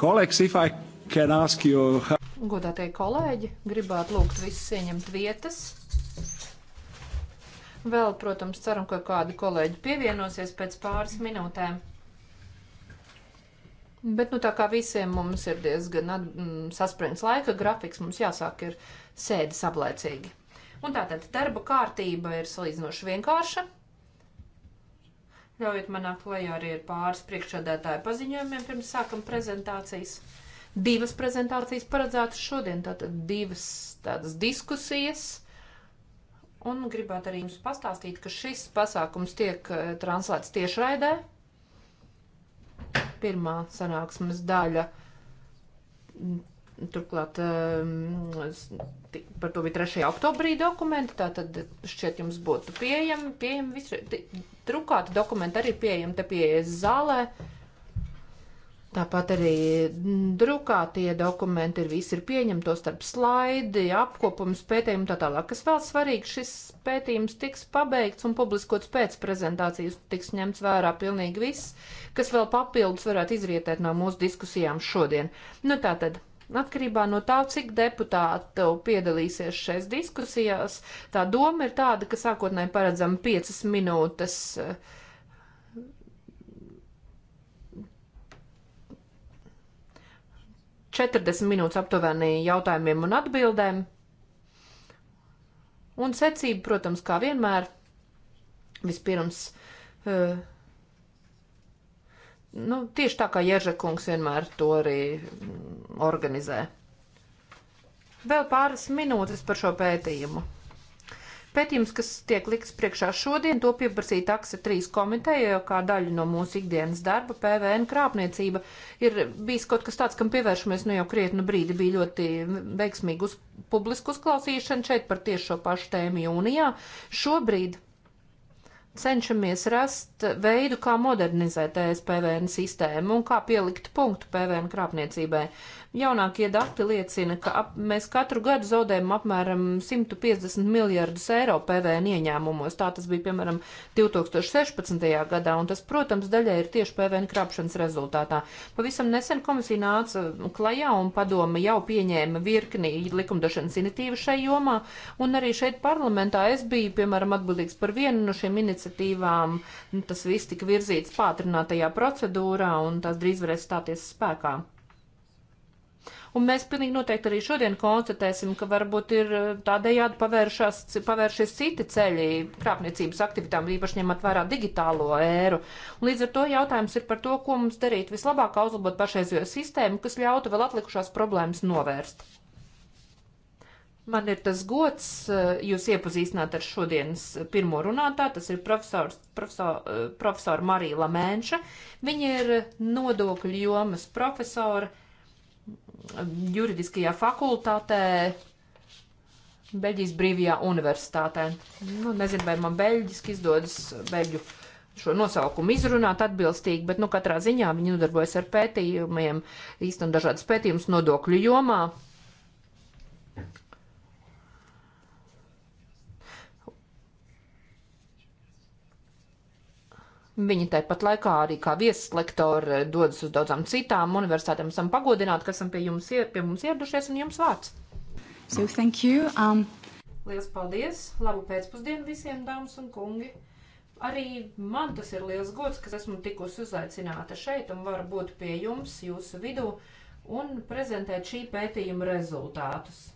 Colleagues, if I can ask you. Godātie kolēģi, gribētu lūgt visus ieņemt vietas. Vēl, protams, ceram, ka kādi kolēģi pievienosies pēc pāris minūtēm. Bet, nu, tā kā visiem mums ir diezgan at, mm, saspringts laika grafiks, mums jāsāk ir sēde sablēcīgi. Un tātad darba kārtība ir salīdzinoši vienkārša. Ļaujiet man nākt klajā arī ar pāris priekšsēdētāju paziņojumiem pirms sākam prezentācijas. Divas prezentācijas paredzētas šodien, tātad divas tādas diskusijas. Un gribētu arī jums pastāstīt, ka šis pasākums tiek eh, translēts tiešraidē. Pirmā sanāksmes daļa Turklāt ehm, par to bija 3. oktobrī dokumenti, tā tad šķiet jums būtu pieejami, pieejami visi, drukāti dokumenti arī pieejami, te pieejas zālē. Tāpat arī drukātie dokumenti ir visi ir pieņemti, to starp slaidi, apkopums, pētījumu tā tālāk. Kas vēl svarīgi, šis pētījums tiks pabeigts un publiskots pēc prezentācijas, tiks ņemts vērā pilnīgi viss, kas vēl papildus varētu izrietēt no mūsu diskusijām šodien. Nu tā tad. Atkarībā no tā, cik deputātu piedalīsies šajās diskusijās, tā doma ir tāda, ka sākotnēji paredzam piecas minūtes. Eh, četrdesmit minūtes aptuveni jautājumiem un atbildēm. Un secība, protams, kā vienmēr, vispirms uh, Nu, tieši tā kā Ježekungs vienmēr to arī mm, organizē. Vēl pāris minūtes par šo pētījumu. Pētījums, kas tiek likts priekšā šodien, to pieprasīja taksa trīs komiteja, jo kā daļa no mūsu ikdienas darba PVN krāpniecība ir bijis kaut kas tāds, kam pievēršamies nu jau krietnu brīdi. Bija ļoti veiksmīgi uz publisku uzklausīšana šeit par tieši šo pašu tēmu jūnijā. Šobrīd cenšamies rast veidu, kā modernizēt ES PVN sistēmu un kā pielikt punktu PVN krāpniecībai. Jaunākie dati liecina, ka ap, mēs katru gadu zaudējam apmēram 150 miljardus eiro PVN ieņēmumos. Tā tas bija, piemēram, 2016. gadā, un tas, protams, daļai ir tieši PVN krāpšanas rezultātā. Pavisam nesen komisija nāca klajā un padoma jau pieņēma virkni likumdošanas iniciatīvu šai jomā, un arī šeit parlamentā es biju, piemēram, atbildīgs par vienu no šiem iniciatīvām. Tas viss tika virzīts pātrinātajā procedūrā, un tas drīz varēs stāties spēkā. Un mēs pilnīgi noteikti arī šodien konstatēsim, ka varbūt ir eh, tādējādi pavēršies citi ceļi krāpniecības aktivitām, īpaši ņemot vērā digitālo ēru. Un līdz ar to jautājums ir par to, ko mums darīt vislabāk, kā uzlabot pašreizējo sistēmu, kas ļautu vēl atlikušās problēmas novērst. Man ir tas gods eh, jūs iepazīstināt ar šodienas eh, pirmo runātāju. Tas ir profesors, profesor, profesora Marija Lamēnša. Viņa ir nodokļu jomas profesora juridiskajā fakultātē Beļģijas Brīvajā universitātē. Nu, nezinu, vai man beļģiski izdodas beļģu šo nosaukumu izrunāt atbilstīgi, bet, nu, katrā ziņā viņi nodarbojas ar pētījumiem, īstenot dažādas pētījumus nodokļu jomā. Viņa tāpat laikā arī kā vieslektora dodas uz daudzām citām universitātēm. Esam pagodināti, ka esam pie, jums, pie mums ieradušies un jums vārds. So, thank you. Um... Lielas paldies! Labu pēcpusdienu visiem, dāmas un kungi! Arī man tas ir liels gods, ka esmu tikusi uzaicināta šeit un varu būt pie jums, jūsu vidū, un prezentēt šī pētījuma rezultātus.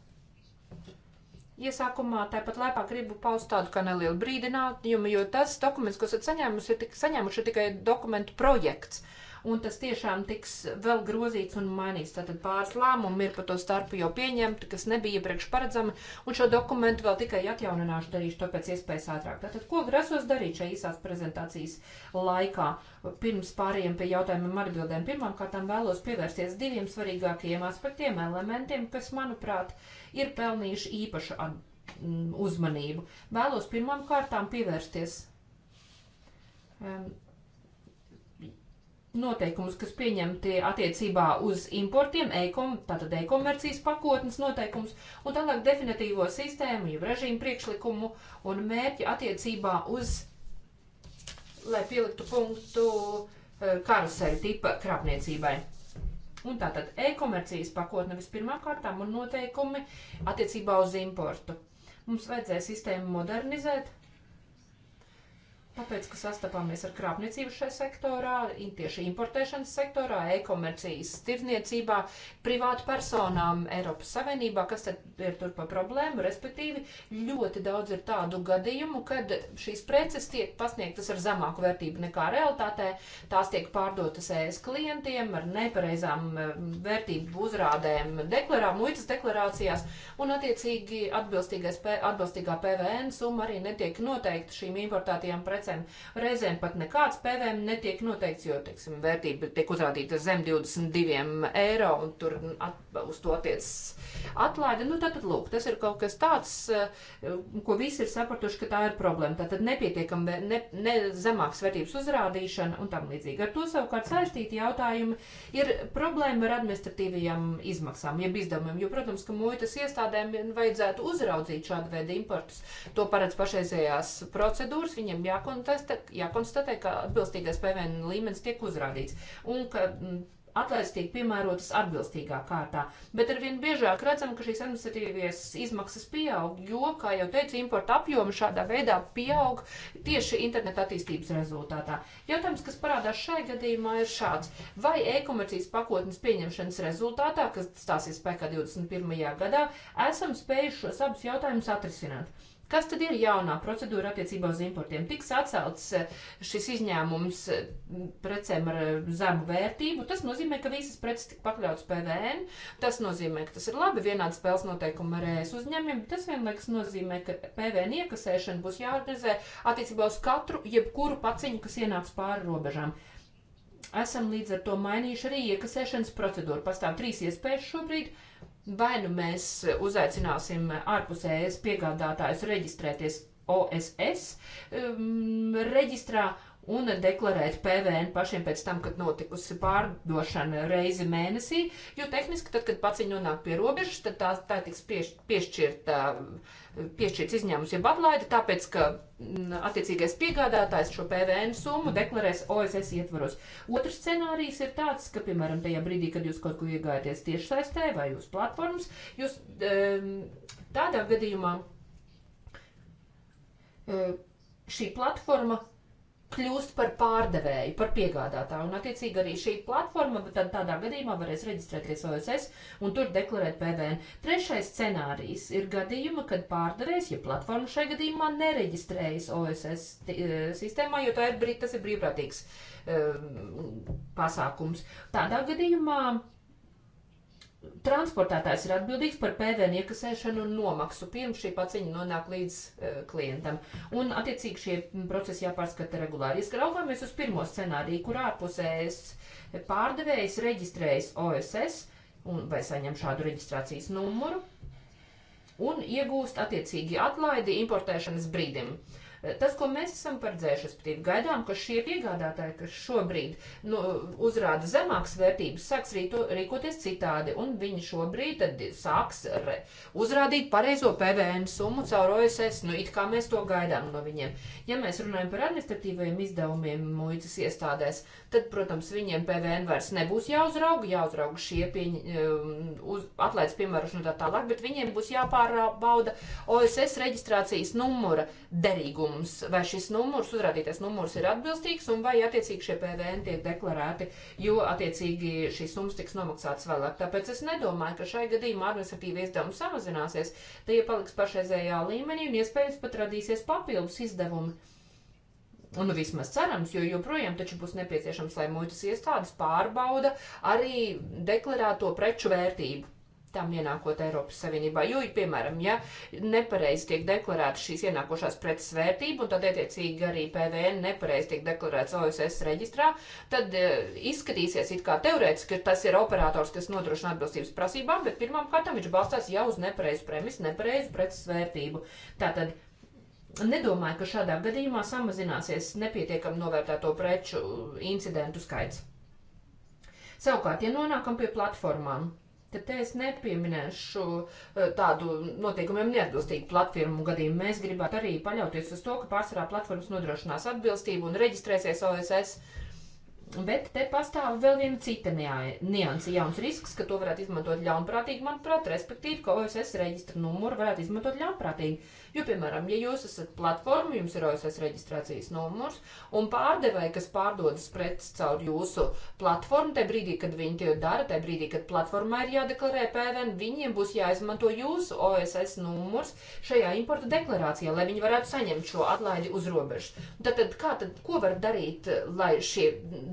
Iesākumā tāpat laipā gribu paust tādu kā nelielu brīdinājumu, jo tas dokuments, ko esat saņēmuši, ir, tik, saņēmuši, ir tikai dokumentu projekts. Un tas tiešām tiks vēl grozīts un mainīts. Tātad pāris lēmumi ir par to starpu jau pieņemti, kas nebija iepriekš paredzami, un šo dokumentu vēl tikai atjaunināšu, darīšu to pēc iespējas ātrāk. Tātad, ko grasos darīt šajā īsās prezentācijas laikā? Pirms pārējiem pie jautājumiem atbildēm, pirmkārt vēlos pievērsties diviem svarīgākajiem aspektiem, elementiem, kas, manuprāt, ir ir pelnījuši īpašu mm, uzmanību. Vēlos pirmām kārtām pievērsties um, noteikumus, kas pieņemti attiecībā uz importiem, e-kom, tātad e-komercijas pakotnes noteikumus, un tālāk definitīvo sistēmu, jau režīmu priekšlikumu un mērķi attiecībā uz, lai pieliktu punktu eh, karuseļu tipa krāpniecībai. Un tātad e-komercijas pakotne vispirmām kārtām un noteikumi attiecībā uz importu. Mums vajadzēja sistēmu modernizēt, Tāpēc, ka sastapāmies ar krāpniecību šajā sektorā, tieši importēšanas sektorā, e-komercijas tirdzniecībā, privātu personām Eiropas Savienībā, kas tad ir tur pa problēmu, respektīvi ļoti daudz ir tādu gadījumu, kad šīs preces tiek pasniegtas ar zemāku vērtību nekā realitātē, tās tiek pārdotas ES klientiem ar nepareizām um, vērtību uzrādēm, deklarā, muitas deklarācijās, un attiecīgi atbilstīgā PVN summa arī netiek noteikta šīm importētajām precēm precēm. Reizēm pat nekāds PVM netiek noteikts, jo, teiksim, vērtība tiek uzrādīta zem 22 eiro un tur at, uz to tiecas atlaide. Nu, tātad, lūk, tas ir kaut kas tāds, eh, ko visi ir sapratuši, ka tā ir problēma. Tātad nepietiekam ne, ne zemāks vērtības uzrādīšana un tam līdzīgi. Ar to savukārt saistīti jautājumi ir problēma ar administratīvajām izmaksām, jeb izdevumiem, jo, protams, ka muitas iestādēm vajadzētu uzraudzīt šādu veidu importus. To paredz pašreizējās procedūras, viņiem jākonstatē jākonstatē, ka atbilstīgais PVN līmenis tiek uzrādīts un ka mm, atlaides tiek piemērotas atbilstīgā kārtā. Bet arvien biežāk redzam, ka šīs administratīvās izmaksas pieaug, jo, kā jau teicu, importa apjomi šādā veidā pieaug tieši interneta attīstības rezultātā. Jautājums, kas parādās šai gadījumā, ir šāds. Vai e-komercijas pakotnes pieņemšanas rezultātā, kas stāsies spēkā 21. gadā, esam spējuši šos abus jautājumus atrisināt? Kas tad ir jaunā procedūra attiecībā uz importiem? Tiks atcelts eh, šis izņēmums eh, precēm ar eh, zemu vērtību. Tas nozīmē, ka visas preces tika pakļautas PVN. Tas nozīmē, ka tas ir labi vienāds spēles noteikumi ar ES uzņēmumiem. Tas vienlaikus nozīmē, ka PVN iekasēšana būs jāorganizē attiecībā uz katru, jebkuru paciņu, kas ienāks pāri robežām esam līdz ar to mainījuši arī iekasēšanas procedūru. Pastāv trīs iespējas šobrīd. Vai nu mēs uzaicināsim ārpusējas piegādātājus reģistrēties OSS um, reģistrā un deklarēt PVN pašiem pēc tam, kad notikusi pārdošana reizi mēnesī, jo tehniski tad, kad paciņi nonāk pie robežas, tad tā, tā tiks pieš, piešķirta uh, piešķirts izņēmums, jeb atlaide, tāpēc, ka mm, attiecīgais piegādātājs šo PVN summu deklarēs OSS ietvaros. Otrs scenārijs ir tāds, ka, piemēram, tajā brīdī, kad jūs kaut ko iegājaties tiešsaistē vai uz platformas, jūs ehm, tādā gadījumā eh, šī platforma kļūst par pārdevēju, par piegādātāju. Un, attiecīgi, arī šī platforma tad tādā gadījumā varēs reģistrēties OSS un tur deklarēt PVN. Trešais scenārijs ir gadījuma, kad pārdevējs, ja platforma šajā gadījumā nereģistrējas OSS e, sistēmā, jo ir, tas ir brīvprātīgs uh, pasākums. Tādā gadījumā transportētājs ir atbildīgs par PVN iekasēšanu un nomaksu pirms šī paciņa nonāk līdz uh, klientam. Un, attiecīgi, šie procesi jāpārskata regulāri. Ja raugāmies uz pirmo scenāriju, kur ārpusējas e pārdevējs reģistrējas OSS un, vai saņem šādu reģistrācijas numuru un iegūst attiecīgi atlaidi importēšanas brīdim. Uh, Tas, ko mēs esam paredzējuši, respektīvi, gaidām, ka šie piegādātāji, kas šobrīd nu, uzrāda zemākas vērtības, sāks rīto, rīkoties citādi, un viņi šobrīd tad sāks re, uzrādīt pareizo PVN summu caur OSS, nu it kā mēs to gaidām no viņiem. Ja mēs runājam par administratīvajiem izdevumiem muitas iestādēs, tad, protams, viņiem PVN vairs nebūs jāuzrauga, jāuzrauga šie pieņ, um, uz, atlaides piemērošana no tā tālāk, bet viņiem būs jāpārbauda OSS reģistrācijas numura derīgums, vai šis numurs, uzrādītais numurs ir atbilstīgs un vai attiecīgi šie PVN tiek deklarēti, jo attiecīgi šīs summas tiks nomaksātas vēlāk. Tāpēc es nedomāju, ka šai gadījumā administratīvi izdevumi samazināsies, tie paliks pašreizējā līmenī un iespējams pat radīsies papildus izdevumi Nu, vismaz cerams, jo joprojām taču būs nepieciešams, lai muitas iestādes pārbauda arī deklarēto preču vērtību. Tām ienākot Eiropas Savienībā. Jo, piemēram, ja nepareizi tiek deklarēta šīs ienākošās preces vērtība, un tad, attiecīgi, arī PVN nepareizi tiek deklarēts OSS reģistrā, tad e, izskatīsies it kā teorētiski, ka tas ir operators, kas nodrošina atbilstības prasībām, bet pirmām kārtām viņš balstās jau uz nepareizu premisu, nepareizu preces vērtību. Tātad nedomāju, ka šādā gadījumā samazināsies nepietiekam novērtēto preču uh, incidentu skaits. Savukārt, ja nonākam pie platformām, tad te es nepieminēšu uh, tādu noteikumiem neatbilstīgu platformu gadījumu. Mēs gribētu arī paļauties uz to, ka pārsvarā platformas nodrošinās atbilstību un reģistrēsies OSS. Bet te pastāv vēl viena cita nianse, jauns risks, ka to varētu izmantot ļaunprātīgi, manuprāt, respektīvi, ka OSS reģistra numuru varētu izmantot ļaunprātīgi. Jo, piemēram, ja jūs esat platforma, jums ir OSS reģistrācijas numurs, un pārdevēji, kas pārdodas preces caur jūsu platformu, te brīdī, kad viņi to dara, te brīdī, kad platformā ir jādeklarē PVN, viņiem būs jāizmanto jūsu OSS numurs šajā importa deklarācijā, lai viņi varētu saņemt šo atlaidi uz robežas. Tad, tad, kā, tad ko var darīt, lai šie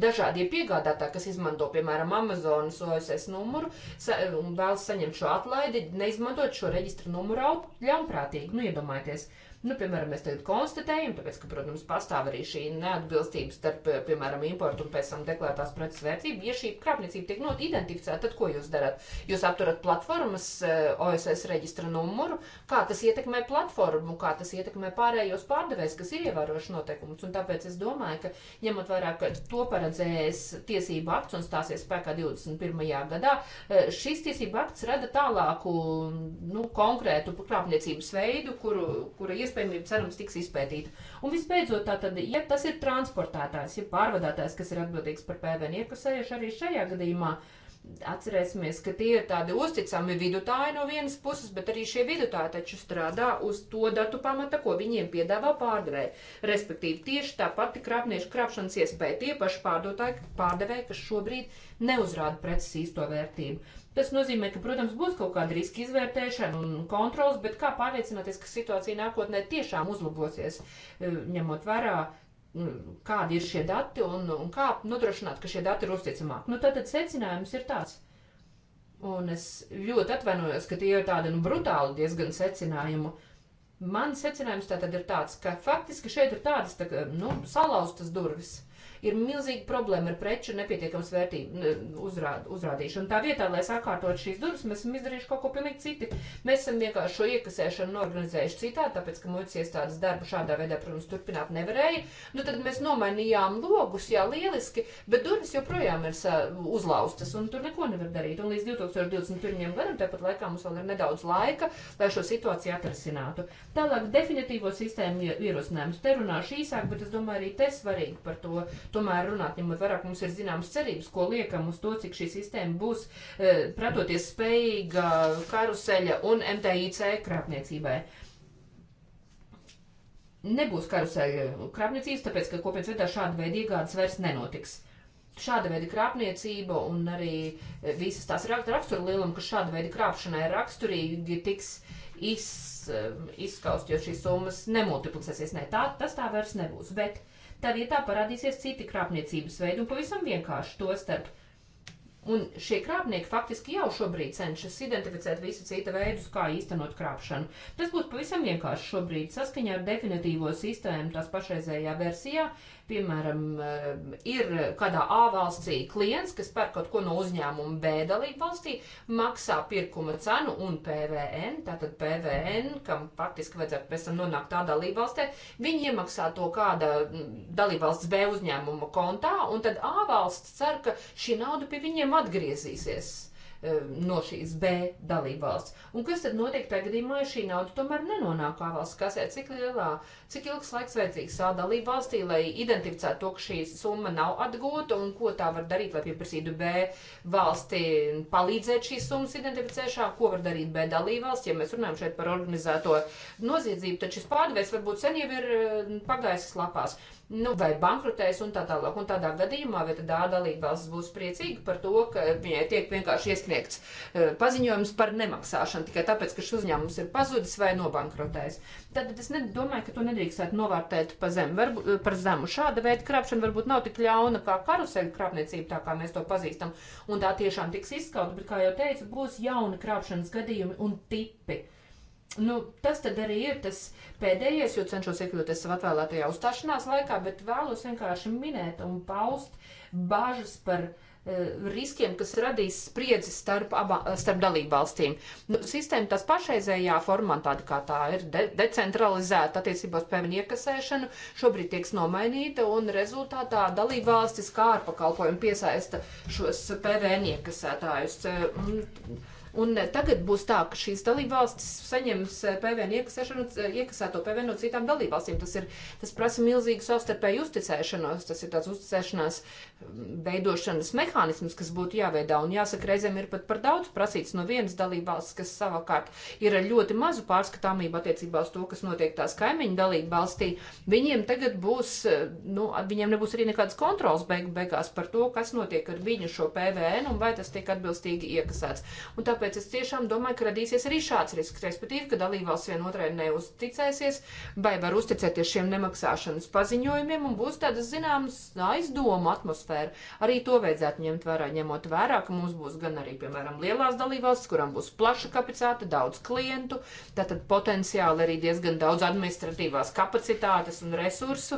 dažādie piegādātāji, kas izmanto, piemēram, Amazonas OSS numuru, sa vēlas saņemt šo atlaidi, neizmantot šo reģistra numuru ļaunprātīgi? Nu, iedomājieties! iedomājieties, Nu, piemēram, mēs tagad konstatējam, tāpēc, ka, protams, pastāv arī šī neatbilstība starp, eh, piemēram, importu un pēc tam deklarētās preces vērtību. Ja šī krāpniecība tiek not identificēta, tad ko jūs darat? Jūs apturat platformas eh, OSS reģistra numuru, kā tas ietekmē platformu, kā tas ietekmē pārējos pārdevējs, kas ir ievērojuši noteikumus. Un tāpēc es domāju, ka ņemot vairāk, ka to paredzēs e tiesību akts un stāsies spēkā 21. gadā, eh, šis tiesību akts rada tālāku, nu, konkrētu krāpniecības veidu, kuru, kura iespējams iespējamība, cerams, tiks izpētīta. Un visbeidzot, tātad, ja tas ir transportētājs, ja pārvadātājs, kas ir atbildīgs par PVN iekasējuši arī šajā gadījumā, Atcerēsimies, ka tie ir tādi uzticami vidutāji no vienas puses, bet arī šie vidutāji taču strādā uz to datu pamata, ko viņiem piedāvā pārdevēji. Respektīvi, tieši tā pati krāpnieku krāpšanas iespēja tie paši pārdotāji, pārdevēji, kas šobrīd neuzrāda preces īsto vērtību. Tas nozīmē, ka, protams, būs kaut kāda riska izvērtēšana un kontrols, bet kā pārliecināties, ka situācija nākotnē tiešām uzlabosies, e, ņemot vērā, kādi ir šie dati un, un kā nodrošināt, ka šie dati ir uzticamāki. Nu, tad secinājums ir tāds. Un es ļoti atvainojos, ka tie ir tādi, nu, brutāli diezgan secinājumi. Mans secinājums tātad ir tāds, ka faktiski šeit ir tādas, tā, nu, salauztas durvis ir milzīga problēma ar preču nepietiekams vērtību uzrād, uzrādīšanu. Tā vietā, lai sakārtot šīs durvis, mēs esam izdarījuši kaut ko pilnīgi citu. Mēs esam vienkārši šo iekasēšanu norganizējuši citādi, tāpēc, ka muitas iestādes darbu šādā veidā, protams, turpināt nevarēja. Nu, tad mēs nomainījām logus, jā, lieliski, bet durvis joprojām ir uzlaustas un tur neko nevar darīt. Un līdz 2021. gadam, tāpat laikā mums vēl ir nedaudz laika, lai šo situāciju atrasinātu. Tālāk definitīvo sistēmu ierosinājums. Te runāšu īsāk, bet es domāju, arī te svarīgi par to tomēr runāt, ņemot vairāk mums ir zināmas cerības, ko liekam uz to, cik šī sistēma būs e, pretoties spējīga karuseļa un MTIC krāpniecībai. Nebūs karuseļa krāpniecības, tāpēc, ka kopēc veidā šāda veida iegādes vairs nenotiks. Šāda veida krāpniecība un arī e, visas tās rakstura lieluma, ka šāda veida krāpšanai raksturīgi tiks iz, e, izskaust, jo šīs summas nemultiplicēsies. Nē, tā, tas tā vairs nebūs. Bet tā vietā parādīsies citi krāpniecības veidi un pavisam vienkārši to starp. Un šie krāpnieki faktiski jau šobrīd cenšas identificēt visu citu veidus, kā īstenot krāpšanu. Tas būs pavisam vienkārši šobrīd saskaņā ar definitīvo sistēmu tās pašreizējā versijā. Piemēram, eh, ir kādā A valstī klients, kas pērk kaut ko no uzņēmuma B dalību valstī, maksā pirkuma cenu un PVN, tātad PVN, kam faktiski vajadzētu pēc tam nonākt tā dalību valstē, viņi iemaksā to kāda mm, dalību valsts B uzņēmuma kontā, un tad A valsts cer, ka šī nauda pie viņiem atgriezīsies Um, no šīs B dalībvalsts. Un kas tad notiek tajā gadījumā, ja šī nauda tomēr nenonāk ārvalsts kasē? Cik lielā, cik ilgs laiks vajadzīgs tā dalībvalstī, lai identificētu to, ka šī summa nav atgūta un ko tā var darīt, lai pieprasītu B valsti palīdzēt šīs summas identificēšanā, ko var darīt B dalībvalsts, ja mēs runājam šeit par organizēto noziedzību, tad šis pārdevējs varbūt sen jau ir uh, pagājis lapās nu, vai bankrotēs un tā tālāk. Un tādā gadījumā, vai tad dalībvalsts būs priecīga par to, ka viņai tiek vienkārši iesniegts paziņojums par nemaksāšanu tikai tāpēc, ka šis uzņēmums ir pazudis vai nobankrotējis. Tad es domāju, ka to nedrīkstētu novērtēt pa zem, varbūt, par zemu. Šāda veida krāpšana varbūt nav tik ļauna kā karuseļu krāpniecība, tā kā mēs to pazīstam, un tā tiešām tiks izskauta, bet, kā jau teicu, būs jauni krāpšanas gadījumi un tipi. Uh, Nu, tas tad arī ir tas pēdējais, jo cenšos iekļūties savā atvēlētajā uzstāšanās laikā, bet vēlos vienkārši minēt un paust bažas par uh, riskiem, kas radīs spriedzi starp, abā, eh, starp dalībvalstīm. Nu, sistēma tās pašreizējā formā, tāda kā tā ir de decentralizēta attiecībās pēmini iekasēšanu, šobrīd tieks nomainīta un rezultātā dalībvalstis kā ar pakalpojumu piesaista šos PVN iekasētājus. Uh, Un eh, tagad būs tā, ka šīs dalībvalstis saņems eh, PVN iekasēto PVN no citām dalībvalstīm. Tas, ir, tas prasa milzīgu savstarpēju uzticēšanos. Tas ir tāds uzticēšanās mm, veidošanas mehānisms, kas būtu jāveidā. Un jāsaka, reizēm ir pat par daudz prasīts no vienas dalībvalsts, kas savukārt ir ar ļoti mazu pārskatāmību attiecībā uz to, kas notiek tās kaimiņu dalībvalstī. Viņiem tagad būs, eh, nu, viņiem nebūs arī nekādas kontrols beig beigās par to, kas notiek ar viņu šo PVN un vai tas tiek atbilstīgi iekasēts. Un tā tāpēc es tiešām domāju, ka radīsies arī šāds risks, respektīvi, ka dalībvalsts vienotrai neuzticēsies vai var uzticēties šiem nemaksāšanas paziņojumiem un būs tādas zināmas aizdomu atmosfēra. Arī to vajadzētu ņemt vērā, ņemot vērā, ka mums būs gan arī, piemēram, lielās dalībvalsts, kurām būs plaša kapacitāte, daudz klientu, tātad potenciāli arī diezgan daudz administratīvās kapacitātes un resursu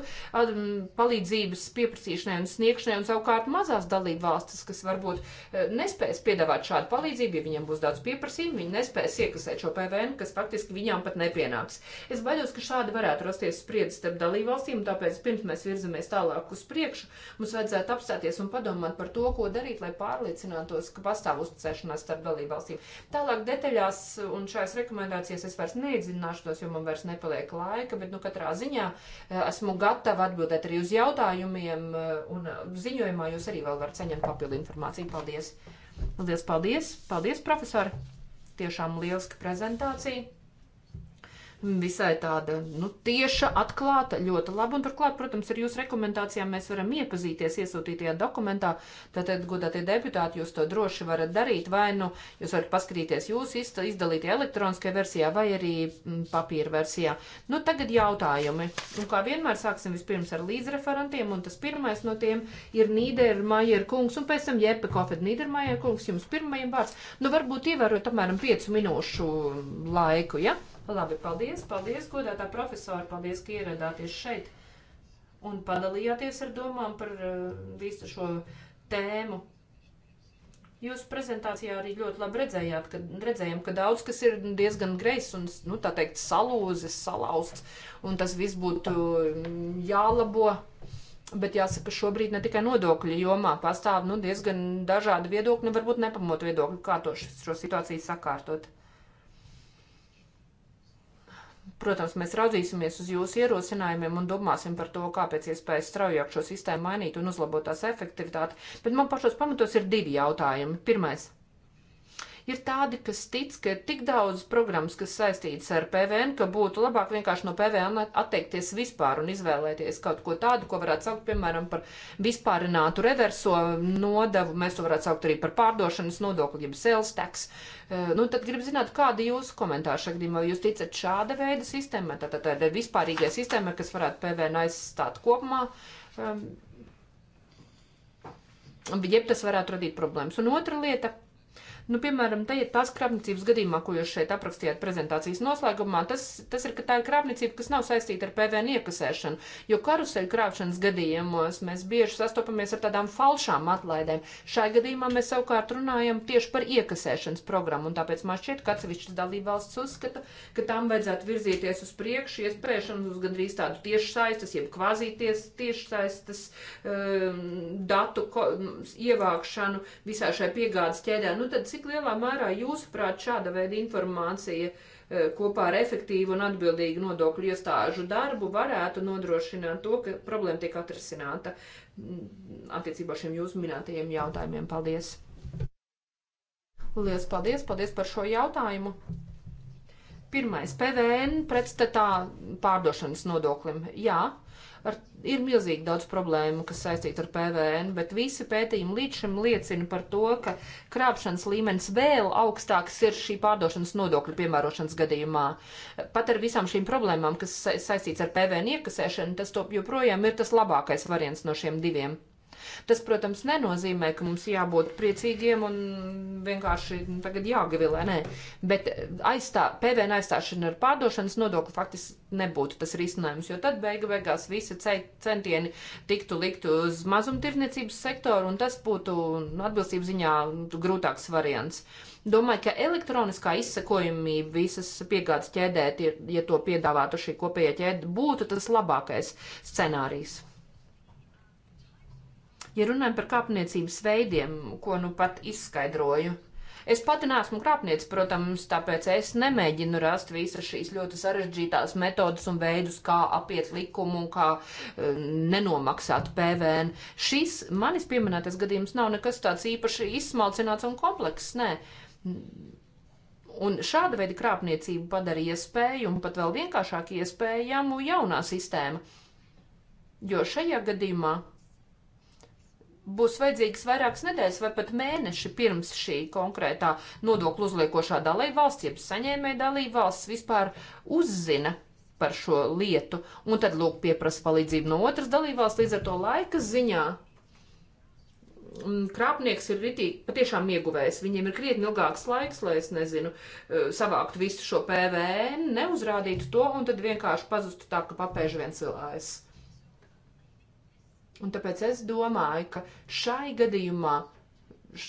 palīdzības pieprasīšanai un sniegšanai, un savukārt mazās dalību valstis, kas varbūt e, nespēs piedāvāt šādu palīdzību, ja viņiem būs būs daudz pieprasījumu, viņi nespēs iekasēt šo PVN, kas faktiski viņām pat nepienāks. Es baidos, ka šādi varētu rasties spriedzes starp dalībvalstīm, tāpēc pirms mēs virzamies tālāk uz priekšu, mums vajadzētu apstāties un padomāt par to, ko darīt, lai pārliecinātos, ka pastāv uzticēšanās starp dalībvalstīm. Tālāk detaļās un šajās rekomendācijās es vairs neiedzināšos, jo man vairs nepaliek laika, bet nu katrā ziņā eh, esmu gatava atbildēt arī uz jautājumiem eh, un eh, ziņojumā jūs arī vēl varat saņemt papildu informāciju. Paldies! Lielas paldies! Paldies, profesori! Tiešām lieliska prezentācija! visai tāda, nu, tieša, atklāta, ļoti laba. Un turklāt, protams, ar jūsu rekomendācijām mēs varam iepazīties iesūtītajā dokumentā. Tātad, godātie deputāti, jūs to droši varat darīt. Vai nu jūs varat paskatīties jūsu izdalītajā elektroniskajā versijā vai arī mm, papīra versijā. Nu, tagad jautājumi. Un kā vienmēr sāksim vispirms ar līdzreferentiem, un tas pirmais no tiem ir Nīdermajer kungs, un pēc tam Jepe Kofed Nīdermajer kungs, jums pirmajam vārds. Nu, varbūt ievērot apmēram 5 minūšu laiku, ja? Labi, paldies, paldies, godētā profesora, paldies, ka ieradāties šeit un padalījāties ar domām par uh, visu šo tēmu. Jūsu prezentācijā arī ļoti labi redzējāt, ka, redzējām, ka daudz kas ir diezgan greizs un, nu, tā teikt, salūzis, salauzts, un tas viss būtu mm, jālabo. Bet jāsaka, šobrīd ne tikai nodokļu jomā pastāv nu, diezgan dažādi viedokļi, nu, varbūt nepamot viedokļi, kā to šo situāciju sakārtot. Protams, mēs raudzīsimies uz jūsu ierosinājumiem un domāsim par to, kā pēc iespējas straujāk šo sistēmu mainīt un uzlabot tās efektivitāti. Bet man pašos pamatos ir divi jautājumi. Pirmais. Ir tādi, kas tic, ka ir tik daudz programmas, kas saistītas ar PVN, ka būtu labāk vienkārši no PVN atteikties vispār un izvēlēties kaut ko tādu, ko varētu saukt, piemēram, par vispārinātu reverso nodevu. Mēs to varētu saukt arī par pārdošanas nodokli, jeb sales tax. Eh, nu, tad gribu zināt, kāda jūsu komentāra šajā gadījumā jūs ticat šāda veida sistēmai, tātad tāda vispārīgai sistēmai, kas varētu PVN aizstāt kopumā. Um, jeb tas varētu radīt problēmas. Un otra lieta Nu, piemēram, te ir tās krāpniecības gadījumā, ko jūs šeit aprakstījāt prezentācijas noslēgumā, tas, tas ir, ka tā ir krāpniecība, kas nav saistīta ar PVN iekasēšanu, jo karuseļu krāpšanas gadījumos mēs bieži sastopamies ar tādām falšām atlaidēm. Šai gadījumā mēs savukārt runājam tieši par iekasēšanas programmu, un tāpēc man šķiet, ka atsevišķas dalībvalsts uzskata, ka tām vajadzētu virzīties uz priekšu, iespējušanu uz gandrīz tādu tiešsaistes, jeb kvazīties tiešsaistes um, datu ko, ievākšanu visā šai piegādes ķēdē. Nu, tad cik lielā mērā jūsuprāt šāda veida informācija e, kopā ar efektīvu un atbildīgu nodokļu iestāžu darbu varētu nodrošināt to, ka problēma tiek atrisināta attiecībā šiem jūsu minētajiem jautājumiem. Paldies! Lielas paldies! Paldies par šo jautājumu! Pirmais - PVN pretstatā pārdošanas nodoklim. Jā, Ar, ir milzīgi daudz problēmu, kas saistīta ar PVN, bet visi pētījumi līdz šim liecina par to, ka krāpšanas līmenis vēl augstāks ir šī pārdošanas nodokļa piemērošanas gadījumā. Pat ar visām šīm problēmām, kas saistīts ar PVN iekasēšanu, tas joprojām ir tas labākais variants no šiem diviem. Tas, protams, nenozīmē, ka mums jābūt priecīgiem un vienkārši nu, tagad jāgavilē, nē. Bet eh, aizstā, PVN aizstāšana ar pārdošanas nodokli faktiski nebūtu tas risinājums, jo tad beigu beigās visi centieni tiktu likt uz mazumtirdzniecības sektoru un tas būtu nu, atbilstības ziņā grūtāks variants. Domāju, ka elektroniskā izsekojamība visas piegādes ķēdē, ja to piedāvātu šī kopējā ķēde, būtu tas labākais scenārijs. Ja runājam par kāpniecības veidiem, ko nu pat izskaidroju, Es pati neesmu krāpniece, protams, tāpēc es nemēģinu rast visas šīs ļoti sarežģītās metodas un veidus, kā apiet likumu un kā uh, nenomaksāt PVN. Šis manis pieminētais gadījums nav nekas tāds īpaši izsmalcināts un komplekss, nē. Un šāda veida krāpniecību padara iespēju un pat vēl vienkāršāk iespējamu jaunā sistēma. Jo šajā gadījumā būs vajadzīgas vairākas nedēļas vai pat mēneši pirms šī konkrētā nodokļu uzliekošā dalība valsts, jeb saņēmēja dalība valsts vispār uzzina par šo lietu, un tad lūk pieprasa palīdzību no otras dalībvalsts, līdz ar to laika ziņā mm, krāpnieks ir ritīgi, patiešām ieguvējis. Viņiem ir krietni ilgāks laiks, lai es nezinu, e, savāktu visu šo PVN, neuzrādītu to un tad vienkārši pazustu tā, ka papēž viens cilvēks. Un tāpēc es domāju, ka šai gadījumā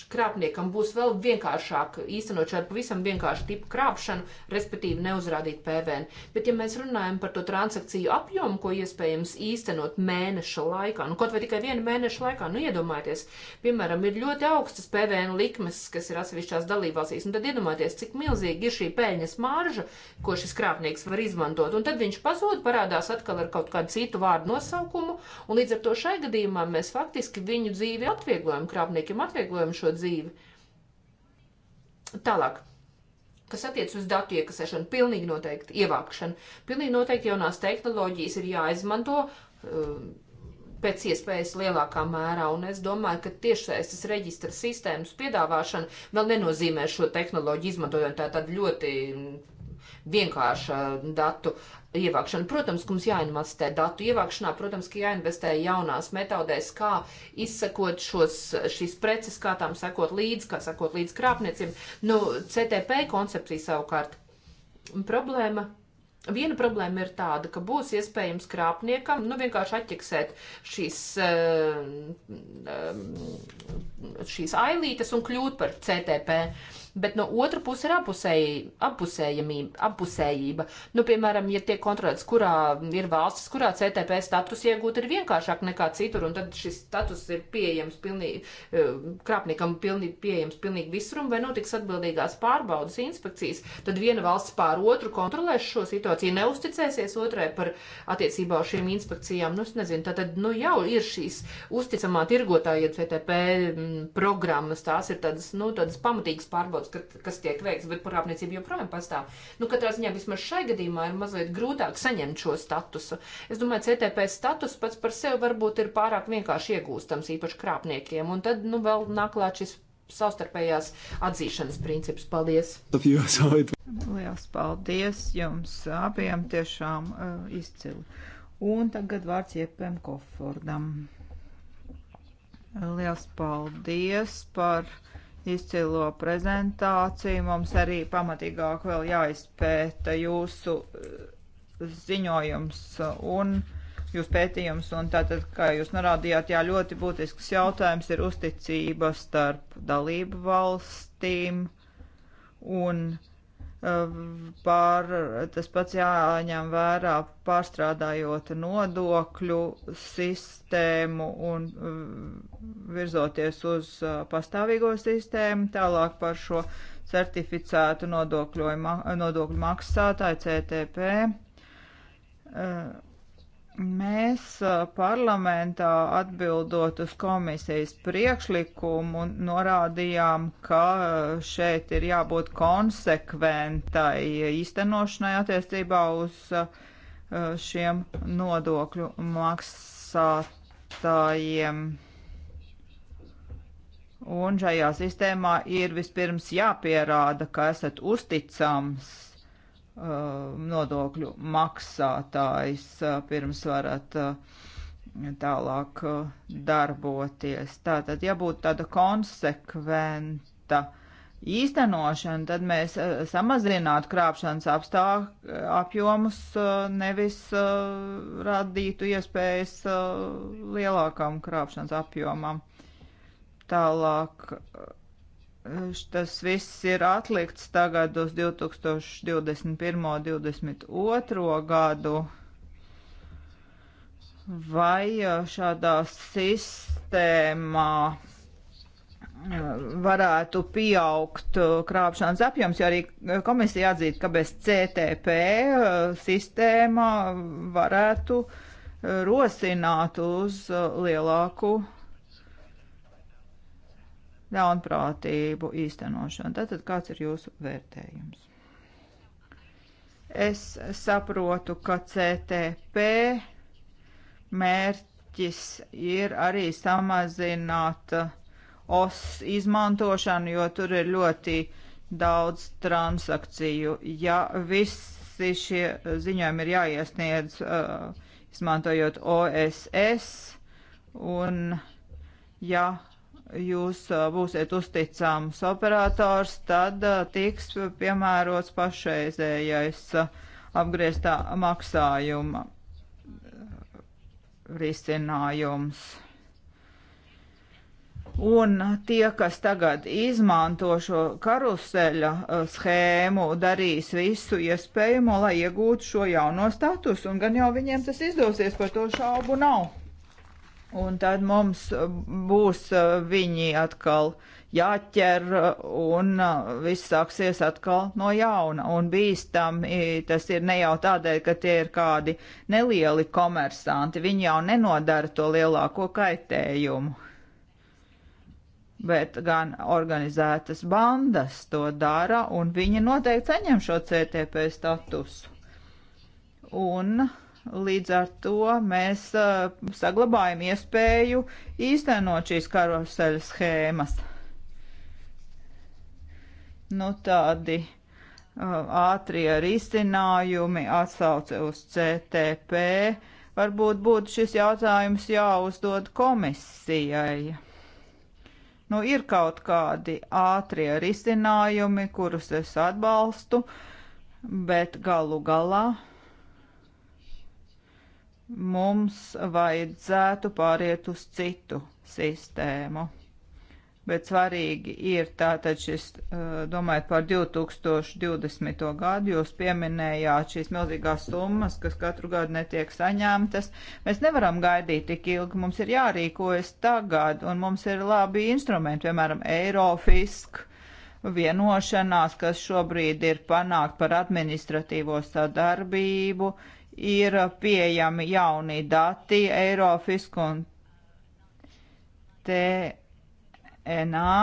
krāpniekam būs vēl vienkāršāk īstenot šādu pavisam vienkāršu tipu krāpšanu, respektīvi neuzrādīt PVN. Bet, ja mēs runājam par to transakciju apjomu, ko iespējams īstenot mēneša laikā, nu kaut vai tikai vienu mēnešu laikā, nu iedomājieties, piemēram, ir ļoti augstas PVN likmes, kas ir atsevišķās dalībvalstīs, un nu, tad iedomājieties, cik milzīgi ir šī peļņas marža, ko šis krāpnieks var izmantot, un tad viņš pazūd, parādās atkal ar kaut kādu citu vārdu nosaukumu, un līdz ar to šai gadījumā mēs faktiski viņu dzīvi atvieglojam, krāpniekiem atvieglojam šo dzīvi. Tālāk kas attiecas uz datu iekasēšanu, pilnīgi noteikti ievākšanu. Pilnīgi noteikti jaunās tehnoloģijas ir jāizmanto um, pēc iespējas lielākā mērā, un es domāju, ka tiešsaistes reģistra sistēmas piedāvāšana vēl nenozīmē šo tehnoloģiju izmantošanu. Tā tad ļoti vienkārša datu ievākšanu. Protams, ka mums jāinvestē datu ievākšanā, protams, ka jāinvestē jaunās metodēs, kā izsakot šos, šīs preces, kā tām sakot līdzi, kā sakot līdz krāpniecim. Nu, CTP koncepcija savukārt problēma. Viena problēma ir tāda, ka būs iespējams krāpniekam nu, vienkārši atķeksēt šīs, eh, eh, šīs ailītes un kļūt par CTP. Uh, bet no otra puses ir apusējība. Nu, piemēram, ja tiek kontrolēts, kurā ir valstis, kurā CTP status iegūt ir vienkāršāk nekā citur, un tad šis status ir pieejams pilnīgi, eh, krāpniekam pilnīgi pieejams pilnīgi visur, un vai notiks atbildīgās pārbaudas inspekcijas, tad viena valsts pār otru kontrolēs šo situāciju, neusticēsies otrai par attiecībā uz šīm inspekcijām. Nu, es nezinu, tad, nu, jau ir šīs uzticamā tirgotāja CTP mm, programmas, tās ir tādas, nu, tādas pamatīgas pārbaudas darbs, kad, kas tiek veikts, bet parāpniecība joprojām pastāv. Nu, katrā ziņā vismaz šai gadījumā ir mazliet grūtāk saņemt šo statusu. Es domāju, CTP status pats par sevi varbūt ir pārāk vienkārši iegūstams, īpaši krāpniekiem, un tad, nu, vēl naklāt šis savstarpējās atzīšanas princips. Paldies! Lielas paldies jums abiem, tiešām uh, izcili. Un tagad vārds Jepem Kofordam. Lielas paldies par izcilo prezentāciju. Mums arī pamatīgāk vēl jāizpēta jūsu eh, ziņojums eh, un jūs pētījums, un tātad, kā jūs norādījāt, jā, ļoti būtisks jautājums ir uzticība starp dalību valstīm un uh, pār, tas pats jāņem vērā pārstrādājot nodokļu sistēmu un uh, virzoties uz uh, pastāvīgo sistēmu, tālāk par šo certificētu nodokļu maksātāju CTP. Uh, Mēs parlamentā atbildot uz komisijas priekšlikumu norādījām, ka šeit ir jābūt konsekventai īstenošanai attiecībā uz šiem nodokļu maksātājiem. Un šajā sistēmā ir vispirms jāpierāda, ka esat uzticams Uh, nodokļu maksātājs uh, pirms varat uh, tālāk darboties. Tātad, ja būtu tāda konsekventa īstenošana, tad mēs samazinātu krāpšanas apstāk, apjomus, nevis radītu iespējas lielākam krāpšanas apjomam. Tālāk tas viss ir atlikts tagad uz 2021. un 2022. gadu. Vai šādā sistēmā varētu pieaugt krāpšanas apjoms, jo arī komisija atzīt, ka bez CTP sistēmā varētu rosināt uz lielāku ļaunprātību īstenošanu. Tātad kāds ir jūsu vērtējums? Es saprotu, ka CTP mērķis ir arī samazināt uh, os izmantošanu, jo tur ir ļoti daudz transakciju. Ja visi šie ziņojumi ir jāiesniedz uh, izmantojot OSS un ja jūs būsiet uzticams operators, tad tiks piemērots pašreizējais apgrieztā maksājuma risinājums. Un tie, kas tagad izmanto šo karuseļa schēmu, darīs visu iespējamo, lai iegūtu šo jauno statusu, un gan jau viņiem tas izdosies, par to šaubu nav. Un tad mums uh, būs uh, viņi atkal jāķer uh, un viss sāksies atkal no jauna. Un bīstami tas ir ne jau tādēļ, ka tie ir kādi nelieli komersanti. Viņi jau nenodara to lielāko kaitējumu. Bet gan organizētas bandas to dara, un viņi noteikti saņem šo CTP statusu. Un uh, Līdz ar to mēs uh, saglabājam iespēju īstenot šīs karuseļu schēmas. Nu, tādi uh, ātrie risinājumi atsauce uz CTP. Varbūt būtu šis jautājums jāuzdod komisijai. Nu, ir kaut kādi ātrie risinājumi, kurus es atbalstu, bet galu galā mums vajadzētu pāriet uz citu sistēmu. Bet svarīgi ir tātad šis, uh, domājot par 2020. gadu, jūs pieminējāt šīs milzīgās summas, kas katru gadu netiek saņemtas. Mēs nevaram gaidīt tik ilgi, mums ir jārīkojas tagad, un mums ir labi instrumenti, piemēram, Eirofisk vienošanās, kas šobrīd ir panākt par administratīvo sadarbību. Uh, ir pieejami jauni dati Eirofisk un TNA,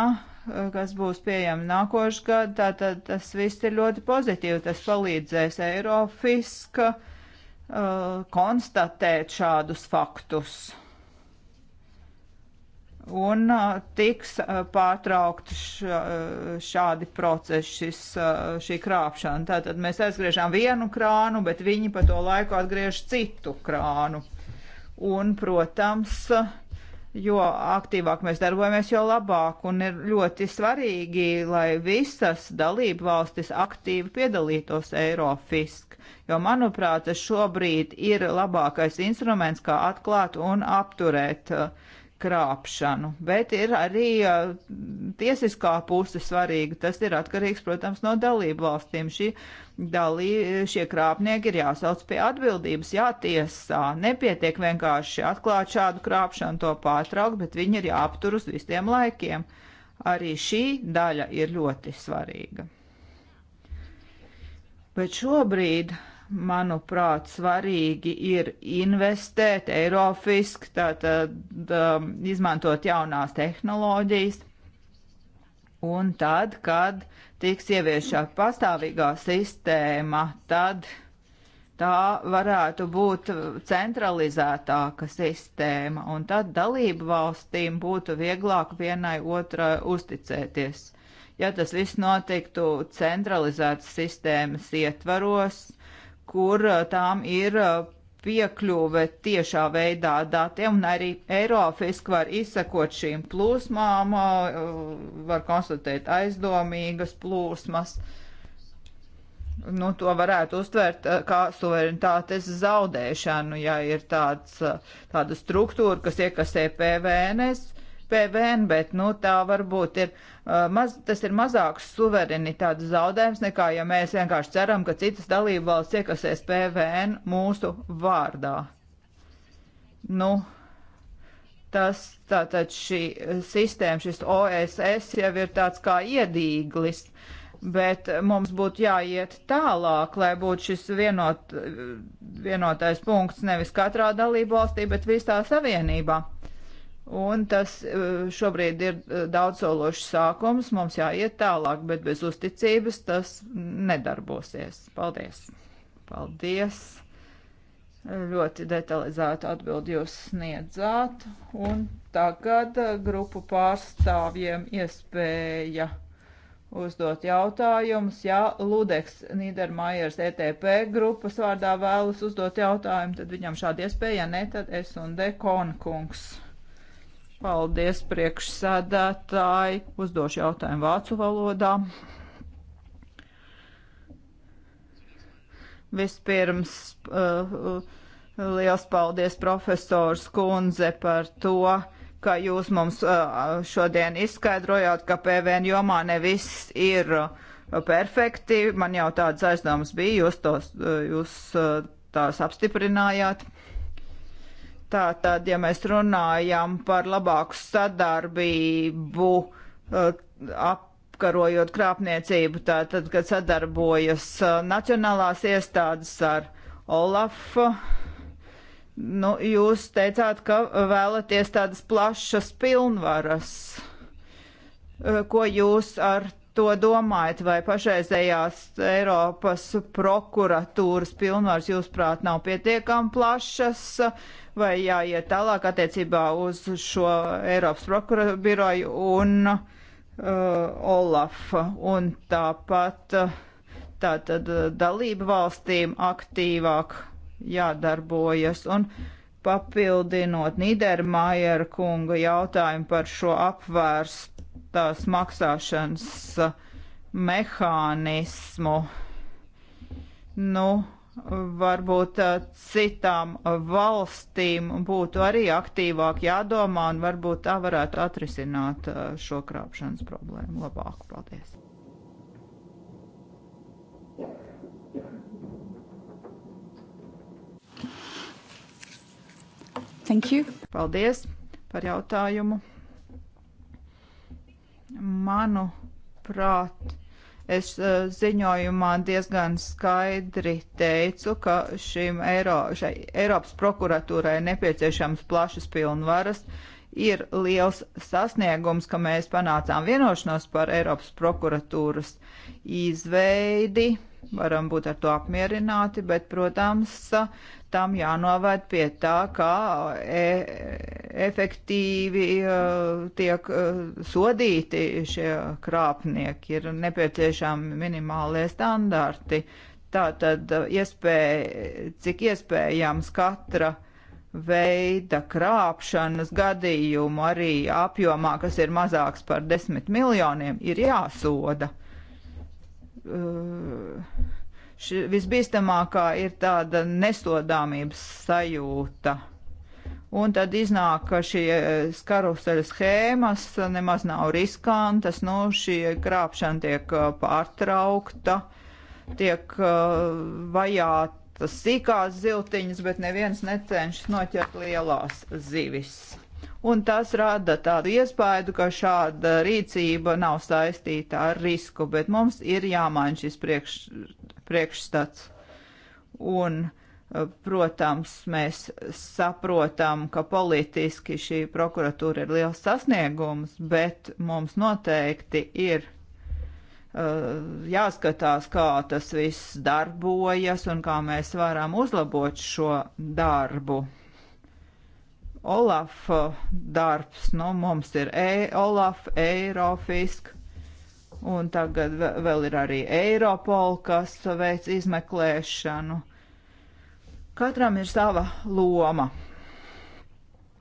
kas būs pieejami nākošgad. Tātad tas viss ir ļoti pozitīvi. Tas palīdzēs Eirofisk uh, konstatēt šādus faktus un uh, tiks uh, pārtraukt uh, šādi procesi, šis, šī krāpšana. Tātad mēs aizgriežam vienu krānu, bet viņi pa to laiku atgriež citu krānu. Un, protams, jo aktīvāk mēs darbojamies, jo labāk. Un ir ļoti svarīgi, lai visas dalību valstis aktīvi piedalītos Eirofisk, jo, manuprāt, šobrīd ir labākais instruments, kā atklāt un apturēt uh, krāpšanu, bet ir arī uh, tiesiskā puse svarīga. Tas ir atkarīgs, protams, no dalību valstīm. Šī dalī, šie krāpnieki ir jāsauc pie atbildības, jātiesā. Nepietiek vienkārši atklāt šādu krāpšanu, to pārtraukt, bet viņi ir jāaptur uz visiem laikiem. Arī šī daļa ir ļoti svarīga. Bet šobrīd manuprāt, svarīgi ir investēt eirofiski, tātad um, izmantot jaunās tehnoloģijas. Un tad, kad tiks ieviešā pastāvīgā sistēma, tad tā varētu būt centralizētāka sistēma, un tad dalību valstīm būtu vieglāk vienai otrai uzticēties. Ja tas viss notiktu centralizētas sistēmas ietvaros, kur uh, tām ir uh, piekļuve tiešā veidā datiem, un arī Eirofiski var izsekot šīm plūsmām, uh, var konstatēt aizdomīgas plūsmas. Nu, to varētu uztvert kā suverenitātes zaudēšanu, ja ir tāds, tāda struktūra, kas iekasē PVNS PVN, bet nu, tā varbūt ir, uh, maz, tas ir mazāks suverenitātes zaudējums nekā, ja mēs vienkārši ceram, ka citas dalība valsts iekasēs PVN mūsu vārdā. Nu, tas tātad šī sistēma, šis OSS jau ir tāds kā iedīglis. Uh, bet mums būtu jāiet tālāk, lai būtu šis vienot, vienotais punkts nevis katrā dalību valstī, bet visā savienībā. Un tas e, šobrīd ir e, daudzsološs sākums, mums jāiet tālāk, bet bez uzticības tas nedarbosies. Paldies! Paldies! Ļoti detalizētu atbildi jūs sniedzāt, un tagad e, grupu pārstāvjiem iespēja uzdot jautājumus. Ja Ludeks Nīdermājers ETP grupas vārdā vēlas uzdot jautājumu, tad viņam šāda iespēja, ja ne, tad es un Dekonkungs. kungs. Paldies, priekšsēdētāji. Uzdošu jautājumu vācu valodā. Vispirms uh, uh, liels paldies profesors Kunze par to, ka jūs mums uh, šodien izskaidrojāt, ka PVN jomā ne viss ir uh, perfekti. Man jau tādas aizdomas bija, jūs, tos, uh, jūs tās apstiprinājāt. Tātad, ja mēs runājam par labāku sadarbību, eh, apkarojot krāpniecību, tātad, kad sadarbojas eh, nacionālās iestādes ar Olafu, nu, jūs teicāt, ka vēlaties tādas plašas pilnvaras. Eh, ko jūs ar to domājat, vai pašreizējās Eiropas prokuratūras pilnvars, jūsuprāt, nav pietiekami plašas, vai jāiet tālāk attiecībā uz šo Eiropas prokuratūru biroju un uh, Olaf, un tāpat uh, tātad uh, dalību valstīm aktīvāk jādarbojas. Un, papildinot Nīdermājera kunga jautājumu par šo apvērstu tās maksāšanas uh, mehānismu. Nu, varbūt uh, citām valstīm būtu arī aktīvāk jādomā un varbūt tā varētu atrisināt uh, šo krāpšanas problēmu labāk. Paldies! Thank you. Paldies par jautājumu. Manuprāt, es eh, ziņojumā diezgan skaidri teicu, ka šim Eiro, šai Eiropas prokuratūrai nepieciešams plašas pilnvaras. Ir liels sasniegums, ka mēs panācām vienošanos par Eiropas prokuratūras izveidi varam būt ar to apmierināti, bet, protams, tam jānovērt pie tā, kā e efektīvi e, tiek e, sodīti šie krāpnieki. Ir nepieciešami minimālie standarti. Tātad, e, iespēja, cik iespējams katra veida krāpšanas gadījumu arī apjomā, kas ir mazāks par desmit miljoniem, ir jāsoda š, visbīstamākā ir tāda nesodāmības sajūta. Un tad iznāk, ka šie karuseļu schēmas nemaz nav riskantas, nu, šī krāpšana tiek uh, pārtraukta, tiek uh, vajātas sīkās ziltiņas, bet neviens necenšas noķert lielās zivis un tas rada tādu iespēju, ka šāda rīcība nav saistīta ar risku, bet mums ir jāmaina šis priekš, priekšstats. Un, eh, protams, mēs saprotam, ka politiski šī prokuratūra ir liels sasniegums, bet mums noteikti ir eh, jāskatās, kā tas viss darbojas un kā mēs varam uzlabot šo darbu. Olaf uh, darbs, nu, mums ir e Olaf, Eirofisk, un tagad vēl ir arī Eiropol, kas veic izmeklēšanu. Katram ir sava loma.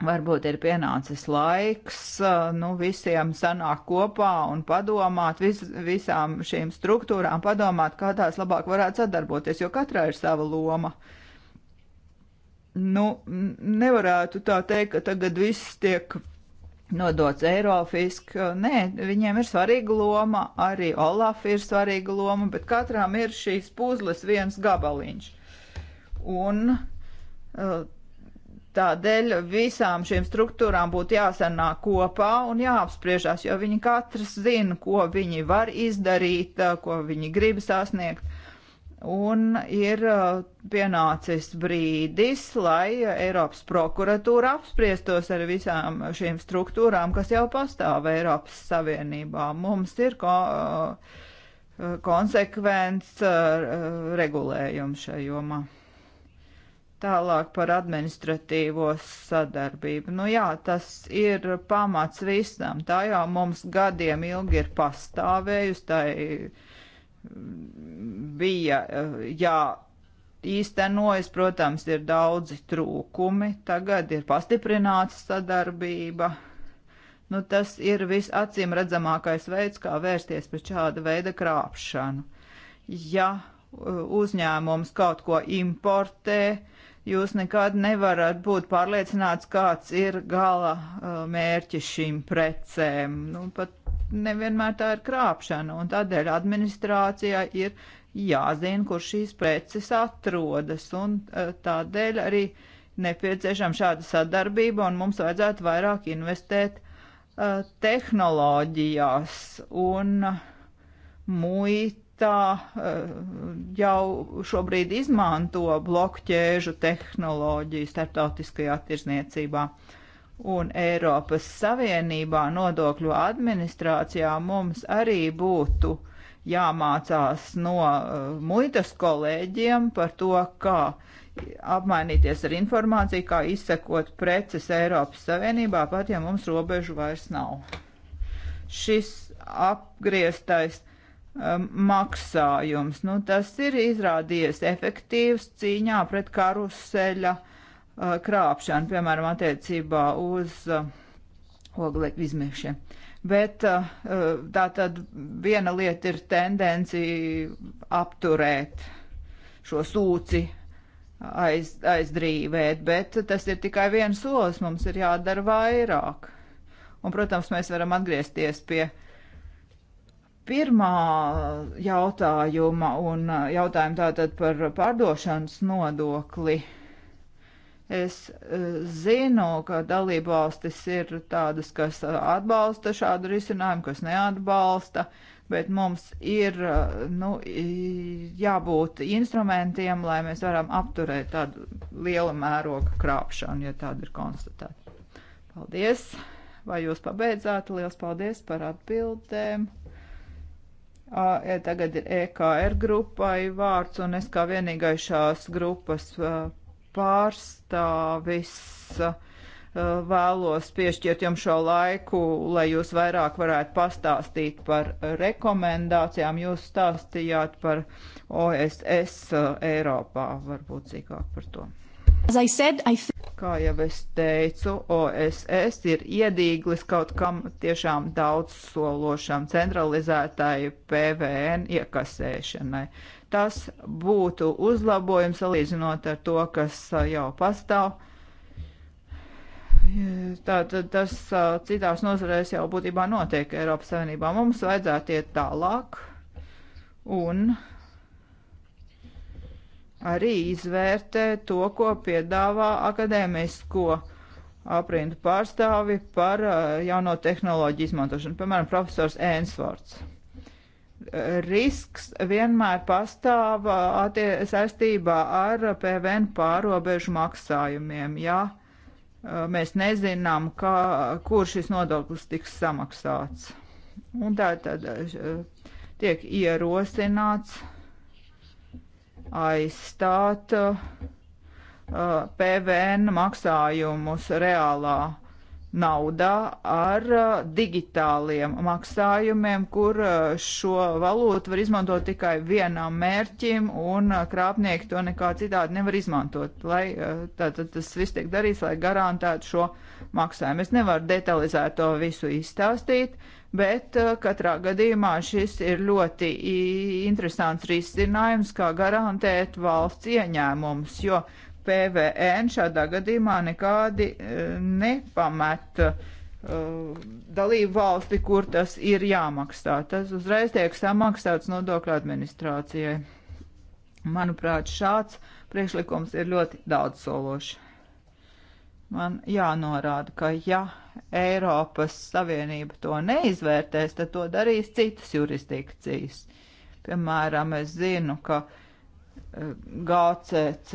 Varbūt ir pienācis laiks, uh, nu, visiem sanāk kopā un padomāt, vis, visām šīm struktūrām padomāt, kā tās labāk varētu sadarboties, jo katrā ir sava loma. Uh, nu, nevarētu tā teikt, ka tagad viss tiek nodots Eirofisk. Nē, viņiem ir svarīga loma, arī Olaf ir svarīga loma, bet katram ir šīs puzles viens gabaliņš. Un uh, tādēļ visām šīm struktūrām būtu jāsanāk kopā un jāapspriežās, jo viņi katrs zina, ko viņi var izdarīt, uh, ko viņi grib sasniegt. Un ir uh, pienācis brīdis, lai uh, Eiropas prokuratūra apspriestos ar visām šīm struktūrām, kas jau pastāv Eiropas Savienībā. Mums ir ko, uh, konsekvents regulējums šajā jomā. Tālāk par administratīvo sadarbību. Nu jā, tas ir pamats visam. Tā jau mums gadiem ilgi ir pastāvējusi bija jā. Īstenojas, protams, ir daudzi trūkumi, tagad ir pastiprināta sadarbība. Nu, tas ir visacīm redzamākais veids, kā vērsties pret šāda veida krāpšanu. Ja uzņēmums kaut ko importē, jūs nekad nevarat būt pārliecināts, kāds ir gala uh, mērķis šīm precēm. Nu, pat nevienmēr tā ir krāpšana, un tādēļ administrācijā ir jāzina, kur šīs preces atrodas, un eh, tādēļ arī nepieciešama šāda sadarbība, un mums vajadzētu vairāk investēt uh, tehnoloģijās un muitā uh, jau šobrīd izmanto blokķēžu tehnoloģiju starptautiskajā tirzniecībā. Uh, un Eiropas Savienībā nodokļu administrācijā mums arī būtu jāmācās no uh, muitas kolēģiem par to, kā apmainīties ar informāciju, kā izsekot preces Eiropas Savienībā, pat ja mums robežu vairs nav. Šis apgrieztais um, maksājums, nu, tas ir izrādījies efektīvs cīņā pret karuseļa uh, Uh, krāpšanu, piemēram, attiecībā uz uh, oglekļu izmešiem. Bet uh, tā tad viena lieta ir tendencija apturēt šo sūci aiz, aizdrīvēt, bet tas ir tikai viens solis, mums ir jādara vairāk. Un, protams, mēs varam atgriezties pie pirmā jautājuma un jautājumu tātad par pārdošanas nodokli. Uh, Es e, zinu, ka dalībvalstis ir tādas, kas e, atbalsta šādu risinājumu, kas neatbalsta, bet mums ir e, nu, jābūt instrumentiem, lai mēs varam apturēt tādu liela mēroga krāpšanu, ja tāda ir konstatēta. Paldies! Vai jūs pabeidzāt? Lielas paldies par atbildēm! Tagad ir EKR grupai vārds, un es kā vienīgais šās grupas pārstāvis uh, vēlos piešķirt jums šo laiku, lai jūs vairāk varētu pastāstīt par rekomendācijām. Jūs stāstījāt par OSS uh, Eiropā, varbūt cīkāk par to. Said, Kā jau es teicu, OSS ir iedīglis kaut kam tiešām daudz sološam centralizētāju PVN iekasēšanai. Tas būtu uzlabojums salīdzinot ar to, kas jau pastāv. Tātad tas citās nozarēs jau būtībā notiek Eiropas Savienībā. Mums vajadzētu iet tālāk un arī izvērtē to, ko piedāvā akadēmisko aprindu pārstāvi par uh, jauno tehnoloģiju izmantošanu, piemēram, profesors Ēnsvorts. Risks vienmēr pastāv uh, attie, saistībā ar PVN pārobežu maksājumiem, ja uh, mēs nezinām, kā, kur šis nodoklis tiks samaksāts. Un tā tad tiek ierosināts aizstāt uh, PVN maksājumus reālā naudā ar uh, digitāliem maksājumiem, kur uh, šo valūtu var izmantot tikai vienam mērķim un uh, krāpnieki to nekā citādi nevar izmantot. Lai, tātad tas viss tiek darīts, lai garantētu šo maksājumu. Es nevaru detalizēt to visu izstāstīt, bet katrā gadījumā šis ir ļoti interesants risinājums, kā garantēt valsts ieņēmumus, jo PVN šādā gadījumā nekādi e, nepamata e, dalību valsti, kur tas ir jāmaksā. Tas uzreiz tiek samaksāts nodokļu administrācijai. Manuprāt, šāds priekšlikums ir ļoti daudz sološs. Man jānorāda, ka ja Eiropas Savienība to neizvērtēs, tad to darīs citas jurisdikcijas. Piemēram, es zinu, ka uh, GCC,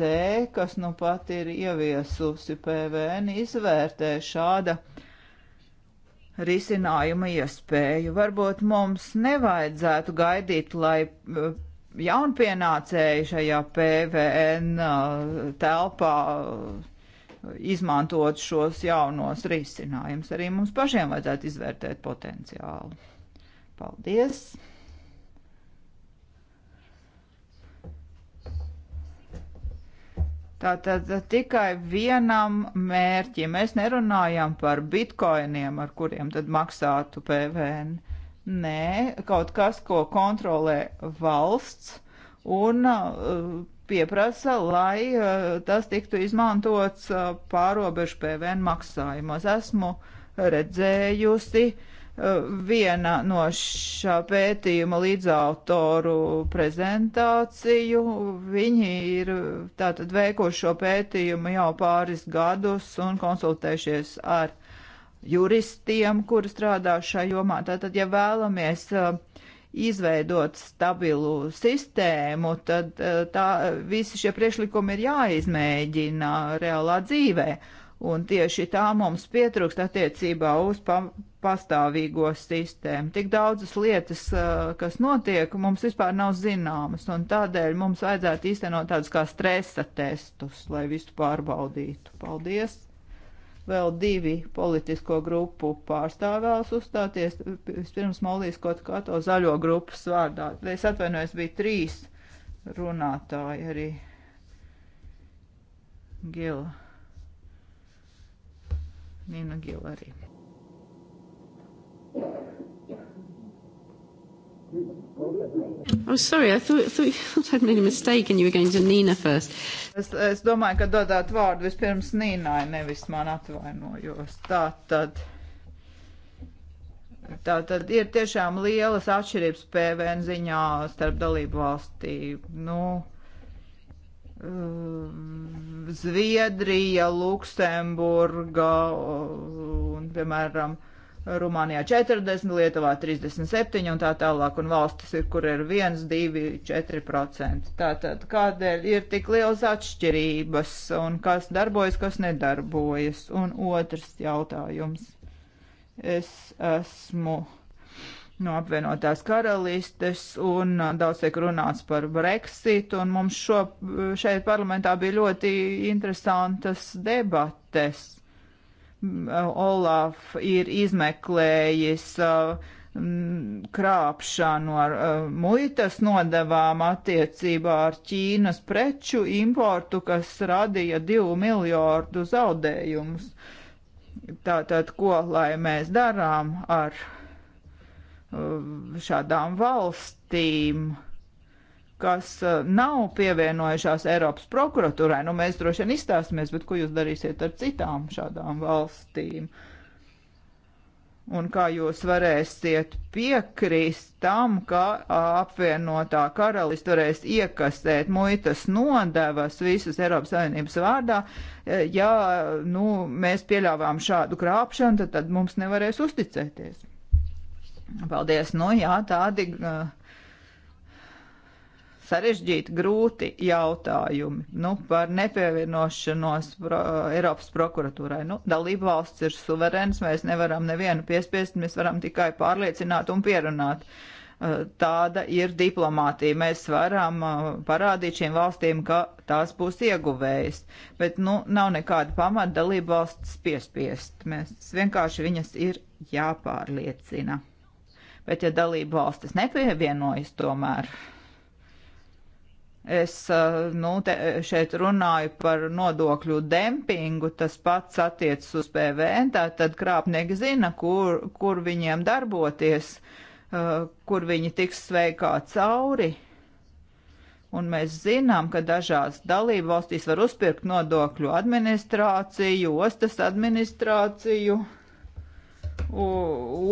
kas nu pat ir ieviesusi PVN, izvērtē šāda risinājuma iespēju. Varbūt mums nevajadzētu gaidīt, lai eh, jaunpienācēji šajā PVN eh, telpā eh, izmantot šos jaunos risinājumus. Arī mums pašiem vajadzētu izvērtēt potenciālu. Paldies! Tātad tikai vienam mērķim. Mēs nerunājam par bitkoiniem, ar kuriem tad maksātu PVN. Nē, kaut kas, ko kontrolē valsts un uh, pieprasa, lai uh, tas tiktu izmantots uh, pārobežu PVN maksājumos. Esmu redzējusi uh, viena no šā pētījuma līdzautoru prezentāciju. Viņi ir tātad veikuši šo pētījumu jau pāris gadus un konsultējušies ar juristiem, kuri strādā šajā jomā. Tātad, ja vēlamies uh, izveidot stabilu sistēmu, tad uh, tā, visi šie priešlikumi ir jāizmēģina reālā dzīvē. Un tieši tā mums pietrūkst attiecībā uz pa pastāvīgo sistēmu. Tik daudzas lietas, kas notiek, mums vispār nav zināmas, un tādēļ mums vajadzētu īstenot tādus kā stresa testus, lai visu pārbaudītu. Paldies! Vēl divi politisko grupu pārstāvēlas uzstāties. Pirms Maulīs kaut kā to zaļo grupas vārdā. Es atvainojos, bija trīs runātāji arī. Gila Nina Gil arī. Oh, sorry, I thought, thought, thought I'd made a mistake and you were going to Nina first. Es, es domāju, ka dodāt vārdu vispirms Nīnai, nevis man atvainojos. Tā tad. Tā tad ir tiešām lielas atšķirības PVN ziņā starp dalību valstī. Nu, Um, Zviedrija, Luksemburga uh, un, piemēram, Rumānijā 40, Lietuvā 37 un tā tālāk, un valstis ir, kur ir 1, 2, 4 procenti. Tātad, kādēļ ir tik liels atšķirības, un kas darbojas, kas nedarbojas? Un otrs jautājums. Es esmu no apvienotās karalistes un uh, daudz tiek runāts par Brexit, un mums šo, uh, šeit parlamentā bija ļoti interesantas debates. Mm, uh, Olaf ir izmeklējis mm, krāpšanu ar muitas nodevām attiecībā ar Ķīnas preču importu, kas radīja divu miljārdu zaudējumus. Tātad, ko lai mēs darām ar Eh, šādām valstīm kas eh, nav pievienojušās Eiropas prokuratūrai. Nu, mēs droši vien izstāsimies, bet ko jūs darīsiet ar citām šādām valstīm? Un kā jūs varēsiet piekrist tam, ka eh, apvienotā karalista varēs iekasēt muitas nodevas visas Eiropas Savienības vārdā, ja nu, mēs pieļāvām šādu krāpšanu, tad, tad mums nevarēs uzticēties. Paldies. Nu, jā, tādi uh, sarežģīti, grūti jautājumi nu, par nepievienošanos pro, Eiropas prokuratūrai. Nu, dalība valsts ir suverēns, mēs nevaram nevienu piespiest, mēs varam tikai pārliecināt un pierunāt. Uh, tāda ir diplomātija. Mēs varam uh, parādīt šīm valstīm, ka tās būs ieguvējas, bet nu, nav nekāda pamata dalību valsts piespiest. Mēs vienkārši viņas ir jāpārliecina. Bet, ja dalība valstis nepievienojas tomēr, es eh, nu, te, šeit runāju par nodokļu dempingu, tas pats attiecas uz PVN, tā tad krāpnieki zina, kur, kur viņiem darboties, eh, kur viņi tiks sveikā cauri. Un mēs zinām, ka dažās dalību valstīs var uzpirkt nodokļu administrāciju, ostas administrāciju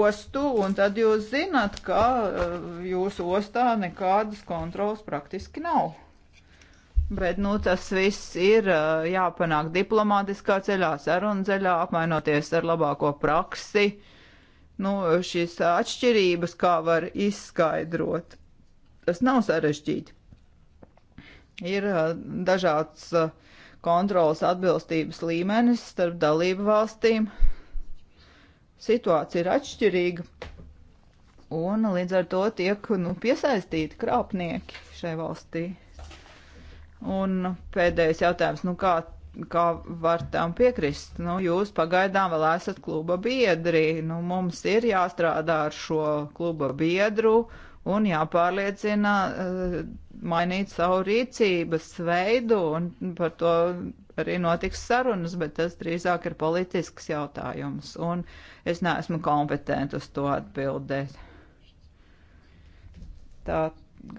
ostu, un tad jūs zinat, ka eh, jūsu ostā nekādas kontrolas praktiski nav. Bet, nu, tas viss ir eh, jāpanāk diplomātiskā ceļā, sarunu ceļā, apmainoties ar labāko praksi. Nu, šīs atšķirības kā var izskaidrot. Tas nav sarežģīti. Ir eh, dažāds kontrolas atbilstības līmenis starp dalību valstīm, situācija ir atšķirīga, un līdz ar to tiek nu, piesaistīti krāpnieki šai valstī. Un pēdējais jautājums, nu kā, kā var tam piekrist? Nu, jūs pagaidām vēl esat kluba biedri, nu mums ir jāstrādā ar šo kluba biedru un jāpārliecina eh, mainīt savu rīcības veidu, un par to arī notiks sarunas, bet tas drīzāk ir politisks jautājums, un es neesmu kompetenti uz to atbildēt. Tā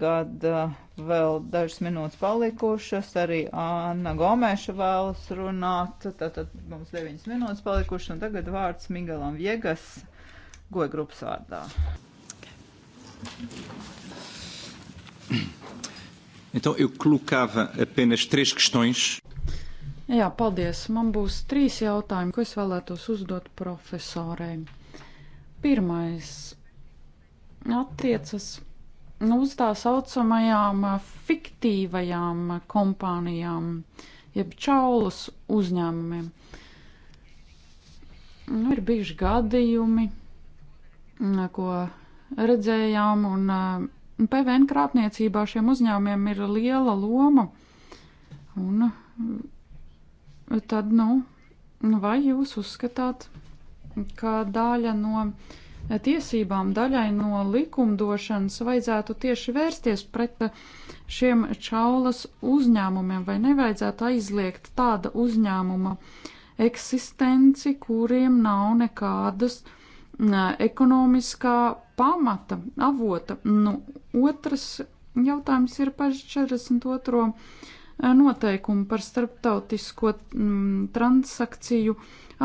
gada uh, vēl dažas minūtes palikušas, arī Anna Gomeša vēlas runāt, tātad mums deviņas minūtes palikušas, un tagad vārds Migalam Viegas, goja grupas vārdā. Então, eu colocava apenas três questões. Jā, paldies. Man būs trīs jautājumi, ko es vēlētos uzdot profesorei. Pirmais attiecas nu, uz tā saucamajām eh, fiktīvajām eh, kompānijām, jeb čaulus uzņēmumiem. Nu, ir bijuši gadījumi, eh, ko redzējām, un PVN krāpniecībā šiem uzņēmumiem ir liela loma. Un tad, nu, nu, vai jūs uzskatāt, ka daļa no tiesībām, daļai no likumdošanas vajadzētu tieši vērsties pret šiem čaulas uzņēmumiem, vai nevajadzētu aizliegt tāda uzņēmuma eksistenci, kuriem nav nekādas ekonomiskā pamata, avota. Nu, otrs jautājums ir par 42 noteikumi par starptautisko mm, transakciju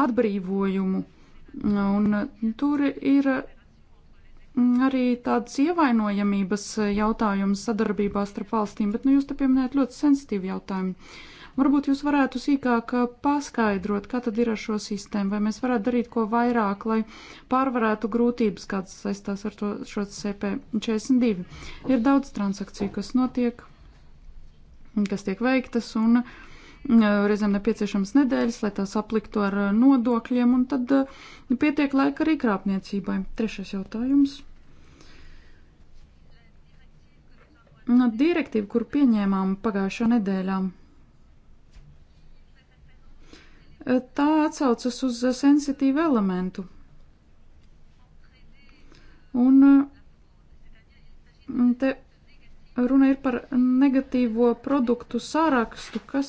atbrīvojumu. Un tur ir arī tāds ievainojamības jautājums sadarbībā starp valstīm, bet nu, jūs te pieminējat ļoti sensitīvu jautājumu. Varbūt jūs varētu sīkāk paskaidrot, kā tad ir ar šo sistēmu, vai mēs varētu darīt ko vairāk, lai pārvarētu grūtības, kādas saistās ar to, šo CP42. Ir daudz transakciju, kas notiek kas tiek veiktas, un mm, reizēm nepieciešams nedēļas, lai tās apliktu ar eh, nodokļiem, un tad eh, pietiek laika arī krāpniecībai. Trešais jautājums. No nu, direktīva, kur pieņēmām pagājušā nedēļā, eh, tā atsaucas uz sensitīvu elementu. Un te Runa ir par negatīvo produktu sārakstu, kas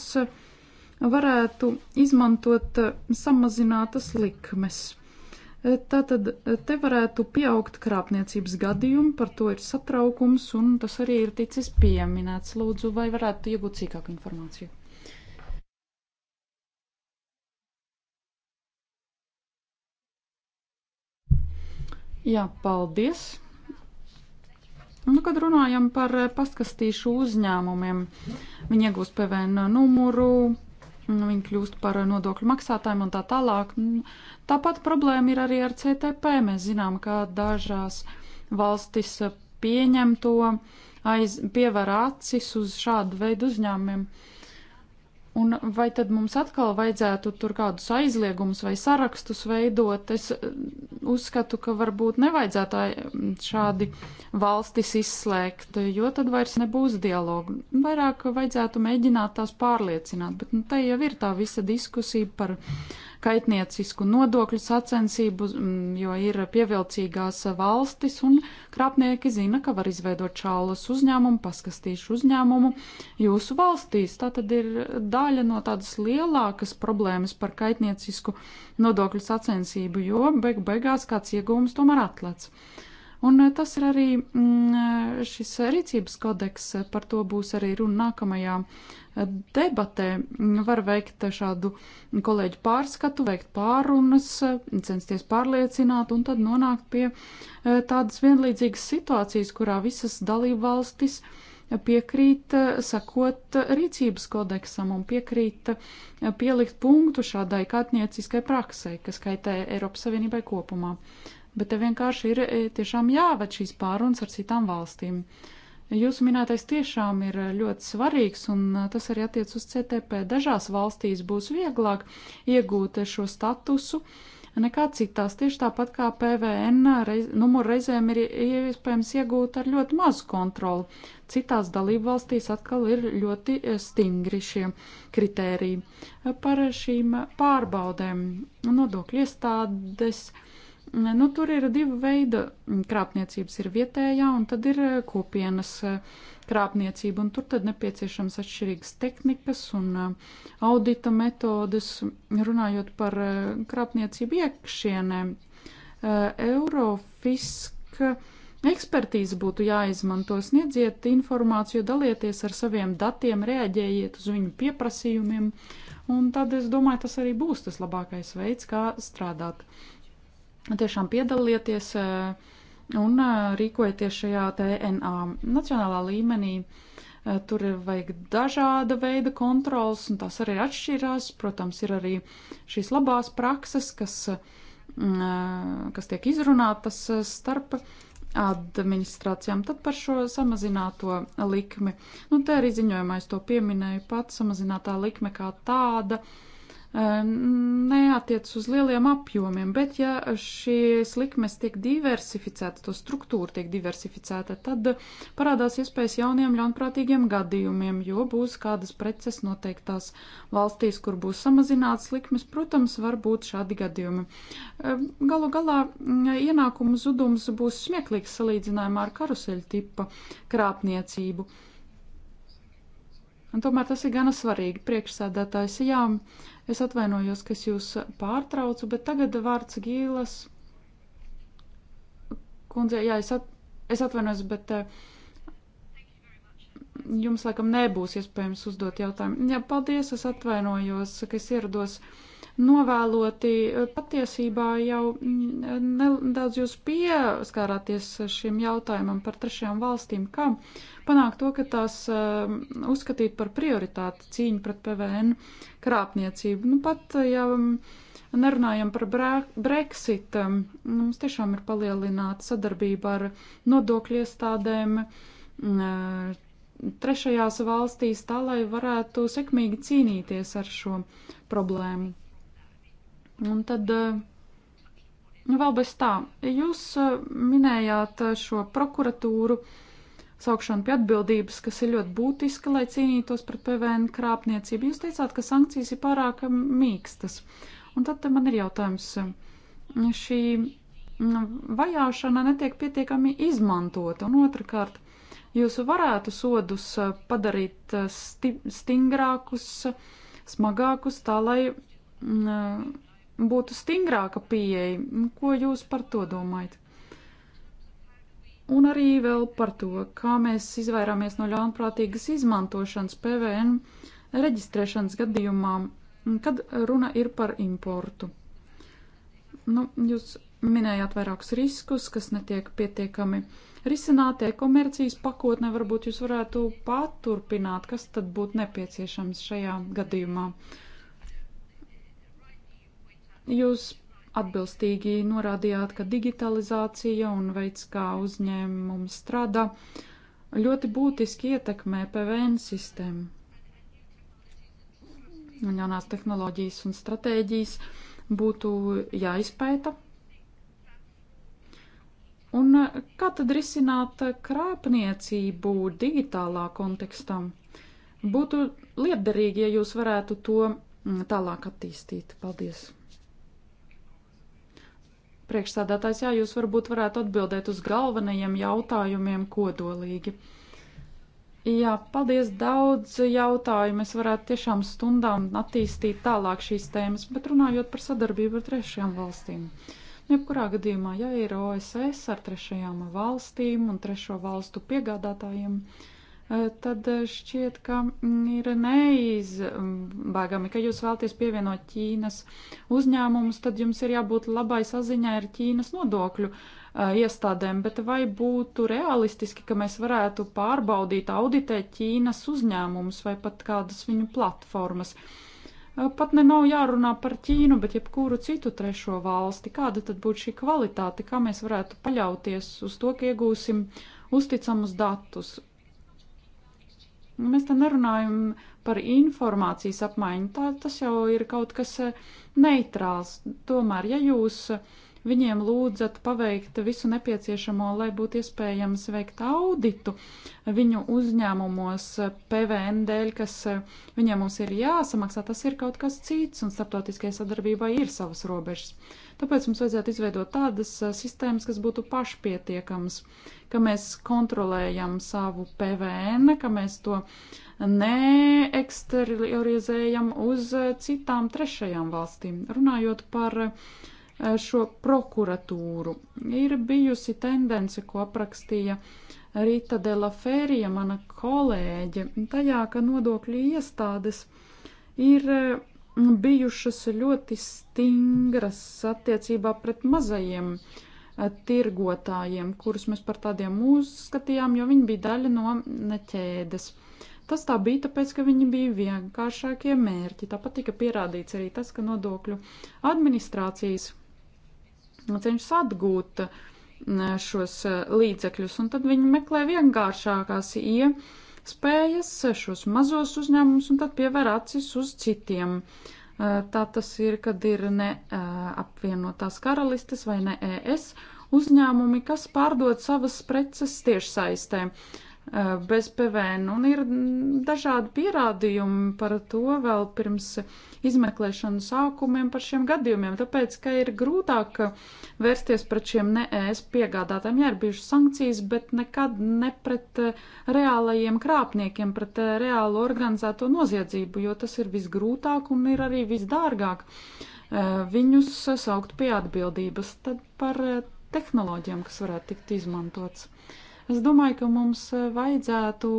varētu izmantot samazinātas likmes. Tātad te varētu pieaugt krāpniecības gadījumi, par to ir satraukums, un tas arī ir ticis pieminēts. Lūdzu, vai varētu iegūt cīkāku informāciju? Jā, paldies! Nu, kad runājam par eh, paskastīšu uzņēmumiem, viņi iegūst PVN numuru, viņi kļūst par nodokļu maksātājiem un tā tālāk. Tāpat problēma ir arī ar CTP. Mēs zinām, ka dažās valstis eh, pieņem to, aiz, piever acis uz šādu veidu uzņēmumiem. Uh, Un vai tad mums atkal vajadzētu tur kādus aizliegumus vai sarakstus veidot? Es eh, uzskatu, ka varbūt nevajadzētu eh, šādi valstis izslēgt, jo tad vairs nebūs dialogu. Vairāk vajadzētu mēģināt tās pārliecināt, bet nu, te jau ir tā visa diskusija par kaitniecisku nodokļu sacensību, jo ir pievilcīgās valstis un krāpnieki zina, ka var izveidot šaulas uzņēmumu, paskastīšu uzņēmumu jūsu valstīs. Tā tad ir daļa no tādas lielākas problēmas par kaitniecisku nodokļu sacensību, jo beig beigās kāds iegūms tomēr atlec. Un eh, tas ir arī mm, eh, šis rīcības kodeks, eh, par to būs arī runa nākamajā debatē. Mm, var veikt šādu kolēģu pārskatu, veikt pārunas, censties pārliecināt un tad nonākt pie tādas vienlīdzīgas situācijas, kurā visas dalībvalstis piekrīt sakot rīcības kodeksam un piekrīt pielikt punktu šādai kātnieciskai praksai, kas kaitē Eiropas Savienībai kopumā bet te vienkārši ir e, tiešām jāved šīs pārunas ar citām valstīm. Jūsu minētais tiešām ir e, ļoti svarīgs, un e, tas arī attiec uz CTP. Dažās valstīs būs vieglāk iegūt šo statusu nekā citās, tieši tāpat kā PVN reiz, numuru reizēm ir iespējams iegūt ar ļoti mazu kontroli. Citās dalību valstīs atkal ir ļoti stingri šie kritēriji par šīm pārbaudēm. Nodokļu iestādes. Nu, Nu, tur ir divi veidi krāpniecības. Ir vietējā, un tad ir eh, kopienas eh, krāpniecība, un tur tad nepieciešams atšķirīgas tehnikas un eh, audita metodes. Runājot par krāpniecību iekšienē, Eurofiska ekspertīze būtu jāizmanto. Sniedziet informāciju, dalieties ar saviem datiem, reaģējiet uz viņu pieprasījumiem, un tad es domāju, tas arī būs tas labākais veids, kā strādāt tiešām piedalieties eh, un eh, rīkojieties šajā TNA nacionālā līmenī. Eh, tur ir vajag dažāda veida kontrols, un tās arī atšķirās. Protams, ir arī šīs labās prakses, kas, mm, kas tiek izrunātas starp administrācijām. Tad par šo samazināto likmi. Nu, te arī ziņojumā es to pieminēju pats, samazinātā likme kā tāda. Uh, neatiec uz lieliem apjomiem, bet ja šīs likmes tiek diversificēta, to struktūra tiek diversificēta, tad parādās iespējas jauniem ļaunprātīgiem gadījumiem, jo būs kādas preces noteiktās valstīs, kur būs samazināts likmes, protams, var būt šādi gadījumi. Galu galā mm, ienākumu zudums būs smieklīgs salīdzinājumā ar karuseļu tipa krāpniecību. Un tomēr tas ir gana svarīgi priekšsēdētājs. Jā, uh, Es atvainojos, ka es jūs pārtraucu, bet tagad vārds Gīlas kundze, jā, es, at, es atvainojos, bet uh, jums laikam nebūs iespējams uzdot jautājumu. Jā, paldies, es atvainojos, ka es ierados novēloti. Patiesībā jau nedaudz jūs pieskārāties šiem jautājumam par trešajām valstīm, kā panākt to, ka tās um, uzskatīt par prioritāti cīņu pret PVN krāpniecību. Nu, pat, ja, um, nerunājam par Brexit, um, mums tiešām ir palielināta sadarbība ar nodokļu iestādēm, uh, trešajās valstīs, tā lai varētu sekmīgi cīnīties ar šo problēmu. Un tad eh, vēl bez tā, jūs eh, minējāt eh, šo prokuratūru saukšanu pie atbildības, kas ir ļoti būtiska, lai cīnītos pret PVN krāpniecību. Jūs teicāt, ka sankcijas ir pārāk mīkstas. Un tad man ir jautājums, šī mm, vajāšana netiek pietiekami izmantota, un otrkārt, jūs varētu sodus eh, padarīt eh, sti stingrākus, smagākus, tā lai mm, eh, būtu stingrāka pieeja. Ko jūs par to domājat? Un arī vēl par to, kā mēs izvairāmies no ļaunprātīgas izmantošanas PVN reģistrēšanas gadījumā, kad runa ir par importu. Nu, jūs minējāt vairākus riskus, kas netiek pietiekami uh, risināt e-komercijas pakotnē. Varbūt jūs varētu paturpināt, kas tad būtu nepieciešams šajā gadījumā. Jūs atbilstīgi norādījāt, ka digitalizācija un veids, kā uzņēmums strādā, ļoti būtiski ietekmē PVN sistēmu. Un jaunās tehnoloģijas un stratēģijas būtu jāizpēta Un kā tad risināt krāpniecību digitālā kontekstā? Būtu liederīgi, ja jūs varētu to mm, tālāk attīstīt. Paldies! Priekšsādātājs, jā, jūs varbūt varētu atbildēt uz galvenajiem jautājumiem kodolīgi. Jā, paldies daudz jautājumu. Es varētu tiešām stundām attīstīt tālāk šīs tēmas, bet runājot par sadarbību ar trešajām valstīm. Uh, Jebkurā gadījumā, ja ir OSS ar trešajām valstīm un trešo valstu piegādātājiem, eh, tad eh, šķiet, ka mm, ir neizbēgami, ka jūs vēlaties pievienot Ķīnas uzņēmumus, tad jums ir jābūt labai saziņai ar Ķīnas nodokļu eh, iestādēm, bet vai būtu realistiski, ka mēs varētu pārbaudīt, auditēt Ķīnas uzņēmumus vai pat kādas viņu platformas? Uh, Eh, pat ne nav jārunā par Ķīnu, bet jebkuru citu trešo valsti. Kāda tad būtu šī kvalitāte, kā mēs varētu paļauties uz to, ka iegūsim uzticamus datus? Mēs te nerunājam par informācijas apmaiņu, tā, tas jau ir kaut kas eh, neitrāls. Tomēr, ja jūs uh, viņiem lūdzat paveikt visu nepieciešamo, lai būtu iespējams veikt auditu viņu uzņēmumos PVN dēļ, kas eh, viņiem mums ir jāsamaksā, tas ir kaut kas cits, un starptautiskajai sadarbībai ir savas robežas. Tāpēc mums vajadzētu izveidot tādas eh, sistēmas, kas būtu pašpietiekamas, ka mēs kontrolējam savu PVN, ka mēs to neeksteriorizējam uz eh, citām trešajām valstīm. Runājot par uh, Eh, šo prokuratūru. Ir bijusi tendence, ko aprakstīja Rīta Dela Fērija, mana kolēģe, tajā, ka nodokļu iestādes ir eh, bijušas ļoti stingras attiecībā pret mazajiem eh, tirgotājiem, kurus mēs par tādiem uzskatījām, jo viņi bija daļa no ķēdes. Tas tā bija tāpēc, ka viņi bija vienkāršākie mērķi. Tāpat tika pierādīts arī tas, ka nodokļu administrācijas cenšas atgūt šos e, līdzekļus, un tad viņi meklē vienkāršākās iespējas šos mazos uzņēmumus un tad pievēr acis uz citiem. E, tā tas ir, kad ir ne e, apvienotās karalistes vai ne ES uzņēmumi, kas pārdod savas preces tiešsaistē. Eh, bez PVN, un ir dažādi pierādījumi par to vēl pirms izmeklēšanu sākumiem par šiem gadījumiem, tāpēc, ka ir grūtāk vērsties pret šiem ne-ES piegādātājiem. Jā, ir bijušas sankcijas, bet nekad ne pret eh, reālajiem krāpniekiem, pret eh, reālu organizēto noziedzību, jo tas ir visgrūtāk un ir arī visdārgāk viņus saukt pie atbildības. Tad par tehnoloģijām, kas varētu tikt izmantots. Uh, Es domāju, ka mums e, vajadzētu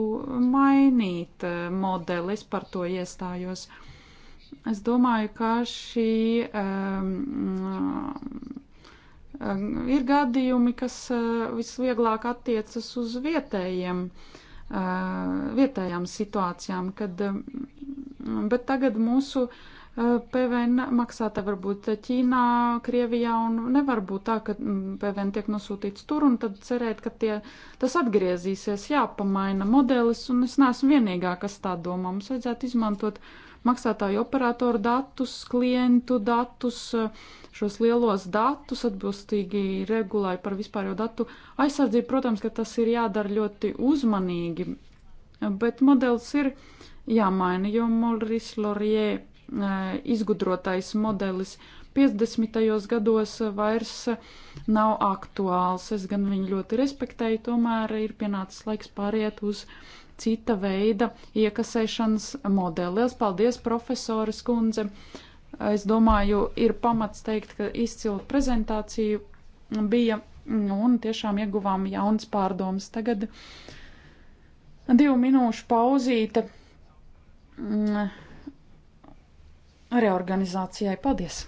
mainīt e, modeli. Es par to iestājos. Es domāju, ka šī um, ir gadījumi, kas visvieglāk attiecas uz vietējiem, vietējām situācijām, kad, bet tagad mūsu uh, Eh, PVN maksāta varbūt Ķīnā, Krievijā, un nevar būt tā, ka mm, PVN tiek nosūtīts tur, un tad cerēt, ka tie, tas atgriezīsies, jāpamaina modelis, un es neesmu vienīgā, kas tā domā. Mums vajadzētu izmantot maksātāju operatoru datus, klientu datus, eh, šos lielos datus atbilstīgi regulai par vispārējo datu aizsardzību. Protams, ka tas ir jādara ļoti uzmanīgi, bet modelis ir jāmaina, jo Molris Lorie izgudrotais modelis 50. gados vairs nav aktuāls. Es gan viņu ļoti respektēju, tomēr ir pienācis laiks pāriet uz cita veida iekasēšanas modeli. Lielas paldies, profesoras kundze! Es domāju, ir pamats teikt, ka izcila prezentācija bija nu, un tiešām ieguvām jauns pārdoms. Tagad divu minūšu pauzīte. Mm reorganizācijai. Paldies!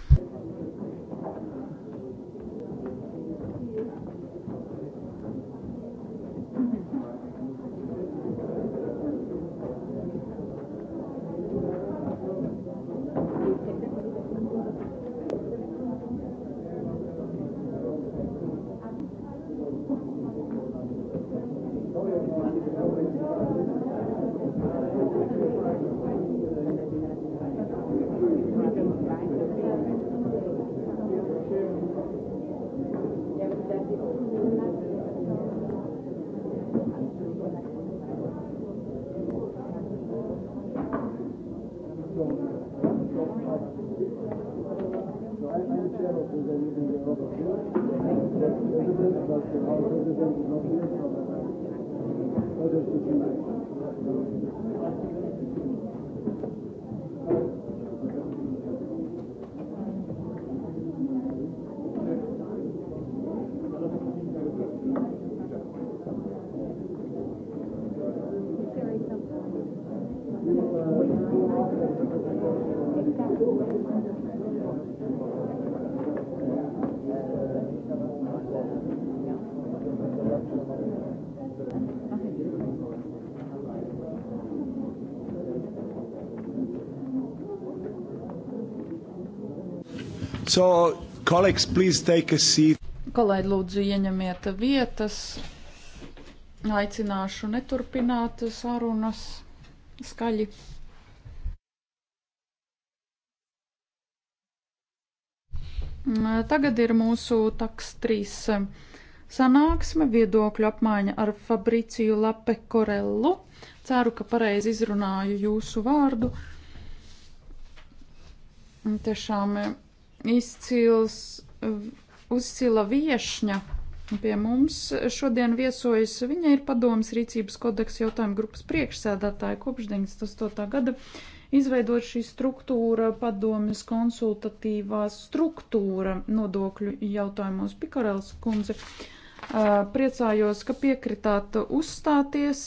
So, colleagues, please take a seat. Kolēģi, lūdzu, ieņemiet vietas. Aicināšu neturpināt sarunas skaļi. Tagad ir mūsu taks 3 sanāksme viedokļu apmaiņa ar Fabriciju Lape Korellu. Ceru, ka pareizi izrunāju jūsu vārdu. Tiešām izcils, uzcila viešņa pie mums šodien viesojas. Viņa ir padomas rīcības kodeksa jautājuma grupas priekšsēdētāja kopš 98. gada. Izveidot šī struktūra, padomas konsultatīvā struktūra nodokļu jautājumos Pikarels kundze. Priecājos, ka piekritāt uzstāties,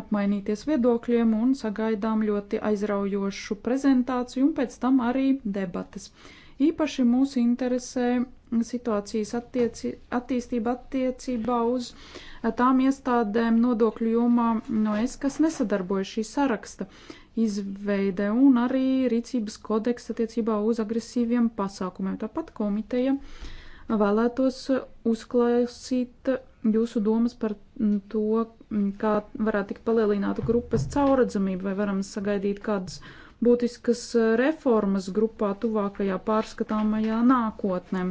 apmainīties viedokļiem un sagaidām ļoti aizraujošu prezentāciju un pēc tam arī debatas. Īpaši mūs interesē situācijas attieci, attīstība attiecībā uz eh, tām iestādēm nodokļu jomā no es, kas nesadarbojas šī saraksta izveide un arī rīcības kodeks attiecībā uz agresīviem pasākumiem. Tāpat komiteja vēlētos uzklausīt jūsu domas par to, kā varētu tikt palielināta grupas cauradzamība, vai varam sagaidīt kādas būtiskas eh, reformas grupā tuvākajā pārskatāmajā nākotnē.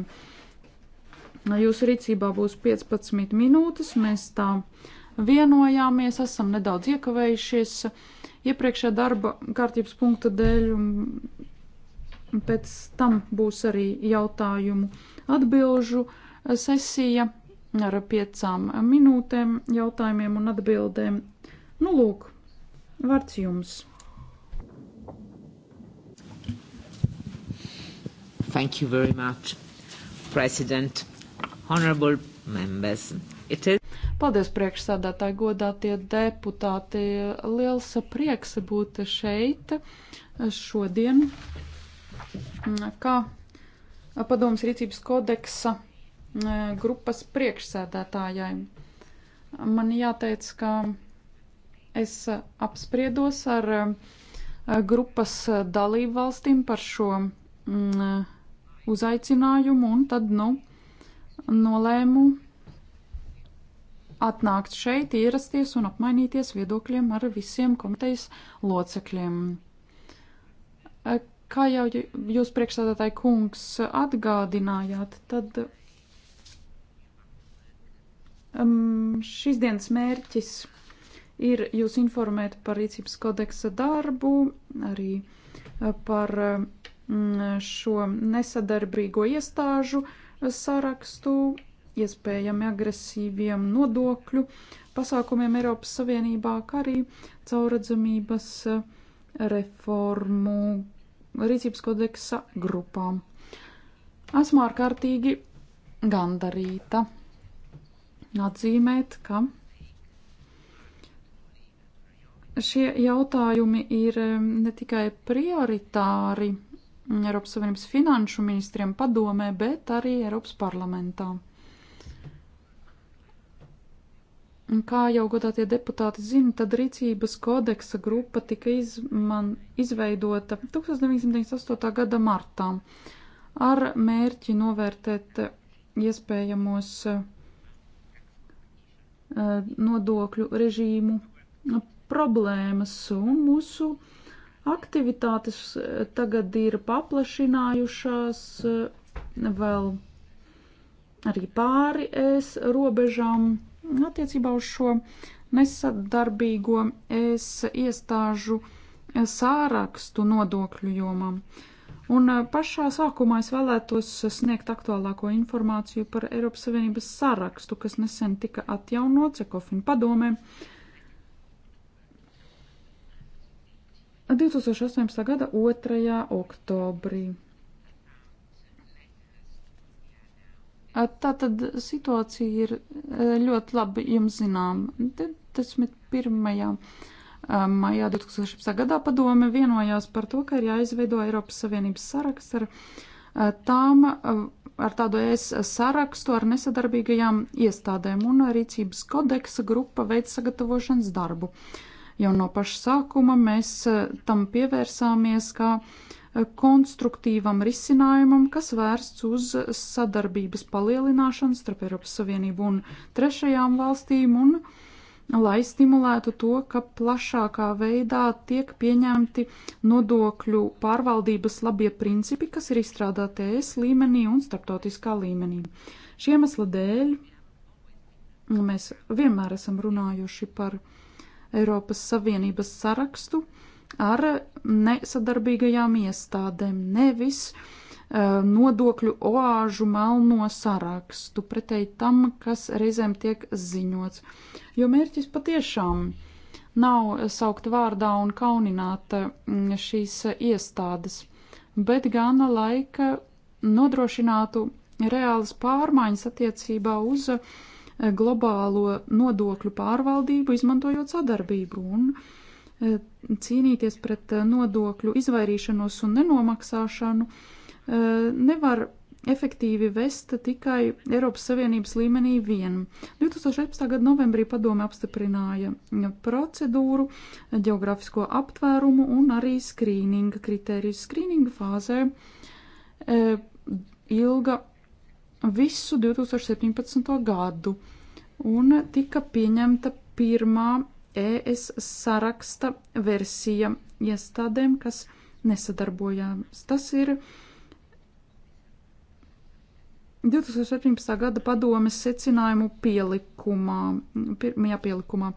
Jūsu rīcībā būs 15 minūtes, mēs tā vienojāmies, esam nedaudz iekavējušies iepriekšējā darba kārtības punkta dēļ, un pēc tam būs arī jautājumu atbilžu eh, sesija ar piecām minūtēm jautājumiem un atbildēm. Nu, lūk, vārds jums! Thank you very much, President. Honorable members. It is... Paldies, priekšsādātāji, godātie deputāti. Liels prieks būt šeit šodien. Kā padomas rīcības kodeksa e, grupas priekšsēdētājai. Man jāteic, ka es apspriedos ar e, grupas dalību valstīm par šo mm, uzaicinājumu un tad, nu, nolēmu atnākt šeit, ierasties un apmainīties viedokļiem ar visiem komitejas locekļiem. Eh, kā jau jūs priekšstādātāji kungs atgādinājāt, tad um, šīs dienas mērķis ir jūs informēt par rīcības kodeksa darbu, arī eh, par Mm, šo nesadarbīgo iestāžu sarakstu, iespējami agresīviem nodokļu pasākumiem Eiropas Savienībā, kā arī caurredzamības reformu rīcības kodeksa grupām. Esmu ārkārtīgi gandarīta atzīmēt, ka šie jautājumi ir mm, ne tikai prioritāri, Eiropas Savienības finanšu ministriem padomē, bet arī Eiropas parlamentā. Kā jau godātie deputāti zina, tad rīcības kodeksa grupa tika izman, izveidota 1998. gada martā ar mērķi novērtēt iespējamos eh, nodokļu režīmu problēmas un mūsu uh, aktivitātes eh, tagad ir paplašinājušās eh, vēl arī pāri es robežām attiecībā uz šo nesadarbīgo es iestāžu eh, sārakstu nodokļu jomām. Un pašā sākumā es vēlētos sniegt aktuālāko informāciju par Eiropas Savienības sārakstu, kas nesen tika atjaunots Ekofin padomē. Uh, 2018. gada 2. oktobrī. Tā tad situācija ir e, ļoti labi jums zinām. 21. E, maijā 2016. gadā padome vienojās par to, ka ir jāizveido Eiropas Savienības saraksts ar e, tām, ar tādu es sarakstu ar nesadarbīgajām iestādēm un rīcības kodeksa grupa veids sagatavošanas darbu. Uh, Jau no paša sākuma mēs eh, tam pievērsāmies kā eh, konstruktīvam risinājumam, kas vērsts uz sadarbības palielināšanu starp Eiropas Savienību un trešajām valstīm un lai stimulētu to, ka plašākā veidā tiek pieņemti nodokļu pārvaldības labie principi, kas ir izstrādāti ES līmenī un starptautiskā līmenī. Šiem esla dēļ mēs vienmēr esam runājuši par uh, Eiropas Savienības sarakstu ar nesadarbīgajām iestādēm, nevis uh, nodokļu oāžu melno sarakstu, pretēji tam, kas reizēm tiek ziņots. Jo mērķis patiešām nav saukt vārdā un kaunināt mm, šīs iestādes, bet gan laika nodrošinātu reālas pārmaiņas attiecībā uz uh, globālo nodokļu pārvaldību, izmantojot sadarbību un e, cīnīties pret e, nodokļu izvairīšanos un nenomaksāšanu, e, nevar efektīvi vest tikai Eiropas Savienības līmenī vien. 2017. gada novembrī padome apstiprināja procedūru, geogrāfisko aptvērumu un arī skrīninga kritērijas. Skrīninga fāzē ilga visu 2017. gadu un tika pieņemta pirmā ES saraksta versija iestādēm, kas nesadarbojās. Tas ir 2017. gada padomes secinājumu pielikumā, pirmajā pielikumā.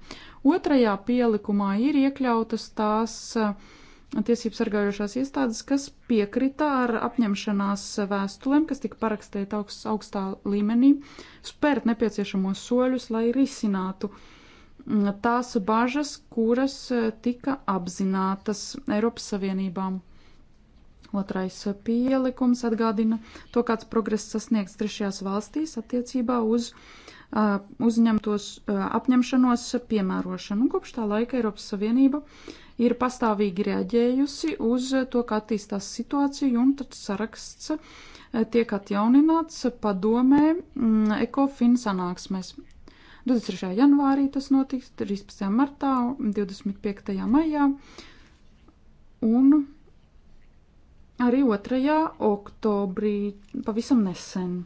Otrajā pielikumā ir iekļautas tās uh, tiesību sargājošās iestādes, kas piekrita ar apņemšanās vēstulēm, kas tika parakstīta augst, augstā līmenī, spērt nepieciešamos soļus, lai risinātu mm, tās bažas, kuras e, tika apzinātas Eiropas Savienībām. Otrais e, pielikums atgādina to, kāds progress sasniegts trešajās valstīs attiecībā uz uh, uzņemtos uh, apņemšanos piemērošanu. Un kopš tā laika Eiropas Savienība uh, ir pastāvīgi reaģējusi uz to, kā attīstās situācija, un tad saraksts eh, tiek atjaunināts padomē mm, ECOFIN sanāksmēs. 23. janvārī tas notiks, 13. martā, 25. maijā un arī 2. oktobrī pavisam nesen.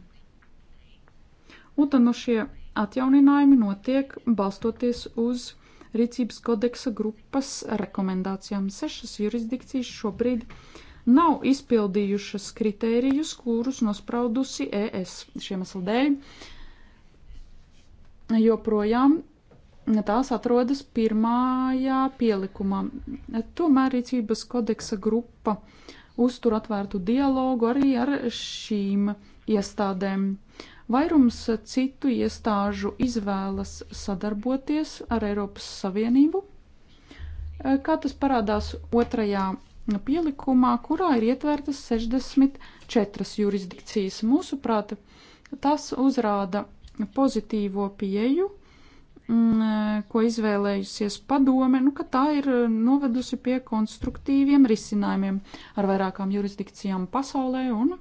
Un tad no nu šie atjauninājumi notiek balstoties uz rīcības kodeksa grupas rekomendācijām. Sešas jurisdikcijas šobrīd nav izpildījušas kritērijus, kurus nospraudusi e ES šiem eslu dēļ. Joprojām tās atrodas pirmajā pielikumā. Tomēr rīcības kodeksa grupa uztur atvērtu dialogu arī ar šīm iestādēm. Uh, Vairums citu iestāžu izvēlas sadarboties ar Eiropas Savienību, kā tas parādās otrajā pielikumā, kurā ir ietvērtas 64 jurisdikcijas. Mūsuprāt, tas uzrāda pozitīvo pieju, mm, ko izvēlējusies padome, nu, ka tā ir novedusi pie konstruktīviem risinājumiem ar vairākām jurisdikcijām pasaulē un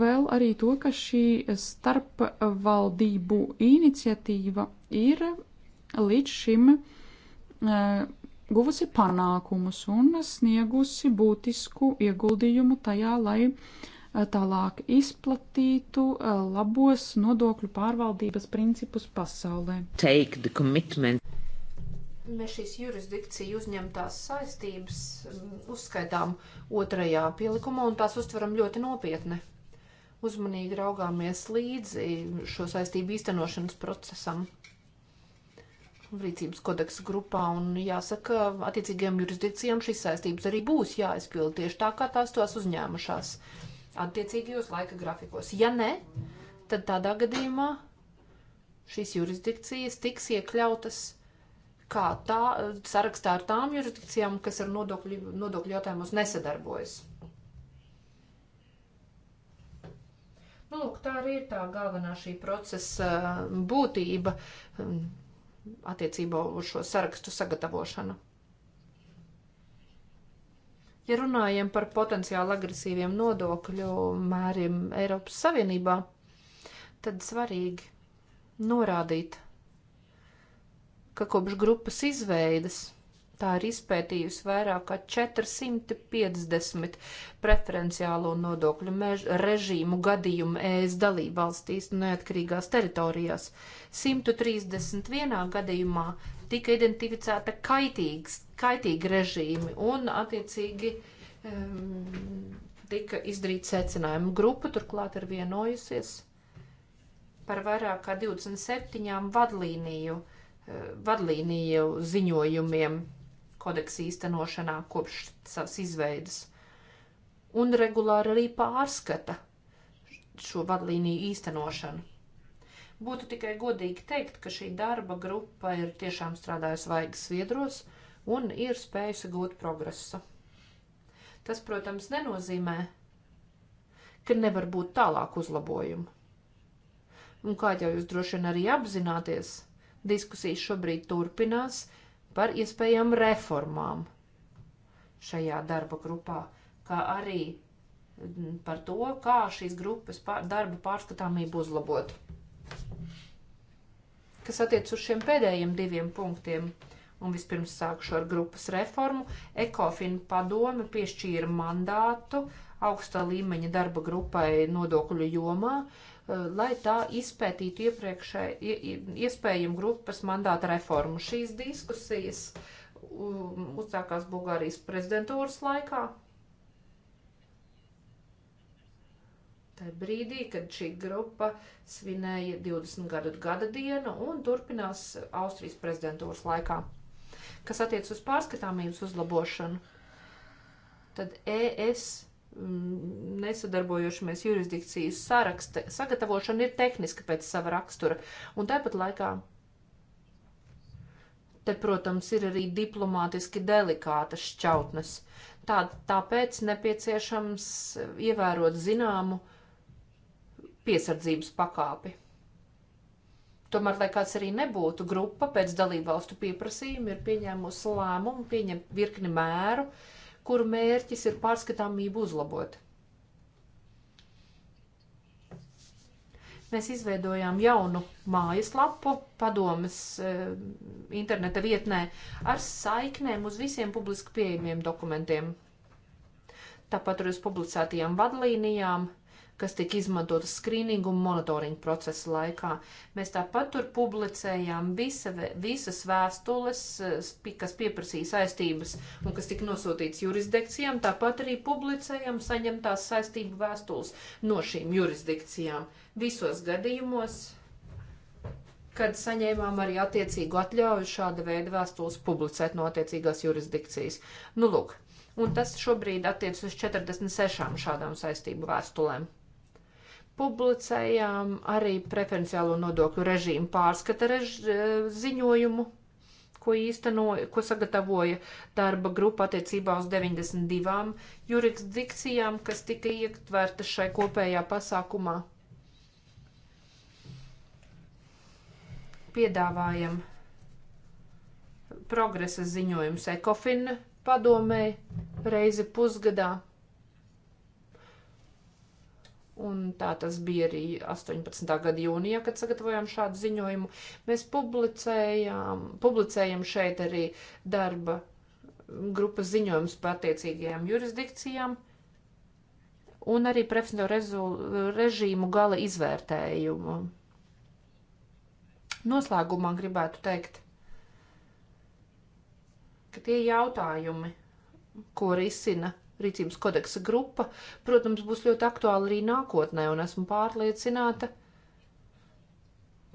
vēl arī to, ka šī starpvaldību iniciatīva ir līdz šim eh, guvusi panākumus un sniegusi būtisku ieguldījumu tajā, lai eh, tālāk izplatītu eh, labos nodokļu pārvaldības principus pasaulē. Mēs šīs jurisdikciju uzņemtās saistības mm, uzskaitām otrajā pielikumā un tās uztveram ļoti nopietni uzmanīgi raugāmies līdzi šo saistību īstenošanas procesam rīcības kodeksa grupā, un jāsaka, attiecīgajām jurisdikcijām šīs saistības arī būs jāizpild tieši tā, kā tās tos uzņēmušās attiecīgajos laika grafikos. Ja nē, tad tādā gadījumā šīs jurisdikcijas tiks iekļautas kā tā sarakstā ar tām jurisdikcijām, kas ar nodokļu, nodokļu jautājumos nesadarbojas. Nu, lūk, tā arī ir tā galvenā šī procesa um, būtība um, attiecībā uz šo sarakstu sagatavošanu. Ja runājam par potenciāli agresīviem nodokļu mēriem Eiropas Savienībā, tad svarīgi norādīt, ka kopš grupas izveidas Tā ir izpētījusi vairāk kā 450 preferenciālo nodokļu mež, režīmu gadījumu ES dalībvalstīs un neatkarīgās teritorijās. 131 gadījumā tika identificēta kaitīgs, kaitīgi režīmi un, attiecīgi, um, tika izdarīta secinājuma. Grupa turklāt ir vienojusies par vairāk kā 27 vadlīniju, eh, vadlīniju ziņojumiem kodeksa īstenošanā kopš savas izveidas. Un regulāri arī pārskata šo vadlīniju īstenošanu. Būtu tikai godīgi teikt, ka šī darba grupa ir tiešām strādājusi vaigas sviedros un ir spējusi gūt progresu. Tas, protams, nenozīmē, ka nevar būt tālāk uzlabojumu. Un kā jau jūs droši vien arī apzināties, diskusijas šobrīd turpinās, par iespējām reformām šajā darba grupā, kā arī mm, par to, kā šīs grupas pār, darba pārskatāmību uzlabot. Kas attiec uz šiem pēdējiem diviem punktiem, un vispirms sākšu ar grupas reformu, Ekofina padome piešķīra mandātu augstā līmeņa darba grupai nodokļu jomā, uh, Eh, lai tā izpētītu iepriekšē iespējumu grupas mandāta reformu. Šīs diskusijas um, uzsākās Bulgārijas prezidentūras laikā. Tā brīdī, kad šī grupa svinēja 20 gadu gada dienu un turpinās Austrijas prezidentūras laikā. Kas attiec uz pārskatāmības uzlabošanu, tad ES Mm, nesadarbojošamies jurisdikcijas saraksta sagatavošana ir tehniska pēc sava rakstura. Un tāpat laikā te, protams, ir arī diplomātiski delikātas šķautnes. Tā, tāpēc nepieciešams ievērot zināmu piesardzības pakāpi. Tomēr, lai kāds arī nebūtu, grupa pēc dalībvalstu pieprasījuma ir pieņēmusi lēmumu, pieņem virkni mēru, uh, kuru mērķis ir pārskatāmību uzlabot. Mēs izveidojām jaunu mājaslapu padomas e, interneta vietnē ar saiknēm uz visiem publiski pieejamiem dokumentiem. Tāpat arī uz publicētajām vadlīnijām kas tika izmantotas skrīningu un monitoringu procesa laikā. Mēs tāpat tur publicējām visa, visas vēstules, eh, kas pieprasīja saistības un kas tika nosūtīts jurisdikcijām, tāpat arī publicējām saņemtās saistību vēstules no šīm jurisdikcijām. Visos gadījumos, kad saņēmām arī attiecīgu atļauju šāda veida vēstules publicēt no attiecīgās jurisdikcijas. Nu, lūk, un tas šobrīd attiecas uz 46 šādām saistību vēstulēm publicējām arī preferenciālo nodokļu režīmu pārskata rež e, ziņojumu, ko īstenoja, ko sagatavoja darba grupa attiecībā uz 92 jurisdikcijām, kas tika ietverta šai kopējā pasākumā. Piedāvājam progresa ziņojums Ekofin padomē reizi pusgadā. Un tā tas bija arī 18. gada jūnijā, kad sagatavojām šādu ziņojumu. Mēs publicējām, publicējam šeit arī darba grupas ziņojumus par attiecīgajām jurisdikcijām un arī profesionālo režīmu gala izvērtējumu. Noslēgumā gribētu teikt, ka tie jautājumi, ko risina rīcības kodeksa grupa, protams, būs ļoti aktuāla arī nākotnē, un esmu pārliecināta,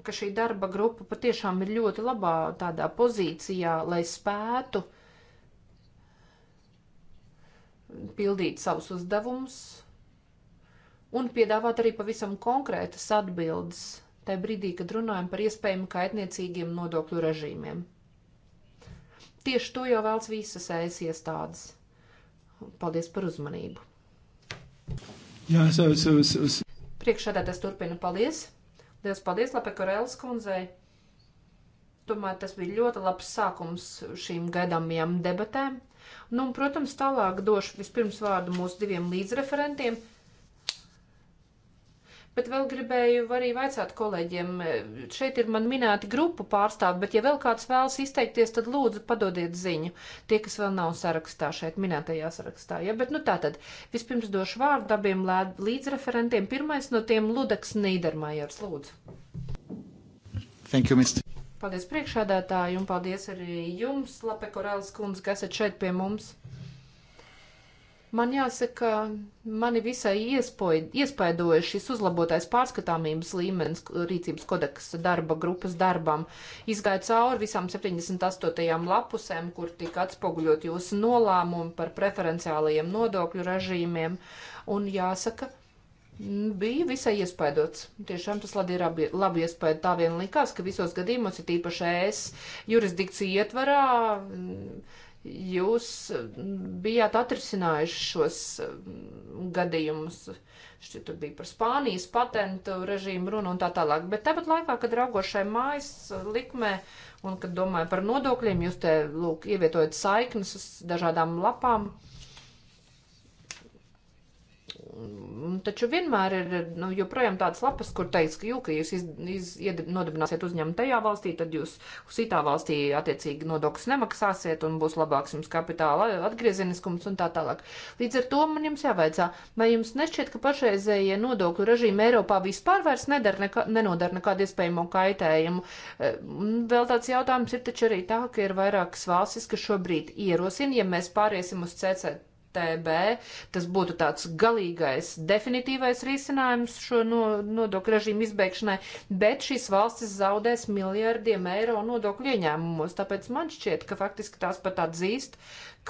ka šī darba grupa patiešām ir ļoti labā tādā pozīcijā, lai spētu pildīt savus uzdevumus un piedāvāt arī pavisam konkrētas atbildes tajā brīdī, kad runājam par iespējami kaitniecīgiem nodokļu režīmiem. Tieši to jau vēlas visas ēs iestādes. Paldies par uzmanību. Jā, es, es, es, es. Priekšādā tas turpina. Paldies! Liels paldies Lape Korēlas kundzei! Tomēr tas bija ļoti labs sākums šīm gaidāmajām debatēm. Nu, un, protams, tālāk došu vispirms vārdu mūsu diviem līdzreferentiem bet vēl gribēju arī vaicāt kolēģiem. Šeit ir man minēti grupu pārstāvi, bet ja vēl kāds vēlas izteikties, tad lūdzu padodiet ziņu tie, kas vēl nav sarakstā šeit minētajā sarakstā. Ja, bet nu tā tad vispirms došu vārdu abiem līdzreferentiem. Pirmais no tiem Ludeks Nīdermājers, lūdzu. Thank you, Mr. Paldies priekšādātāji un paldies arī jums, Lape Korēlas kundze, kas esat šeit pie mums. Uh, Man jāsaka, mani visai iespaidoja šis uzlabotais pārskatāmības līmenis rīcības kodeksa darba grupas darbam. Izgāja cauri visām 78 lapusēm, kur tika atspoguļot jūsu nolēmumi par preferenciālajiem nodokļu režīmiem. Un jāsaka, bija visai iespaidots. Tiešām tas labi ir labi, labi iespēja. Tā vien likās, ka visos gadījumos ir tīpaši es jurisdikciju ietvarā. M, jūs mm, bijāt atrisinājuši šos mm, gadījumus. Šķiet, tur bija par Spānijas patentu režīmu runa un tā tālāk. Bet tāpat laikā, kad raugošai mājas likmē un kad domāju par nodokļiem, jūs te, lūk, ievietojat saiknes uz dažādām lapām. Uh, Taču vienmēr ir nu, joprojām tādas lapas, kur teiks, ka, jū, ka jūs iz, iz, ied, nodibināsiet uzņēmumu tajā valstī, tad jūs uz citā valstī attiecīgi nodokļus nemaksāsiet un būs labāks jums kapitāla atgriezeniskums un tā tālāk. Līdz ar to man jums jāveicā, vai jums nešķiet, ka pašreizējie ja nodokļu režīmi Eiropā vispār vairs nedara nekā, nenodara nekādu iespējamo kaitējumu? E, vēl tāds jautājums ir taču arī tā, ka ir vairākas valstis, kas šobrīd ierosina, ja mēs pāriesim uz CCT TB. Tas būtu tāds galīgais, definitīvais risinājums šo no, nodokļu režīmu izbeigšanai, bet šīs valstis zaudēs miljardiem eiro nodokļu ieņēmumos. Tāpēc man šķiet, ka faktiski tās pat atzīst,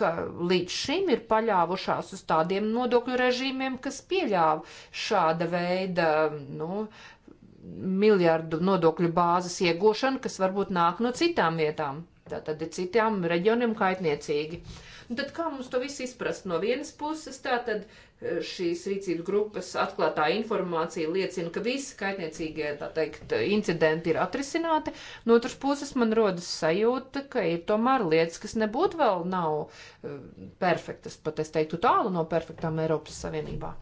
ka līdz šim ir paļāvušās uz tādiem nodokļu režīmiem, kas pieļāva šāda veida, nu, miljardu nodokļu bāzes iegūšanu, kas varbūt nāk no citām vietām. Tātad ir citām reģioniem kaitniecīgi. Uh, Un nu, tad kā mums to visu izprast? No vienas puses, tātad eh, šīs rīcības grupas atklātā informācija liecina, ka visi kaitniecīgie, tā teikt, incidenti ir atrisināti. No otras puses, man rodas sajūta, ka ir tomēr lietas, kas nebūtu vēl nav eh, perfektas, pat es teiktu tālu no perfektām Eiropas Savienībā.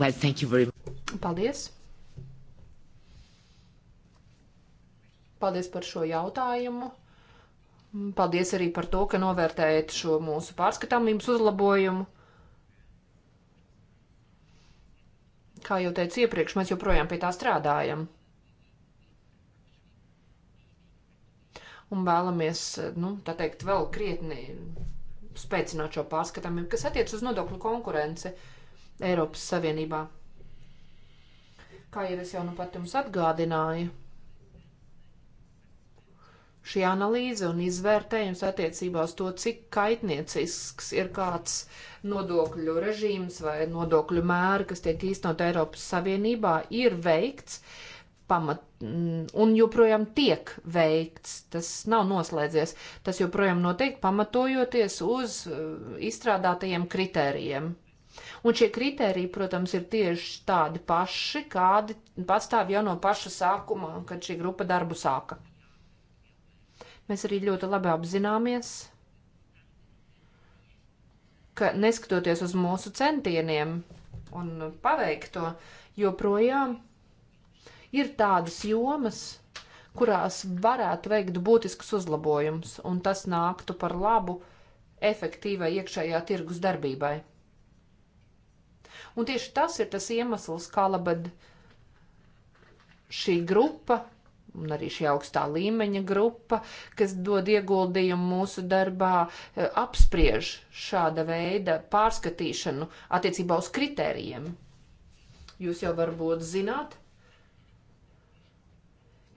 Well, thank you very much. Paldies! Paldies par šo jautājumu. Paldies arī par to, ka novērtējat šo mūsu pārskatāmības uzlabojumu. Kā jau teicu iepriekš, mēs joprojām pie tā strādājam. Un vēlamies, nu, tā teikt, vēl krietni spēcināt šo pārskatāmību, kas attiec uz nodokļu konkurenci Eiropas Savienībā. Kā jau es jau nu pat jums atgādināju, šī analīze un izvērtējums attiecībā uz to, cik kaitniecisks ir kāds nodokļu režīms vai nodokļu mēri, kas tiek īstenot Eiropas Savienībā, ir veikts pamat, mm, un joprojām tiek veikts. Tas nav noslēdzies. Tas joprojām notiek pamatojoties uz uh, izstrādātajiem kritērijiem. Un šie kritēriji, protams, ir tieši tādi paši, kādi pastāv jau no paša sākuma, kad šī grupa darbu sāka. Mēs arī ļoti labi apzināmies, ka neskatoties uz mūsu centieniem un paveikto, joprojām ir tādas jomas, kurās varētu veikt būtiskus uzlabojumus, un tas nāktu par labu efektīvai iekšējā tirgus darbībai. Un tieši tas ir tas iemesls, kā labad šī grupa un arī šī augstā līmeņa grupa, kas dod ieguldījumu mūsu darbā, eh, apspriež šāda veida pārskatīšanu attiecībā uz kritērijiem. Jūs jau varbūt zināt,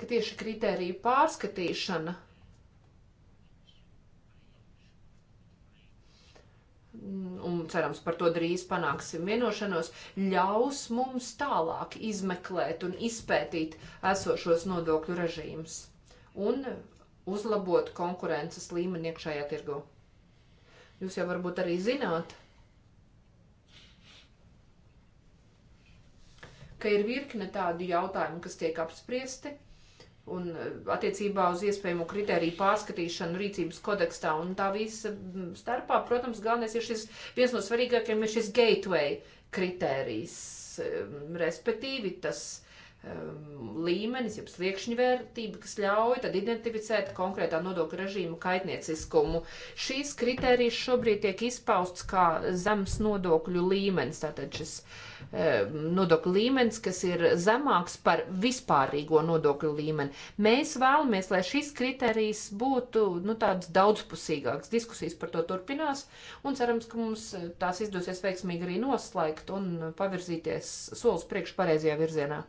ka tieši kritērija pārskatīšana un cerams par to drīz panāksim vienošanos, ļaus mums tālāk izmeklēt un izpētīt esošos nodokļu režīmus un uzlabot konkurences līmeni iekšējā tirgu. Jūs jau varbūt arī zināt, ka ir virkne tādu jautājumu, kas tiek apspriesti un e, attiecībā uz iespējamo kritēriju pārskatīšanu rīcības kodekstā. Un tā visa starpā, protams, galvenais ir šis, viens no svarīgākajiem ir šis gateway kritērijs, e, respektīvi tas um, līmenis, jeb sliekšņa vērtība, kas ļauj tad identificēt konkrētā nodokļa režīma kaitnieciskumu. Šīs kritērijas šobrīd tiek izpausts kā zemes nodokļu līmenis, tātad šis uh, Eh, nodokļu līmenis, kas ir zemāks par vispārīgo nodokļu līmeni. Mēs vēlamies, lai šis kriterijs būtu nu, tāds daudzpusīgāks. Diskusijas par to turpinās un cerams, ka mums eh, tās izdosies veiksmīgi arī noslēgt un pavirzīties solis priekš pareizajā virzienā.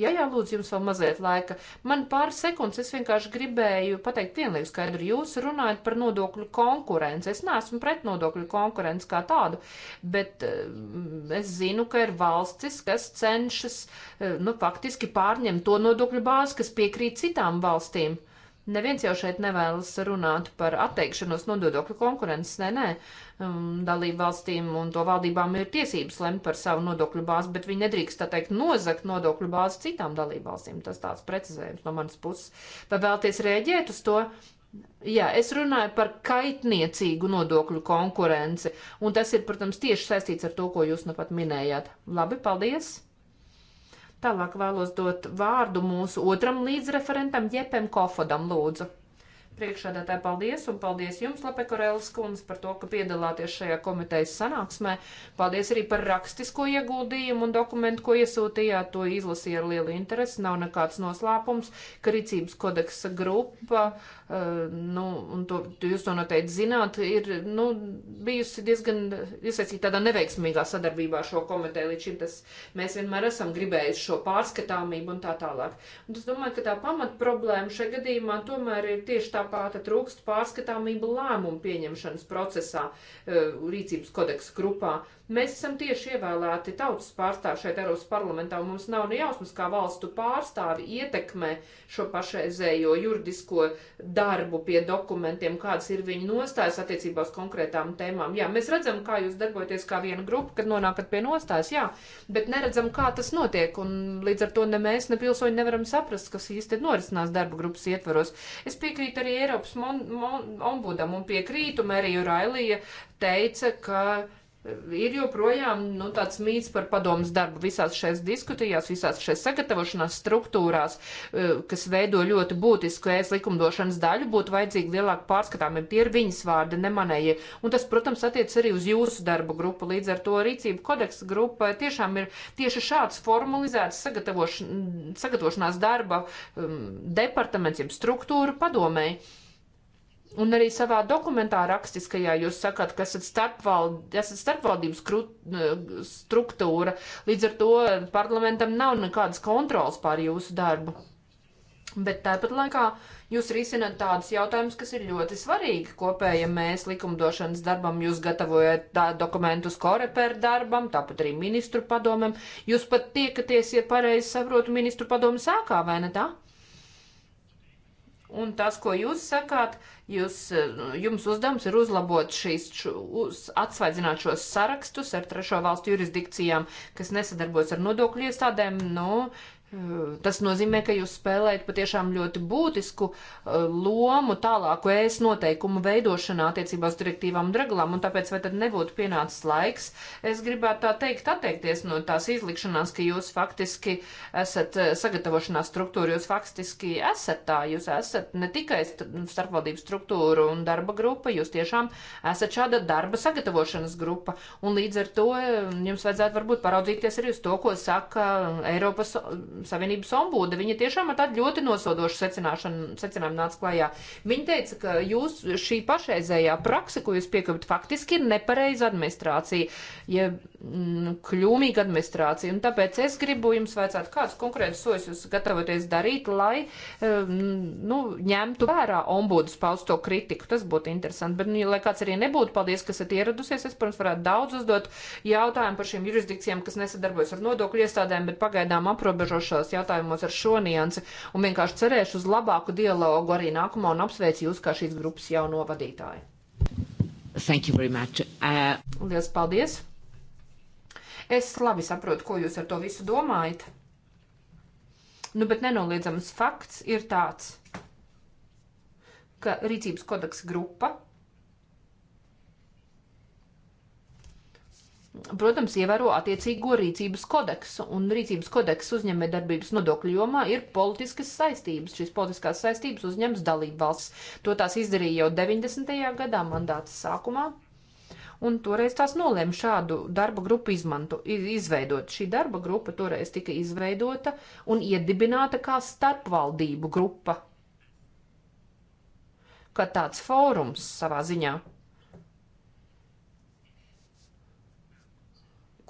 Jā, jā, lūdzu, jums vēl mazliet laika. Man pāris sekundes, es vienkārši gribēju pateikt vienlīdz skaidru. Jūs runājat par nodokļu konkurenci. Es neesmu pret nodokļu konkurenci kā tādu, bet eh, es zinu, ka ir valstis, kas cenšas, eh, nu, faktiski pārņemt to nodokļu bāzi, kas piekrīt citām valstīm. Uh, Neviens jau šeit nevēlas runāt par atteikšanos no nodokļu konkurences, nē, nē, um, dalību valstīm un to valdībām ir tiesības lemt par savu nodokļu bāzi, bet viņi nedrīkst, tā teikt, nozakt nodokļu bāzi citām dalību valstīm. Tas tāds precizējums no manas puses. Vai vēlties rēģēt uz to? Jā, es runāju par kaitniecīgu nodokļu konkurenci, un tas ir, protams, tieši saistīts ar to, ko jūs nu pat minējāt. Labi, paldies! Tālāk vēlos dot vārdu mūsu otram līdzreferentam Jepem Kofodam, lūdzu. Priekšādātāji, paldies un paldies jums, Lapekorēlis kundze, par to, ka piedalāties šajā komitejas sanāksmē. Paldies arī par rakstisko ieguldījumu un dokumentu, ko iesūtījāt. To izlasīja ar lielu interesi. Nav nekāds noslēpums, ka rīcības kodeksa grupa, eh, nu, un to, jūs to noteikti zināt, ir, nu, bijusi diezgan iesaistīta tādā neveiksmīgā sadarbībā ar šo komiteju. Līdz šim tas mēs vienmēr esam gribējuši šo pārskatāmību un tā tālāk. Un es domāju, ka tā pamatproblēma šajā gadījumā tomēr ir tieši tā tāpat trūkst pārskatāmību lēmumu pieņemšanas procesā eh, rīcības kodeksa grupā. Mēs esam tieši ievēlēti tautas pārstāvi šeit Eiropas parlamentā, un mums nav ne jausmas, kā valstu pārstāvi ietekmē šo pašreizējo juridisko darbu pie dokumentiem, kādas ir viņa nostājas attiecībā uz konkrētām tēmām. Jā, mēs redzam, kā jūs darbojaties kā viena grupa, kad nonākat pie nostājas, jā, bet neredzam, kā tas notiek, un līdz ar to ne mēs, ne pilsoņi nevaram saprast, kas īsti norisinās darba grupas ietvaros. Es piekrītu arī Eiropas mon, mon, ombudam un piekrītu Mēriju Railija teica, ka ir joprojām nu, tāds mīts par padomus darbu visās šajās diskutijās, visās šajās sagatavošanās struktūrās, eh, kas veido ļoti būtisku ēs likumdošanas daļu, būtu vajadzīgi lielāka pārskatāmība. Tie ir viņas vārdi, ne manējie. Un tas, protams, attiec arī uz jūsu darbu grupu. Līdz ar to rīcību kodeksa grupa tiešām ir tieši šāds formalizēts sagatavošanās darba um, departaments, jeb struktūra padomēji. Un arī savā dokumentā rakstiskajā jūs sakat, ka esat, starpvald, esat starpvaldības kru, eh, struktūra, līdz ar to parlamentam nav nekādas kontrols pār jūsu darbu. Bet tāpat laikā jūs risināt tādus jautājumus, kas ir ļoti svarīgi kopējam mēs likumdošanas darbam. Jūs gatavojat tā, dokumentus koreper darbam, tāpat arī ministru padomam. Jūs pat tiekaties, ja pareizi saprotu, ministru padomu sākā, vai ne tā? Un tas, ko jūs sakāt, jūs, jums uzdevums ir uzlabot šīs, uz, atsvaidzināt šos sarakstus ar trešo valstu jurisdikcijām, kas nesadarbojas ar nodokļu iestādēm. Nu, Tas nozīmē, ka jūs spēlējat patiešām ļoti būtisku uh, lomu tālāku ēs noteikumu veidošanā attiecībā uz direktīvām un regulām, un tāpēc vai tad nebūtu pienācis laiks, es gribētu tā teikt, atteikties no tās izlikšanās, ka jūs faktiski esat uh, sagatavošanās struktūra, jūs faktiski esat tā, jūs esat ne tikai starpvaldības struktūra un darba grupa, jūs tiešām esat šāda darba sagatavošanas grupa, un līdz ar to um, jums vajadzētu varbūt paraudzīties arī uz to, ko saka Eiropas Savienības ombuda. Viņa tiešām ar tādu ļoti nosodošu secinājumu nāca klajā. Viņa teica, ka jūs šī pašreizējā praksa, ko jūs piekāpjat, faktiski ir nepareiza administrācija, ja mm, kļūmīga administrācija. Un tāpēc es gribu jums vaicāt, kāds konkrēts sojas jūs gatavoties darīt, lai eh, mm, nu, ņemtu vērā ombudas pausto kritiku. Tas būtu interesanti. Bet, nu, lai kāds arī nebūtu, paldies, ka esat ieradusies. Es, protams, varētu daudz uzdot jautājumu par šīm jurisdikcijām, kas nesadarbojas ar nodokļu iestādēm, bet pagaidām aprobežošu šos jautājumos ar šo niansi un vienkārši cerēšu uz labāku dialogu arī nākamo un apsveicu jūs kā šīs grupas jauno vadītāju. Thank you very much. Uh... Lielas paldies! Es labi saprotu, ko jūs ar to visu domājat. Nu, bet nenoliedzams fakts ir tāds, ka rīcības kodeksa grupa protams, ievēro attiecīgo rīcības kodeksu, un rīcības kodeks uzņēmē darbības nodokļu jomā ir politiskas saistības. Šīs politiskās saistības uzņems dalību valsts. To tās izdarīja jau 90. gadā mandāta sākumā, un toreiz tās nolēma šādu darba grupu izmanto, izveidot. Šī darba grupa toreiz tika izveidota un iedibināta kā starpvaldību grupa, kā tāds fórums savā ziņā.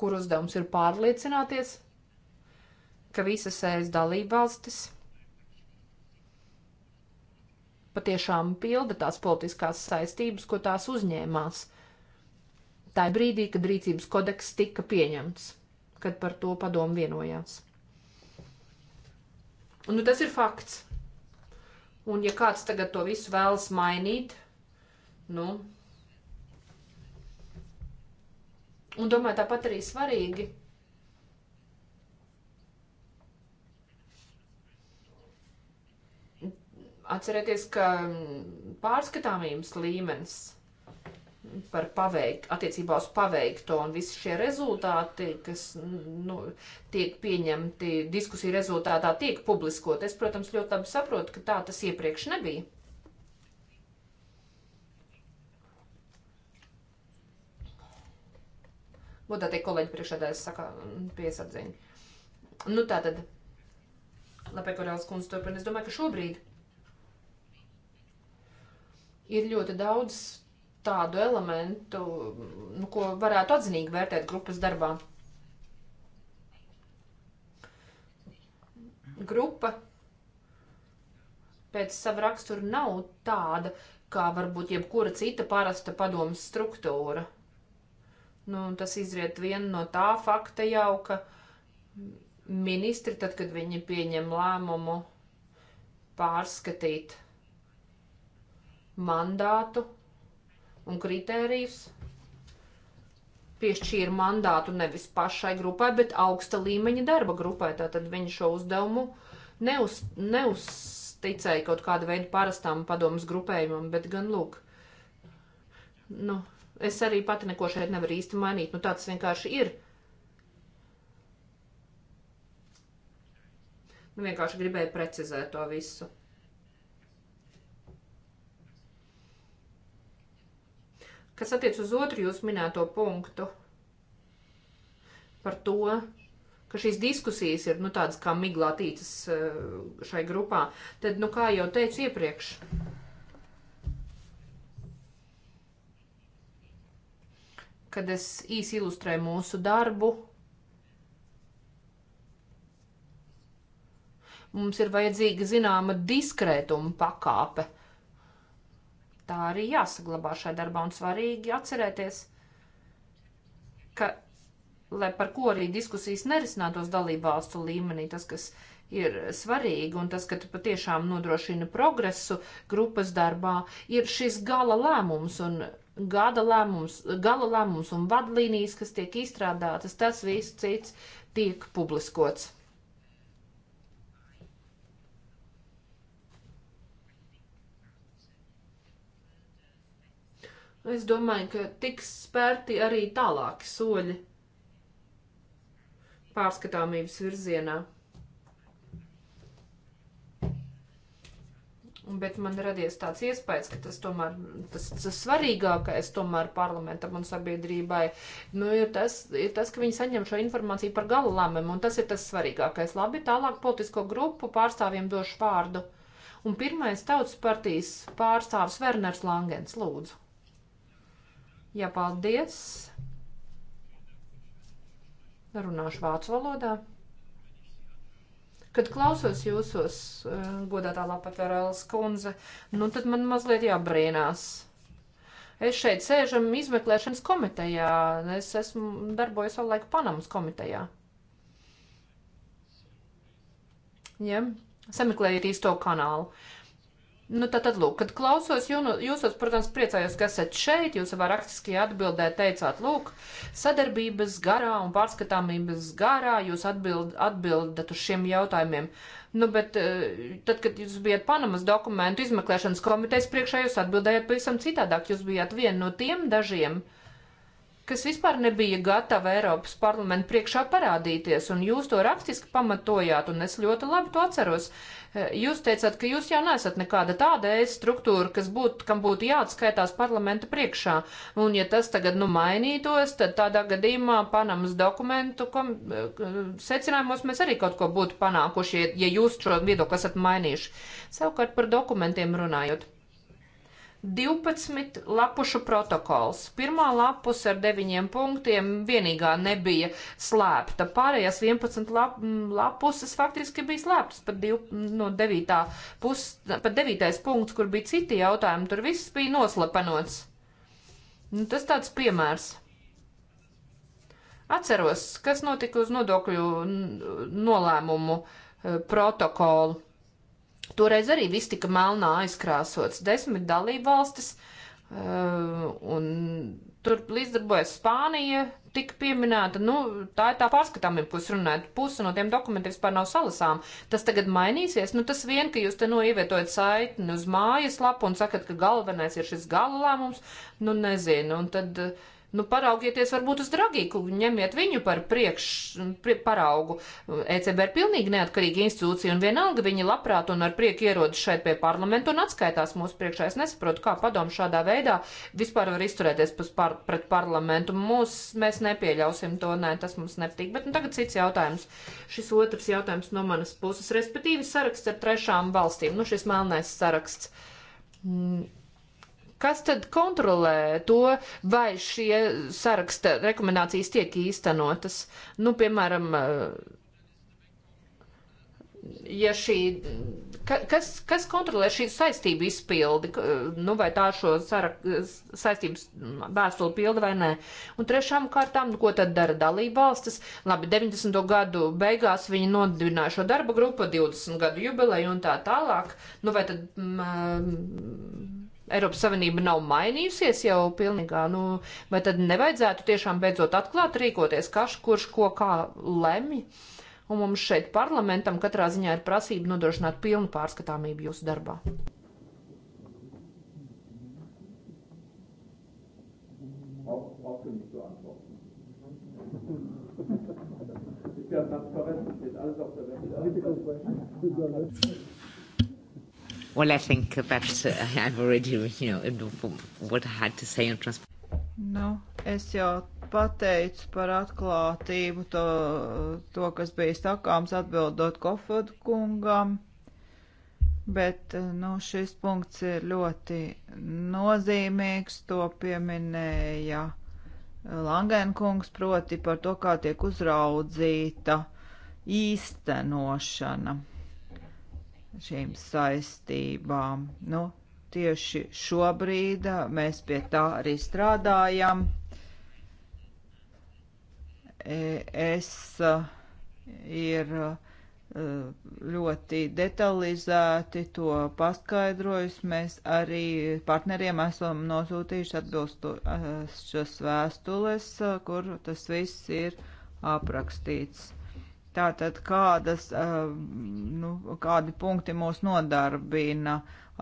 kur uzdevums ir pārliecināties, ka visas ES dalībvalstis patiešām pilda tās politiskās saistības, ko tās uzņēmās. Tā ir brīdī, kad rīcības kodeks tika pieņemts, kad par to padomu vienojās. Un, nu, tas ir fakts. Un, ja kāds tagad to visu vēlas mainīt, nu, Un domāju, tāpat arī svarīgi. Atcerieties, ka pārskatāmības līmenis par paveikt, attiecībā uz paveikto un visi šie rezultāti, kas nu, tiek pieņemti diskusiju rezultātā, tiek publiskot. Es, protams, ļoti labi saprotu, ka tā tas iepriekš nebija. Godātie nu, kolēģi priekšādājas saka mm, piesadzīni. Nu tā tad. Labi, Korāls kundze turpina. Es domāju, ka šobrīd ir ļoti daudz tādu elementu, nu, ko varētu atzinīgi vērtēt grupas darbā. Grupa pēc sava rakstura nav tāda, kā varbūt jebkura cita parasta padomas struktūra. Nu, tas izriet viena no tā fakta jau, ka ministri, tad, kad viņi pieņem lēmumu pārskatīt mandātu un kritērijus, piešķīra mandātu nevis pašai grupai, bet augsta līmeņa darba grupai. Tātad viņi šo uzdevumu neuz, neuzticēja kaut kādu veidu parastām padomas grupējumam, bet gan lūk. Nu, Es arī pati neko šeit nevaru īsti mainīt, nu tāds vienkārši ir. Nu vienkārši gribēju precizēt to visu. Kas attiec uz otru jūs minēto punktu par to, ka šīs diskusijas ir nu, tādas kā miglātītas eh, šai grupā, tad, nu, kā jau teicu iepriekš, kad es īsi ilustrēju mūsu darbu. Mums ir vajadzīga zināma diskrētuma pakāpe. Tā arī jāsaglabā šajā darbā un svarīgi atcerēties, ka, lai par ko arī diskusijas nerisinātos dalībvalstu līmenī, tas, kas ir svarīgi un tas, ka tu patiešām nodrošina progresu grupas darbā, ir šis gala lēmums un lēmums gada lēmums, gala lēmums un vadlīnijas, kas tiek izstrādātas, tas viss cits tiek publiskots. Es domāju, ka tiks spērti arī tālāki soļi pārskatāmības virzienā. Bet man radies tāds iespējas, ka tas tomēr tas, tas svarīgākais tomēr parlamentam un sabiedrībai nu, ir, tas, ir tas, ka viņi saņem šo informāciju par gala lēmumu, un tas ir tas svarīgākais. Labi, tālāk politisko grupu pārstāvjiem došu vārdu. Un pirmais tautas partijas pārstāvs Werners Langens, lūdzu. Jā, paldies. Runāšu vācu valodā. Kad klausos jūsos, eh, godātā Lapatverēlas kundze, nu tad man mazliet jābrīnās. Es šeit sēžam izmeklēšanas komitejā, es esmu darbojies savu laiku Panamas komitejā. Ja? Sameklējiet īsto kanālu. Nu, tad, tad, lūk, kad klausos jūsos, protams, priecājos, ka esat šeit. Jūs savā rakstiskajā atbildē teicāt, lūk, sadarbības garā un pārskatāmības garā jūs atbild, atbildat uz šiem jautājumiem. Nu, bet eh, tad, kad jūs bijat Panamas dokumentu izmeklēšanas komitejas priekšā, jūs atbildējat pavisam citādāk. Jūs bijat viena no tiem dažiem, uh, kas vispār nebija gatava Eiropas parlamentu priekšā parādīties, un jūs to rakstiski pamatojāt, un es ļoti labi to atceros. Eh, jūs teicāt, ka jūs jau nesat nekāda tāda ēst struktūra, kas būtu, kam būtu jāatskaitās parlamenta priekšā, un ja tas tagad, nu, mainītos, tad tādā gadījumā Panamas dokumentu kom, eh, secinājumos mēs arī kaut ko būtu panākuši, ja, ja jūs šo viedokli esat mainījuši. Savukārt par dokumentiem runājot. 12 lapušu protokols. Pirmā lapus ar 9 punktiem vienīgā nebija slēpta. Pārējās 11 lap, lapuses faktiski bija slēptas. Pat div, no 9. Pus, pat 9. punkts, kur bija citi jautājumi, tur viss bija noslepenots. Nu, tas tāds piemērs. Atceros, kas notika uz nodokļu nolēmumu eh, protokolu Toreiz arī viss tika melnā aizkrāsots. Desmit dalību valstis, uh, un tur līdzdarbojas Spānija, tika pieminēta, nu, tā ir tā pārskatāmība, ko es runāju, puse no tiem dokumentiem vispār nav salasām. Tas tagad mainīsies, nu, tas vien, ka jūs te noievietojat saitni uz mājas lapu un sakat, ka galvenais ir šis gala lēmums, nu, nezinu, un tad. Uh, Nu, paraugieties varbūt uz Dragīku, ņemiet viņu par priekš, prie, paraugu. ECB ir pilnīgi neatkarīga institūcija un vienalga viņi labprāt un ar prieku ierodas šeit pie parlamentu un atskaitās mūsu priekšā. Es nesaprotu, kā padomu šādā veidā vispār var izturēties par, pret parlamentu. Mūs, mēs nepieļausim to, nē, tas mums nepatīk. Bet nu, tagad cits jautājums. Šis otrs jautājums no manas puses, respektīvi saraksts ar trešām valstīm. Nu, šis melnais saraksts. Mm Kas tad kontrolē to, vai šie saraksta rekomendācijas tiek īstenotas? Nu, piemēram, eh, ja šī, kas, kas kontrolē šī saistību izpildi, eh, nu, vai tā šo sarak, eh, saistības vēstuli pilda vai nē. Un trešām kārtām, nu, ko tad dara dalība valstis? Labi, 90. gadu beigās viņi nodibināja šo darba grupu, 20 gadu jubileju un tā tālāk. Nu, vai tad. Mm, Eiropas Savienība nav mainījusies jau pilnīgā, nu, vai tad nevajadzētu tiešām beidzot atklāt rīkoties, kas, kurš, ko, kā lemj? Un mums šeit parlamentam katrā ziņā ir prasība nodrošināt pilnu pārskatāmību jūsu darbā. Ja, transparent steht alles auf der Webseite. Well, I think perhaps uh, I've already, you know, what I had to say on transport. Nu, es jau pateicu par atklātību to, to kas bija sakāms atbildot Kofodu kungam, bet, nu, šis punkts ir ļoti nozīmīgs, to pieminēja Langenkungs, proti par to, kā tiek uzraudzīta īstenošana šīm saistībām. Nu, tieši šobrīd uh, mēs pie tā arī strādājam. E, es uh, ir uh, ļoti detalizēti to paskaidrojis. Mēs arī partneriem esam nosūtījuši atbilstošas vēstules, kur tas viss ir aprakstīts. Tātad kādas, eh, nu, kādi punkti mūs nodarbina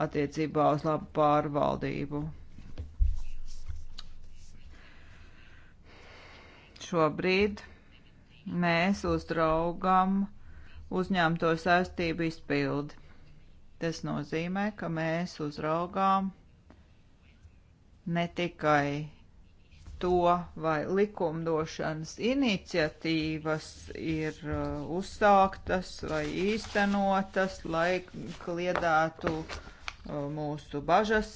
attiecībā uz labu pārvaldību? Šobrīd mēs uztraugam uzņemto saistību izpildi. Tas nozīmē, ka mēs uzraugām ne tikai to, vai likumdošanas iniciatīvas ir uh, uzsāktas vai īstenotas, lai kliedētu uh, mūsu bažas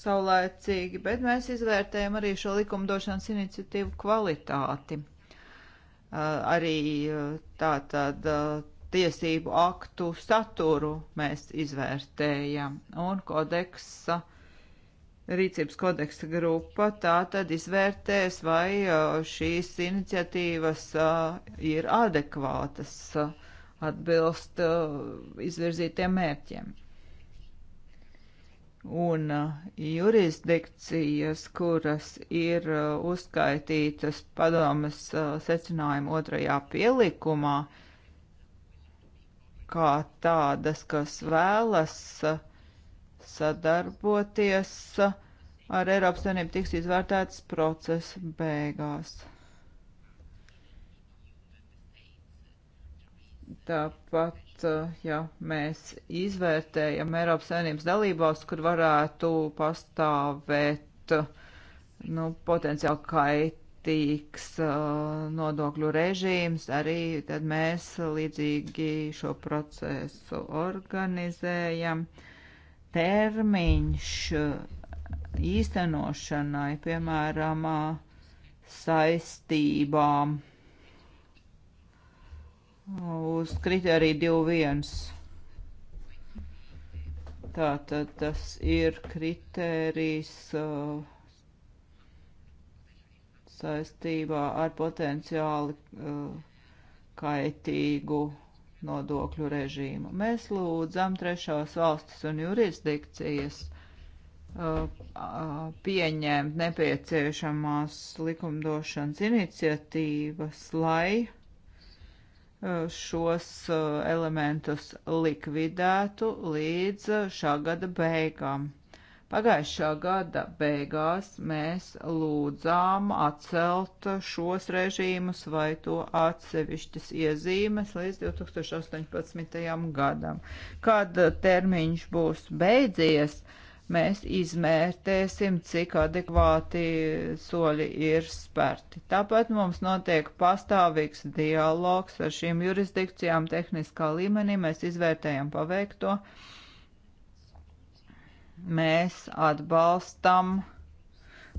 saulēcīgi, bet mēs izvērtējam arī šo likumdošanas iniciatīvu kvalitāti. Uh, arī tātad tiesību aktu saturu mēs izvērtējam un kodeksa uh, rīcības kodeksa grupa tā tad izvērtēs, vai šīs iniciatīvas ir adekvātas, atbilst izvirzītiem mērķiem. Un jurisdikcijas, kuras ir uzskaitītas padomas secinājuma otrajā pielikumā, kā tādas, kas vēlas uh, sadarboties ar Eiropas Savienību tiks izvērtēts procesa beigās. Tāpat, eh, ja mēs izvērtējam Eiropas Savienības dalībās, kur varētu pastāvēt nu, potenciāli kaitīgs eh, nodokļu režīms, arī tad mēs līdzīgi šo procesu organizējam. Uh, termiņš eh, īstenošanai, piemēram, eh, saistībām uz kritēriju 2.1. Tātad tas ir kritērijs eh, saistībā ar potenciāli kaitīgu nodokļu režīmu. Mēs lūdzam trešās valstis un jurisdikcijas uh, uh, pieņemt nepieciešamās likumdošanas iniciatīvas, lai uh, šos uh, elementus likvidētu līdz uh, šā gada beigām. Pagājušā gada beigās mēs lūdzām atcelt šos režīmus vai to atsevišķas iezīmes līdz 2018. gadam. Kad termiņš būs beidzies, mēs izmērtēsim, cik adekvāti soļi ir spērti. Tāpat mums notiek pastāvīgs dialogs ar šīm jurisdikcijām tehniskā līmenī, mēs izvērtējam paveikto. to mēs atbalstam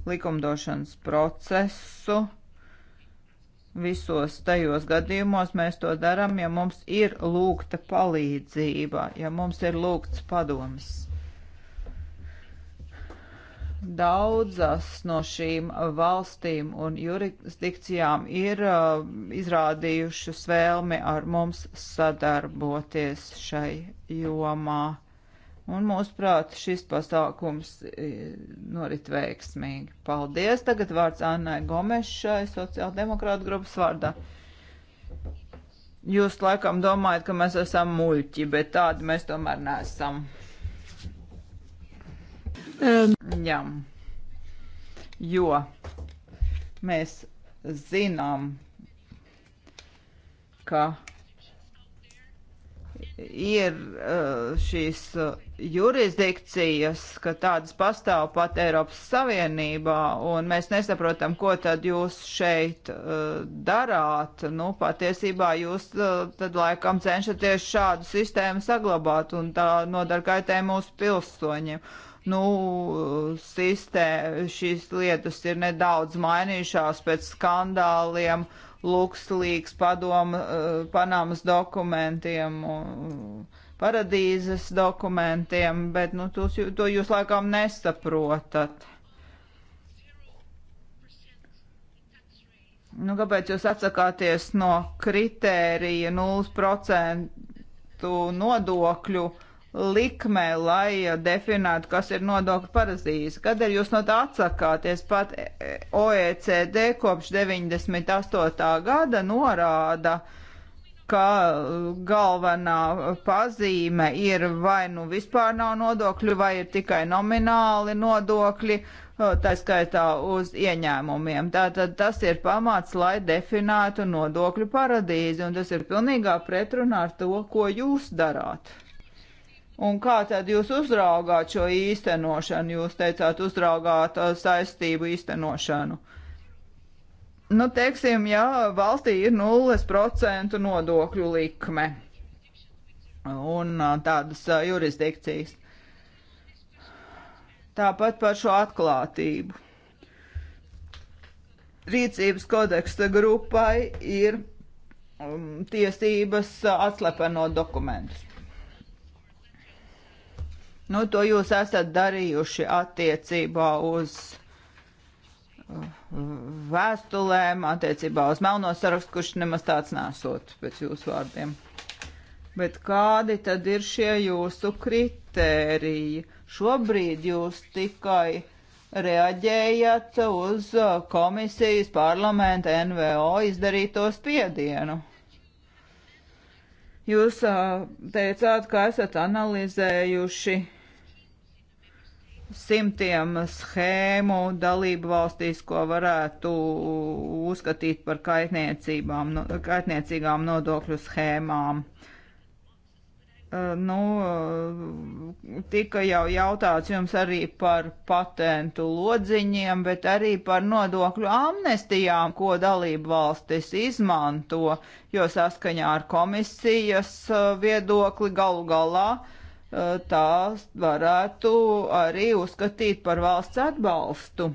likumdošanas procesu. Visos tajos gadījumos mēs to darām, ja mums ir lūgta palīdzība, ja mums ir lūgts padomis. Daudzas no šīm valstīm un jurisdikcijām ir uh, izrādījušas vēlmi ar mums sadarboties šai jomā. Uh, Un mūsuprāt, šis pasākums e, norit veiksmīgi. Paldies! Tagad vārds Annai Gomešai, sociāldemokrāta grupas vārdā. Jūs laikam domājat, ka mēs esam muļķi, bet tādi mēs tomēr neesam. Um. Jā. Jo mēs zinām, ka ir uh, šīs uh, jurisdikcijas, ka tādas pastāv pat Eiropas Savienībā, un mēs nesaprotam, ko tad jūs šeit uh, darāt. Nu, patiesībā jūs tad laikam cenšaties šādu sistēmu saglabāt, un tā nodara kaitē mūsu pilsoņiem. Nu, sistē, šīs lietas ir nedaudz mainījušās pēc skandāliem Luxlīks padomu, eh, Panamas dokumentiem, paradīzes dokumentiem, bet nu, tos, to jūs laikam nesaprotat. Nu, kāpēc jūs atsakāties no kritērija 0% nodokļu? Uh, likmē, lai eh, definētu, kas ir nodokļu paradīze. Kad ir jūs no tā atsakāties, pat eh, OECD kopš 98. gada norāda, ka eh, galvenā pazīme ir vai nu vispār nav nodokļu, vai ir tikai nomināli nodokļi, tā skaitā uz ieņēmumiem. Tātad tas ir pamats, lai definētu nodokļu paradīzi, un tas ir pilnīgā pretrunā ar to, ko jūs darāt. Un kā tad jūs uzraugāt šo īstenošanu? Jūs teicāt, uzraugāt uh, saistību īstenošanu. Nu, teiksim, ja valstī ir 0% nodokļu likme un uh, tādas uh, jurisdikcijas. Tāpat par šo atklātību. Rīcības kodeksta grupai ir um, tiesības atslepenot dokumentus. Nu, to jūs esat darījuši attiecībā uz uh, vēstulēm, attiecībā uz melno sarakstu, kurš nemaz tāds nesot pēc jūsu vārdiem. Bet kādi tad ir šie jūsu kritēriji? Šobrīd jūs tikai reaģējat uz uh, komisijas parlamenta NVO izdarīto spiedienu. Jūs teicāt, ka esat analizējuši simtiem schēmu dalību valstīs, ko varētu uzskatīt par kaitniecībām, kaitniecīgām nodokļu schēmām. Uh, Eh, nu, eh, tika jau jautāts jums arī par patentu lodziņiem, bet arī par nodokļu amnestijām, ko dalību valstis izmanto, jo saskaņā ar komisijas eh, viedokli galu galā tās varētu arī uzskatīt par valsts atbalstu.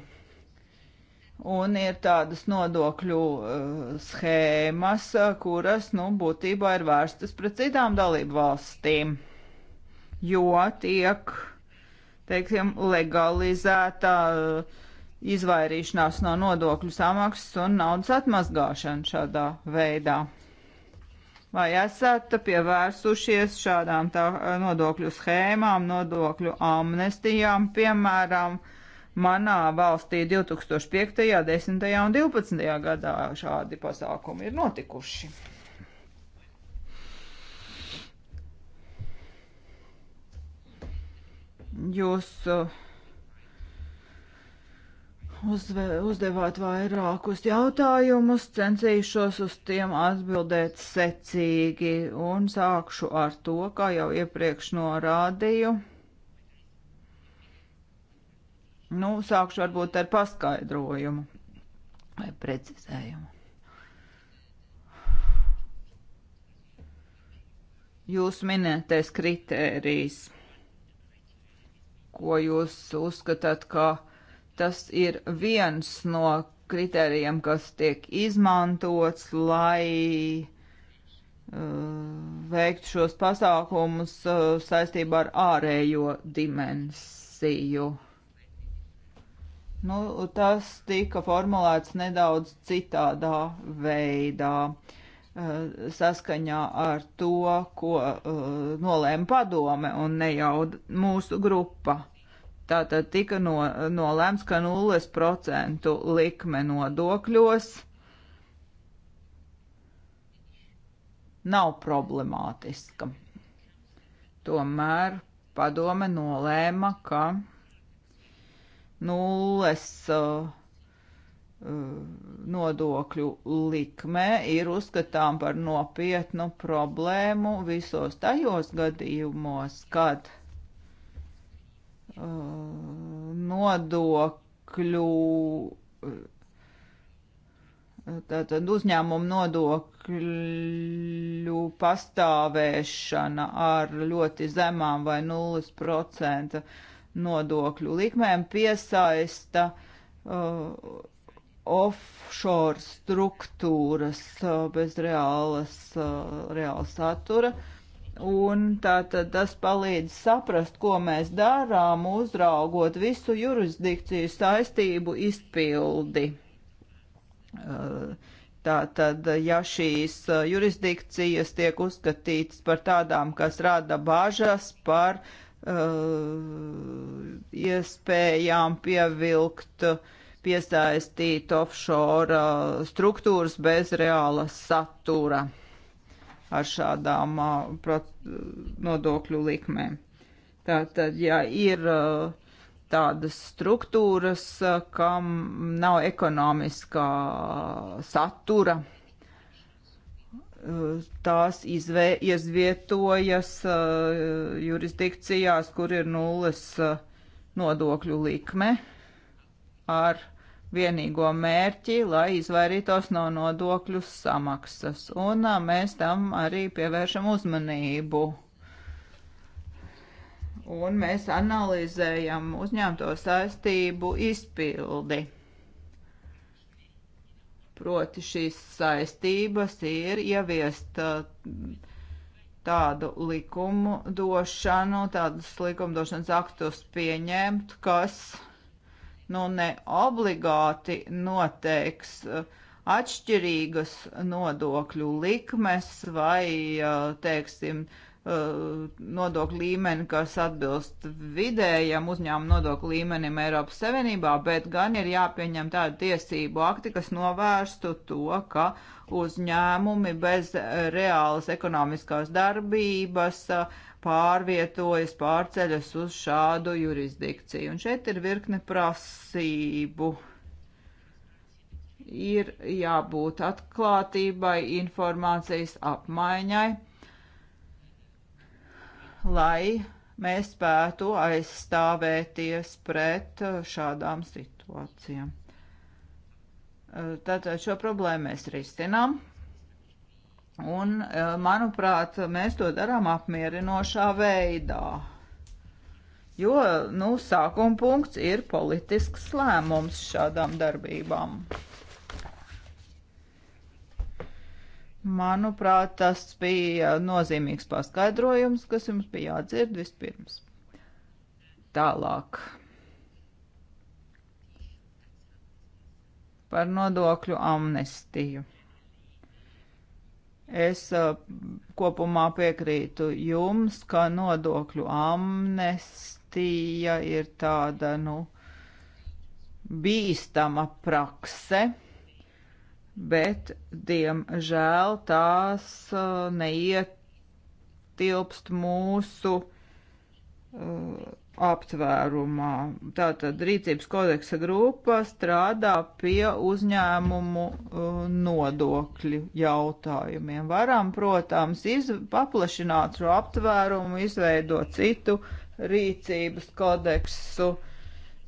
Un ir tādas nodokļu uh, schēmas, kuras, nu, būtībā ir vērstas pret citām dalību valstīm, jo tiek, teiksim, legalizēta uh, izvairīšanās no nodokļu samaksas un naudas atmazgāšana šādā veidā. Vai esat pievērsušies šādām tā, eh, nodokļu schēmām, nodokļu amnestijām, piemēram, uh, Manā valstī 2005., 10. un 12. gadā šādi pasākumi ir notikuši. Jūs uh, Uzve, uzdevāt vairākus jautājumus, censīšos uz tiem atbildēt secīgi un sākšu ar to, kā jau iepriekš norādīju. Nu, sākšu varbūt ar paskaidrojumu vai precizējumu. Jūs minētais kritērijs, ko jūs uzskatāt, ka tas ir viens no kritērijiem, kas tiek izmantots, lai uh, veikt šos pasākumus uh, saistībā ar ārējo dimensiju. Nu, tas tika formulēts nedaudz citādā veidā eh, saskaņā ar to, ko uh, nolēma padome un ne jau mūsu grupa. Tātad tika no, nolēmts, ka 0% likme nodokļos nav problemātiska. Tomēr padome nolēma, ka nulles uh, uh, nodokļu likme ir uzskatām par nopietnu problēmu visos tajos gadījumos, kad uh, nodokļu, uh, tātad uzņēmumu nodokļu pastāvēšana ar ļoti zemām vai nulles procenta uh, nodokļu likmēm piesaista uh, offshore struktūras uh, bez reālas, uh, reāla satura. Un tātad tas palīdz saprast, ko mēs darām, uzraugot visu jurisdikciju saistību izpildi. Uh, Tātad, ja šīs uh, jurisdikcijas tiek uzskatītas par tādām, kas rada bažas par uh, Uh, iespējām pievilkt piesaistīt offshore uh, struktūras bez reāla satura ar šādām uh, nodokļu likmēm. Tātad, ja ir tādas struktūras, kam nav ekonomiskā satura, tās izvē, iezvietojas eh, jurisdikcijās, kur ir nulles eh, nodokļu likme ar vienīgo mērķi, lai izvairītos no nodokļu samaksas. Un eh, mēs tam arī pievēršam uzmanību. Un mēs analizējam uzņemto saistību izpildi Proti šīs saistības ir ieviest uh, tādu likumu došanu, tādus likumdošanas aktus pieņemt, kas nu ne obligāti noteiks uh, atšķirīgas nodokļu likmes vai, uh, teiksim, uh, Uh, nodokļu līmeni, kas atbilst vidējam uzņēmumu nodokļu līmenim Eiropas Savienībā, bet gan ir jāpieņem tādi tiesību akti, kas novērstu to, ka uzņēmumi bez reālas ekonomiskās darbības uh, pārvietojas, pārceļas uz šādu jurisdikciju. Un šeit ir virkne prasību ir jābūt atklātībai, informācijas apmaiņai, lai mēs spētu aizstāvēties pret uh, šādām situācijām. Tātad uh, šo problēmu mēs risinām. Un, uh, manuprāt, mēs to darām apmierinošā veidā. Jo, nu, sākuma punkts ir politisks lēmums šādām darbībām. Manuprāt, tas bija nozīmīgs paskaidrojums, kas jums bija jādzird vispirms. Tālāk. Par nodokļu amnestiju. Es kopumā piekrītu jums, ka nodokļu amnestija ir tāda, nu, bīstama prakse bet, diemžēl, tās uh, neietilpst mūsu uh, aptvērumā. Tātad rīcības kodeksa grupa strādā pie uzņēmumu uh, nodokļu jautājumiem. Varam, protams, iz, paplašināt šo aptvērumu, izveidot citu rīcības kodeksu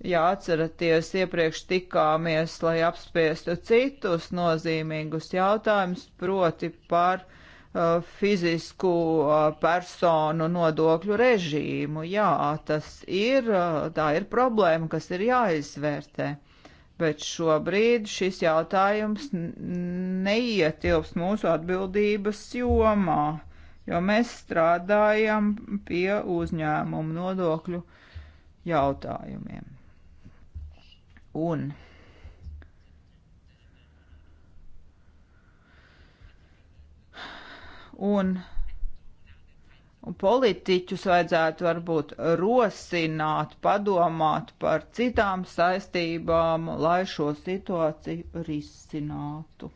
Ja atceraties, iepriekš tikāmies, lai apspiestu citus nozīmīgus jautājumus, proti par uh, fizisku uh, personu nodokļu režīmu. Jā, tas ir, uh, tā ir problēma, kas ir jāizvērtē bet šobrīd šis jautājums neietilps mūsu atbildības jomā, jo mēs strādājam pie uzņēmumu nodokļu jautājumiem un un Un politiķus vajadzētu varbūt rosināt, padomāt par citām saistībām, lai šo situāciju risinātu.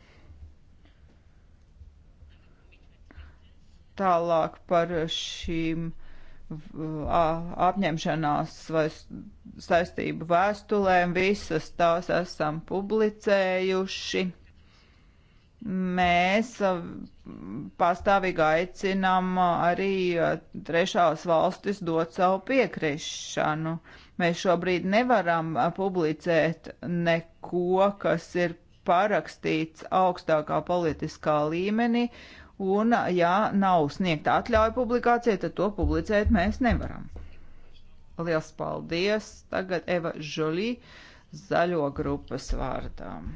Tālāk par šīm uh, apņemšanās vai saistību vēstulēm, visas tās esam publicējuši. Mēs pastāvīgi aicinām arī trešās valstis dot savu piekrišanu. Mēs šobrīd nevaram publicēt neko, kas ir parakstīts augstākā politiskā līmenī, un ja nav sniegta atļauja publikācija, tad to publicēt mēs nevaram. Liels paldies! Tagad Eva Žolī zaļo grupas vārdām.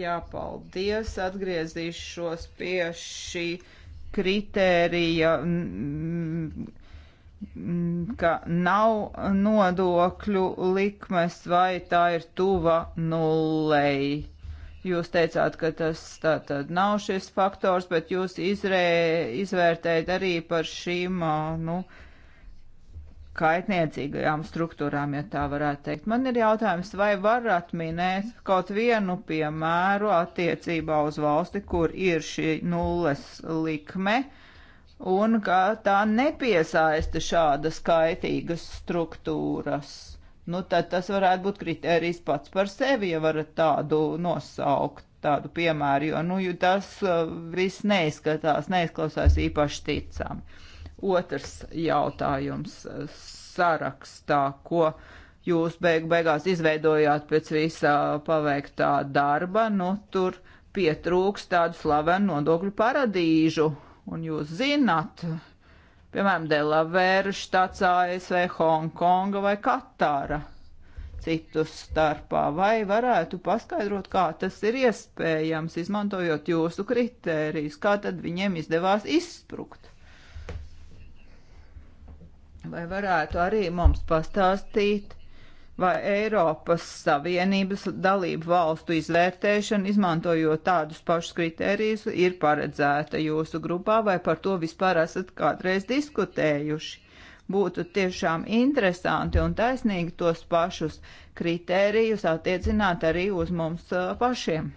Jā, paldies! Atgriezīšos pie šī kritērija, ka nav nodokļu likmes vai tā ir tuva nullei Jūs teicāt, ka tas tā tad nav šis faktors, bet jūs izrē, izvērtējat arī par šīm, nu, kaitniecīgajām struktūrām, ja tā varētu teikt. Man ir jautājums, vai varat minēt kaut vienu piemēru attiecībā uz valsti, kur ir šī nulles likme, un ka tā nepiesaista šādas kaitīgas struktūras? nu tad tas varētu būt kritērijs pats par sevi, ja varat tādu nosaukt, tādu piemēru, jo, nu, jo tas uh, viss neizskatās, neizklausās īpaši ticami. Otrs jautājums uh, sarakstā, ko jūs beig beigās izveidojāt pēc visā paveiktā darba, nu, tur pietrūks tādu slavenu nodokļu paradīžu, un jūs zināt, piemēram, Delavēra štats ASV, Hongkonga vai Katāra citus starpā, vai varētu paskaidrot, kā tas ir iespējams, izmantojot jūsu kritērijus, kā tad viņiem izdevās izsprukt. Vai varētu arī mums pastāstīt vai Eiropas Savienības dalību valstu izvērtēšana, izmantojot tādus pašus kritērijus, ir paredzēta jūsu grupā, vai par to vispār esat kādreiz diskutējuši. Būtu tiešām interesanti un taisnīgi tos pašus kritērijus attiecināt arī uz mums uh, pašiem.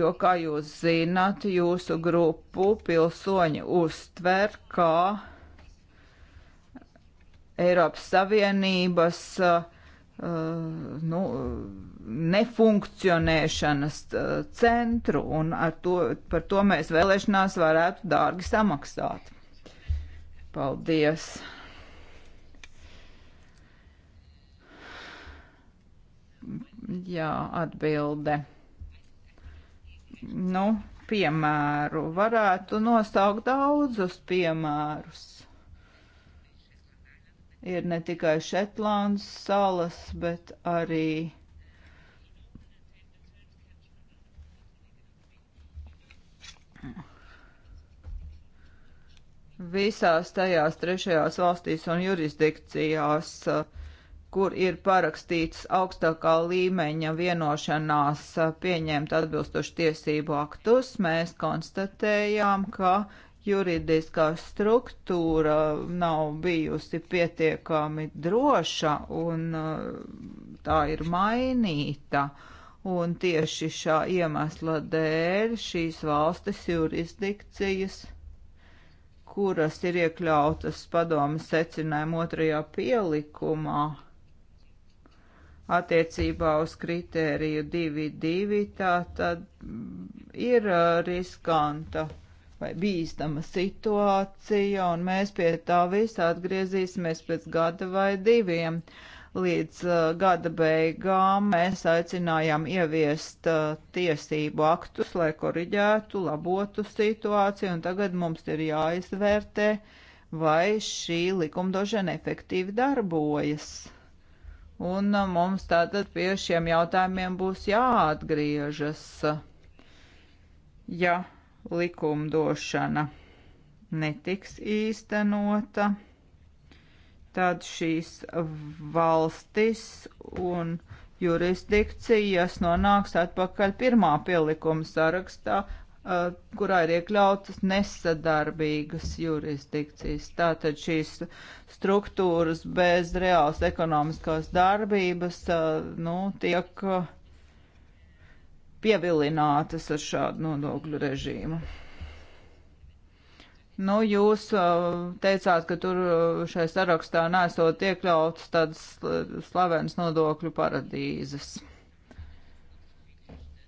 Jo, kā jūs zināt, jūsu grupu pilsoņi uztver, kā Eiropas Savienības uh, nu, nefunkcionēšanas uh, centru, un to, par to mēs vēlēšanās varētu dārgi samaksāt. Paldies! Jā, atbilde. Nu, piemēru varētu nosaukt daudzus piemērus ir ne tikai Šetlandes salas, bet arī visās tajās trešajās valstīs un jurisdikcijās, kur ir parakstīts augstākā līmeņa vienošanās pieņemt atbilstoši tiesību aktus, mēs konstatējām, ka uh, juridiskā struktūra nav bijusi pietiekami droša un uh, tā ir mainīta. Un tieši šā iemesla dēļ šīs valstis jurisdikcijas, kuras ir iekļautas padomas secinājuma otrajā pielikumā, attiecībā uz kritēriju 2.2, tā tad ir uh, riskanta vai bīstama situācija, un mēs pie tā visa atgriezīsimies pēc gada vai diviem. Līdz uh, gada beigām mēs aicinājām ieviest uh, tiesību aktus, lai koriģētu, labotu situāciju, un tagad mums ir jāizvērtē, vai šī likumdošana efektīvi darbojas. Un uh, mums tātad pie šiem jautājumiem būs jāatgriežas. Ja likumdošana netiks īstenota, tad šīs valstis un jurisdikcijas nonāks atpakaļ pirmā pielikuma sarakstā, eh, kurā ir iekļautas nesadarbīgas jurisdikcijas. Tātad šīs struktūras bez reāls ekonomiskās darbības, eh, nu, tiek uh, pievilinātas ar šādu nodokļu režīmu. Nu, jūs uh, teicāt, ka tur uh, šai sarakstā nesot iekļauts tādas slavenas nodokļu paradīzes.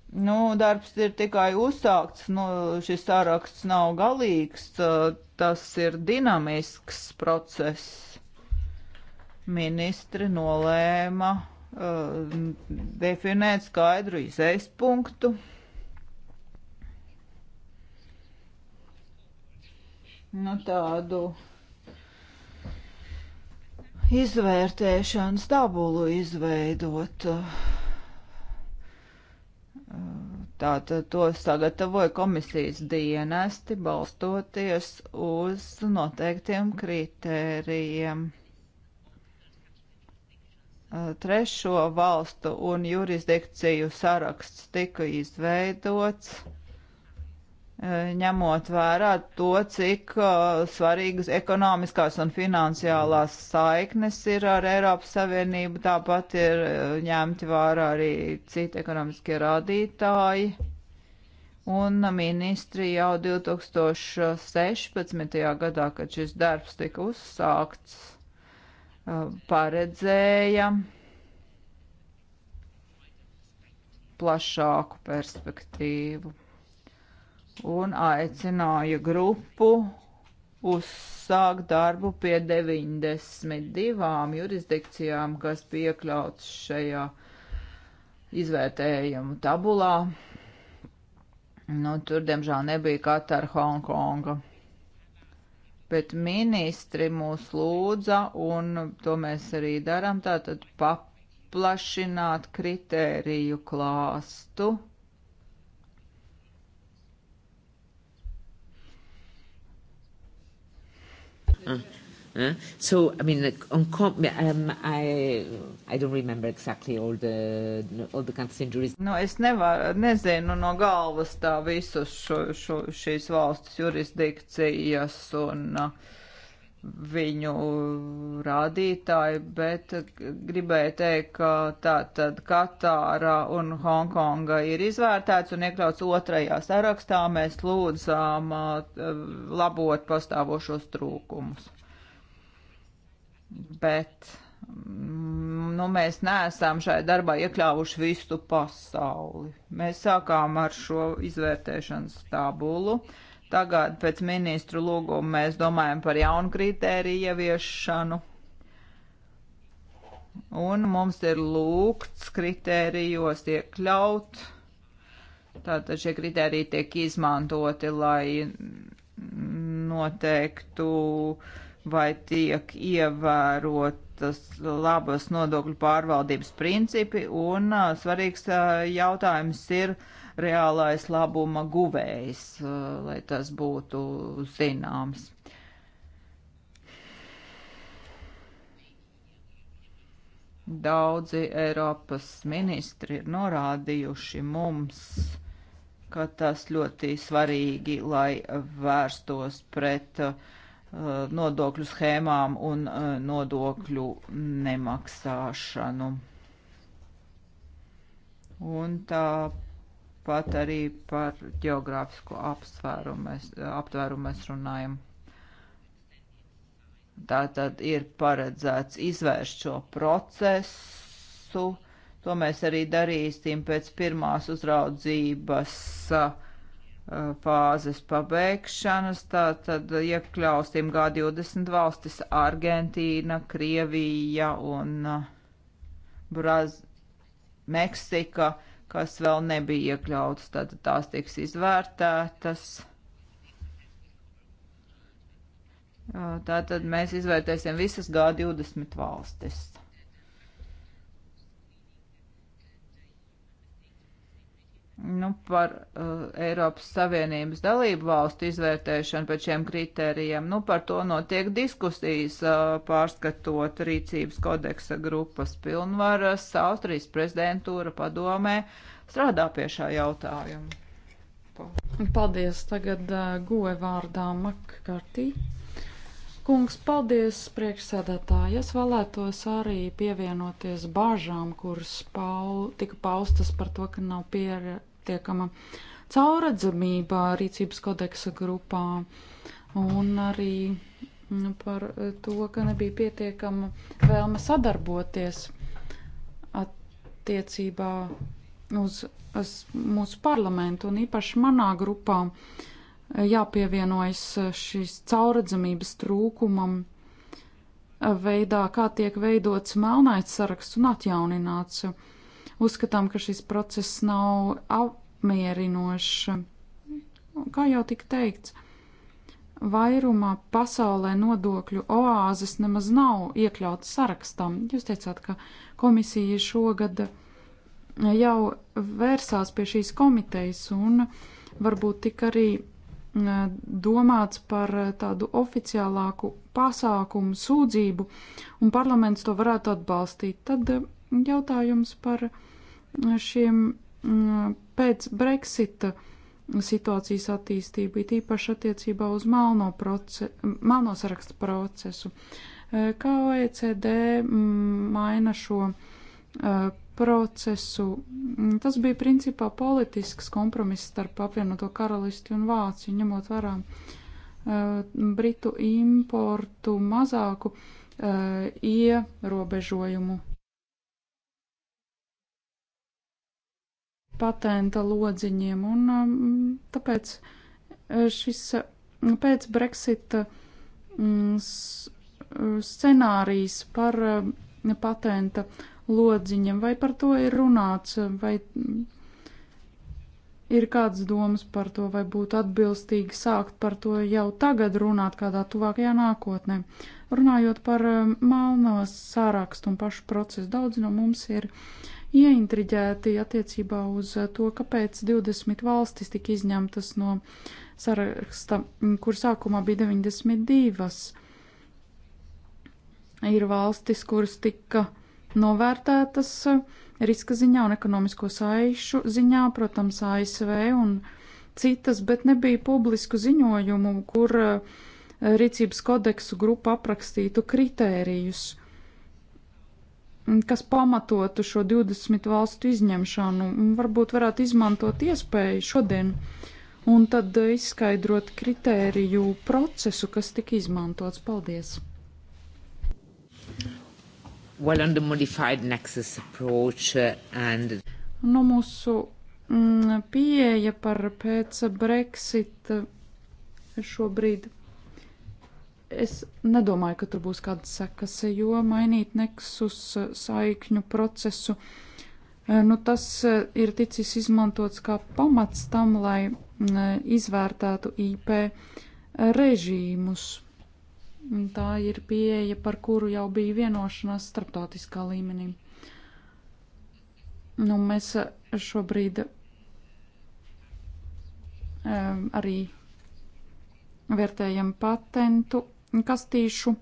Nu, darbs ir tikai uzsākts, nu, šis saraksts nav galīgs, uh, tas ir dinamisks process. Ministri nolēma uh, definēt skaidru izējas punktu. Nu, tādu izvērtēšanas tabulu izveidot. Tātad to sagatavoja komisijas dienesti, balstoties uz noteiktiem kritērijiem. Eh, trešo valstu un jurisdikciju saraksts tika izveidots, eh, ņemot vērā to, cik eh, svarīgas ekonomiskās un finansiālās saiknes ir ar Eiropas Savienību, tāpat ir ņemti vērā arī citi ekonomiskie rādītāji. Un ministri jau 2016. gadā, kad šis darbs tika uzsākts, paredzēja plašāku perspektīvu un aicināja grupu uzsākt darbu pie 92 jurisdikcijām, kas piekļauts šajā izvērtējumu tabulā. Nu, tur, diemžēl, nebija Katara Hongkonga bet ministri mūs lūdza, un to mēs arī darām, tātad paplašināt kritēriju klāstu. Mm. Uh, so, I mean, on com um, I, I don't remember exactly all the, all the countries and nu, jurisdictions. No, es nevar, nezinu no galvas tā visus šo, šo, šīs valsts jurisdikcijas un uh, viņu rādītāji, bet gribēju teikt, ka tā tad Katāra un Hongkonga ir izvērtēts un iekļauts otrajā sarakstā. Mēs lūdzām uh, labot pastāvošos trūkumus bet mm, nu, mēs neesam šai darbā iekļāvuši visu pasauli. Mēs sākām ar šo izvērtēšanas tabulu. Tagad pēc ministru lūguma mēs domājam par jaunu kritēriju ieviešanu. Un mums ir lūgts kritērijos iekļaut. Tātad šie kritēriji tiek izmantoti, lai noteiktu uh, vai tiek ievērotas labas nodokļu pārvaldības principi, un svarīgs jautājums ir reālais labuma guvējs, lai tas būtu zināms. Daudzi Eiropas ministri ir norādījuši mums, ka tas ļoti svarīgi, lai vērstos pret uh, Uh, nodokļu schēmām un uh, nodokļu nemaksāšanu. Un tāpat arī par geogrāfisko aptvērumu mēs, uh, aptvērumu mēs runājam. Tātad ir paredzēts izvērst šo procesu. To mēs arī darīsim pēc pirmās uzraudzības uh, Uh, fāzes pabeigšanas, tātad iekļausim G20 valstis Argentīna, Krievija un uh, Braz Meksika, kas vēl nebija iekļautas, tātad tās tiks izvērtētas. Uh, tātad mēs izvērtēsim visas G20 valstis. nu, par uh, Eiropas Savienības dalību valstu izvērtēšanu pēc šiem kritērijiem. Nu, par to notiek diskusijas uh, pārskatot rīcības kodeksa grupas pilnvaras. Austrijas prezidentūra padomē strādā pie šā jautājuma. Paldies. Tagad uh, goja vārdā Makkartī. Kungs, paldies priekšsēdētāji. Es vēlētos arī pievienoties bāžām, kuras pau, tika paustas par to, ka nav pier, pietiekama cauradzamība rīcības kodeksa grupā un arī mm, par to, ka nebija pietiekama vēlme sadarboties attiecībā uz, uz mūsu parlamentu un īpaši manā grupā jāpievienojas šīs cauradzamības trūkumam veidā, kā tiek veidots melnais saraksts un atjaunināts uzskatām, ka šis process nav apmierinošs. Kā jau tika teikts, vairumā pasaulē nodokļu oāzes nemaz nav iekļauts sarakstam. Jūs teicāt, ka komisija šogad jau vērsās pie šīs komitejas un varbūt tika arī eh, domāts par tādu oficiālāku pasākumu sūdzību, un parlaments to varētu atbalstīt. Tad eh, jautājums par uh, šiem mm, pēc Brexita situācijas attīstību, it īpaši attiecībā uz melno, proce, melno sarakstu procesu. Eh, kā OECD mm, maina šo eh, procesu? Mm, tas bija principā politisks kompromiss starp apvienoto karalisti un Vāciju, ņemot vērā eh, Britu importu mazāku ierobežojumu patenta lodziņiem, un um, tāpēc eh, šis eh, pēc Brexita eh, mm, scenārijs par patenta lodziņiem, vai par to ir runāts, vai mm, ir kādas domas par to, vai būtu atbilstīgi sākt par to jau tagad runāt kādā tuvākajā nākotnē. Runājot par melno sārakstu un pašu procesu, daudz no mums ir uh, ieintriģēti attiecībā uz eh, to, kāpēc 20 valstis tika izņemtas no saraksta, kur sākumā bija 92. Ir valstis, kuras tika novērtētas eh, riska ziņā un ekonomisko saišu ziņā, protams, ASV un citas, bet nebija publisku ziņojumu, kur eh, rīcības kodeksu grupa aprakstītu kritērijus. Uh, kas pamatotu šo 20 valstu izņemšanu. Varbūt varētu izmantot iespēju šodien un tad izskaidrot kritēriju procesu, kas tika izmantots. Paldies! Well, on the modified nexus approach uh, and... No nu, mūsu mm, pieeja par pēc Brexit uh, šobrīd Es nedomāju, ka tur būs kādas sekas, jo mainīt neksus eh, saikņu procesu, eh, nu, tas eh, ir ticis izmantots kā pamats tam, lai mm, izvērtētu IP režīmus. Tā ir pieeja, par kuru jau bija vienošanās starptautiskā līmenī. Nu, mēs šobrīd um, arī vērtējam patentu kastīšu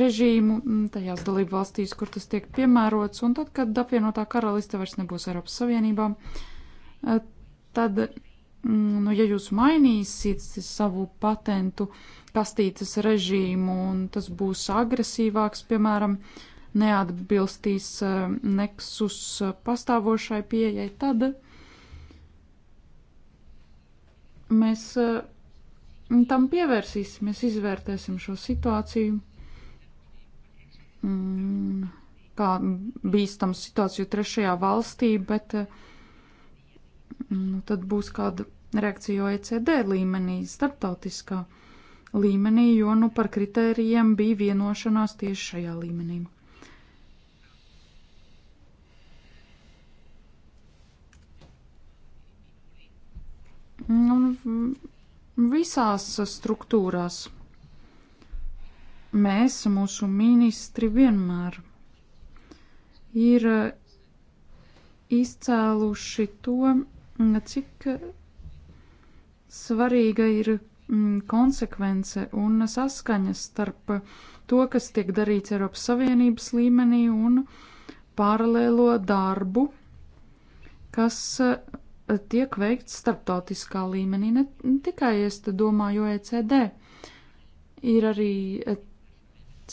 režīmu mm, tajās dalību valstīs, kur tas tiek piemērots, un tad, kad apvienotā karaliste vairs nebūs Eiropas Savienībā, eh, tad, mm, nu, ja jūs mainīsiet savu patentu kastītes režīmu un tas būs agresīvāks, piemēram, neatbilstīs eh, Nexus pastāvošai pieejai, tad mēs eh, tam pievērsīsimies, izvērtēsim šo situāciju, mm, kā bīstam situāciju trešajā valstī, bet mm, nu, tad būs kāda reakcija OECD līmenī, starptautiskā līmenī, jo nu, par kritērijiem bija vienošanās tieši šajā līmenī. Un visās struktūrās. Mēs, mūsu ministri, vienmēr ir izcēluši to, cik svarīga ir mm, konsekvence un saskaņa starp to, kas tiek darīts Eiropas Savienības līmenī un paralēlo darbu, kas tiek veikts starptautiskā līmenī, ne tikai es te domāju OECD. Ir arī e,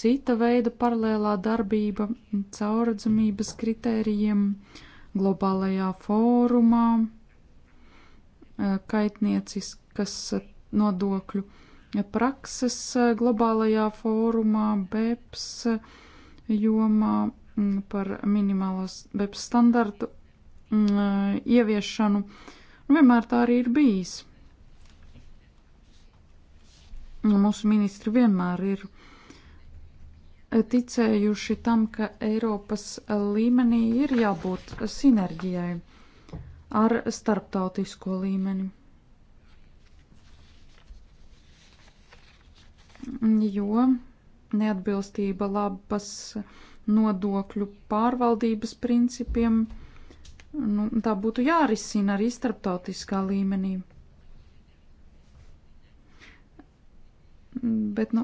cita veida paralēlā darbība caurredzamības kritērijiem globālajā fórumā, e, kaitnieciskas e, nodokļu prakses globālajā fórumā, BEPS jomā par minimālos BEPS standartu mm, eh, ieviešanu. Nu, vienmēr tā arī ir bijis. Mūsu ministri vienmēr ir ticējuši tam, ka Eiropas līmenī ir jābūt sinerģijai ar starptautisko līmeni. Jo neatbilstība labas nodokļu pārvaldības principiem Nu, tā būtu jārisina arī starptautiskā līmenī. Bet, nu,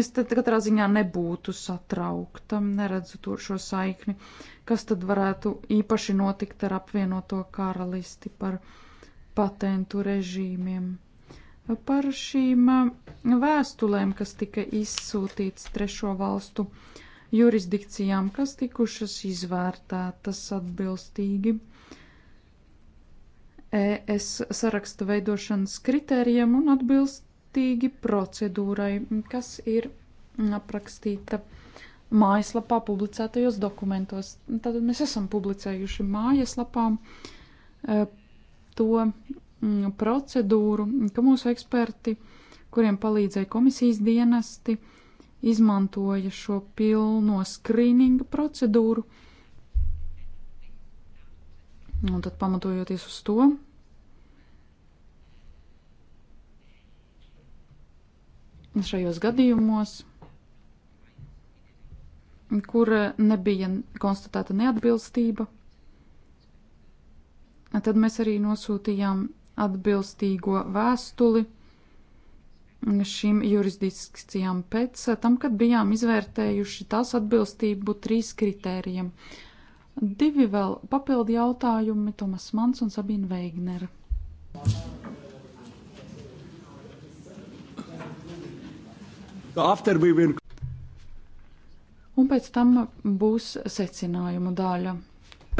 es tad katrā ziņā nebūtu satraukta, neredzu tur šo saikni, kas tad varētu īpaši notikt ar apvienoto karalisti par patentu režīmiem. Par šīm eh, vēstulēm, kas tika izsūtīts trešo valstu uh, jurisdikcijām, kas tikušas izvērtētas atbilstīgi ES saraksta veidošanas kritērijiem un atbilstīgi procedūrai, kas ir aprakstīta mājaslapā publicētajos dokumentos. Tātad mēs esam publicējuši mājaslapām e, to mm, procedūru, ka mūsu eksperti, kuriem palīdzēja komisijas dienesti, uh, izmantoja šo pilno skrīninga procedūru. Un tad pamatojoties uz to, šajos gadījumos, kur nebija konstatēta neatbilstība, tad mēs arī nosūtījām atbilstīgo vēstuli šīm jurisdikcijām pēc eh, tam, kad bijām izvērtējuši tās atbilstību trīs kritērijiem. Divi vēl papildi jautājumi Tomas Mans un Sabīna Veigner. Un pēc tam būs secinājumu daļa.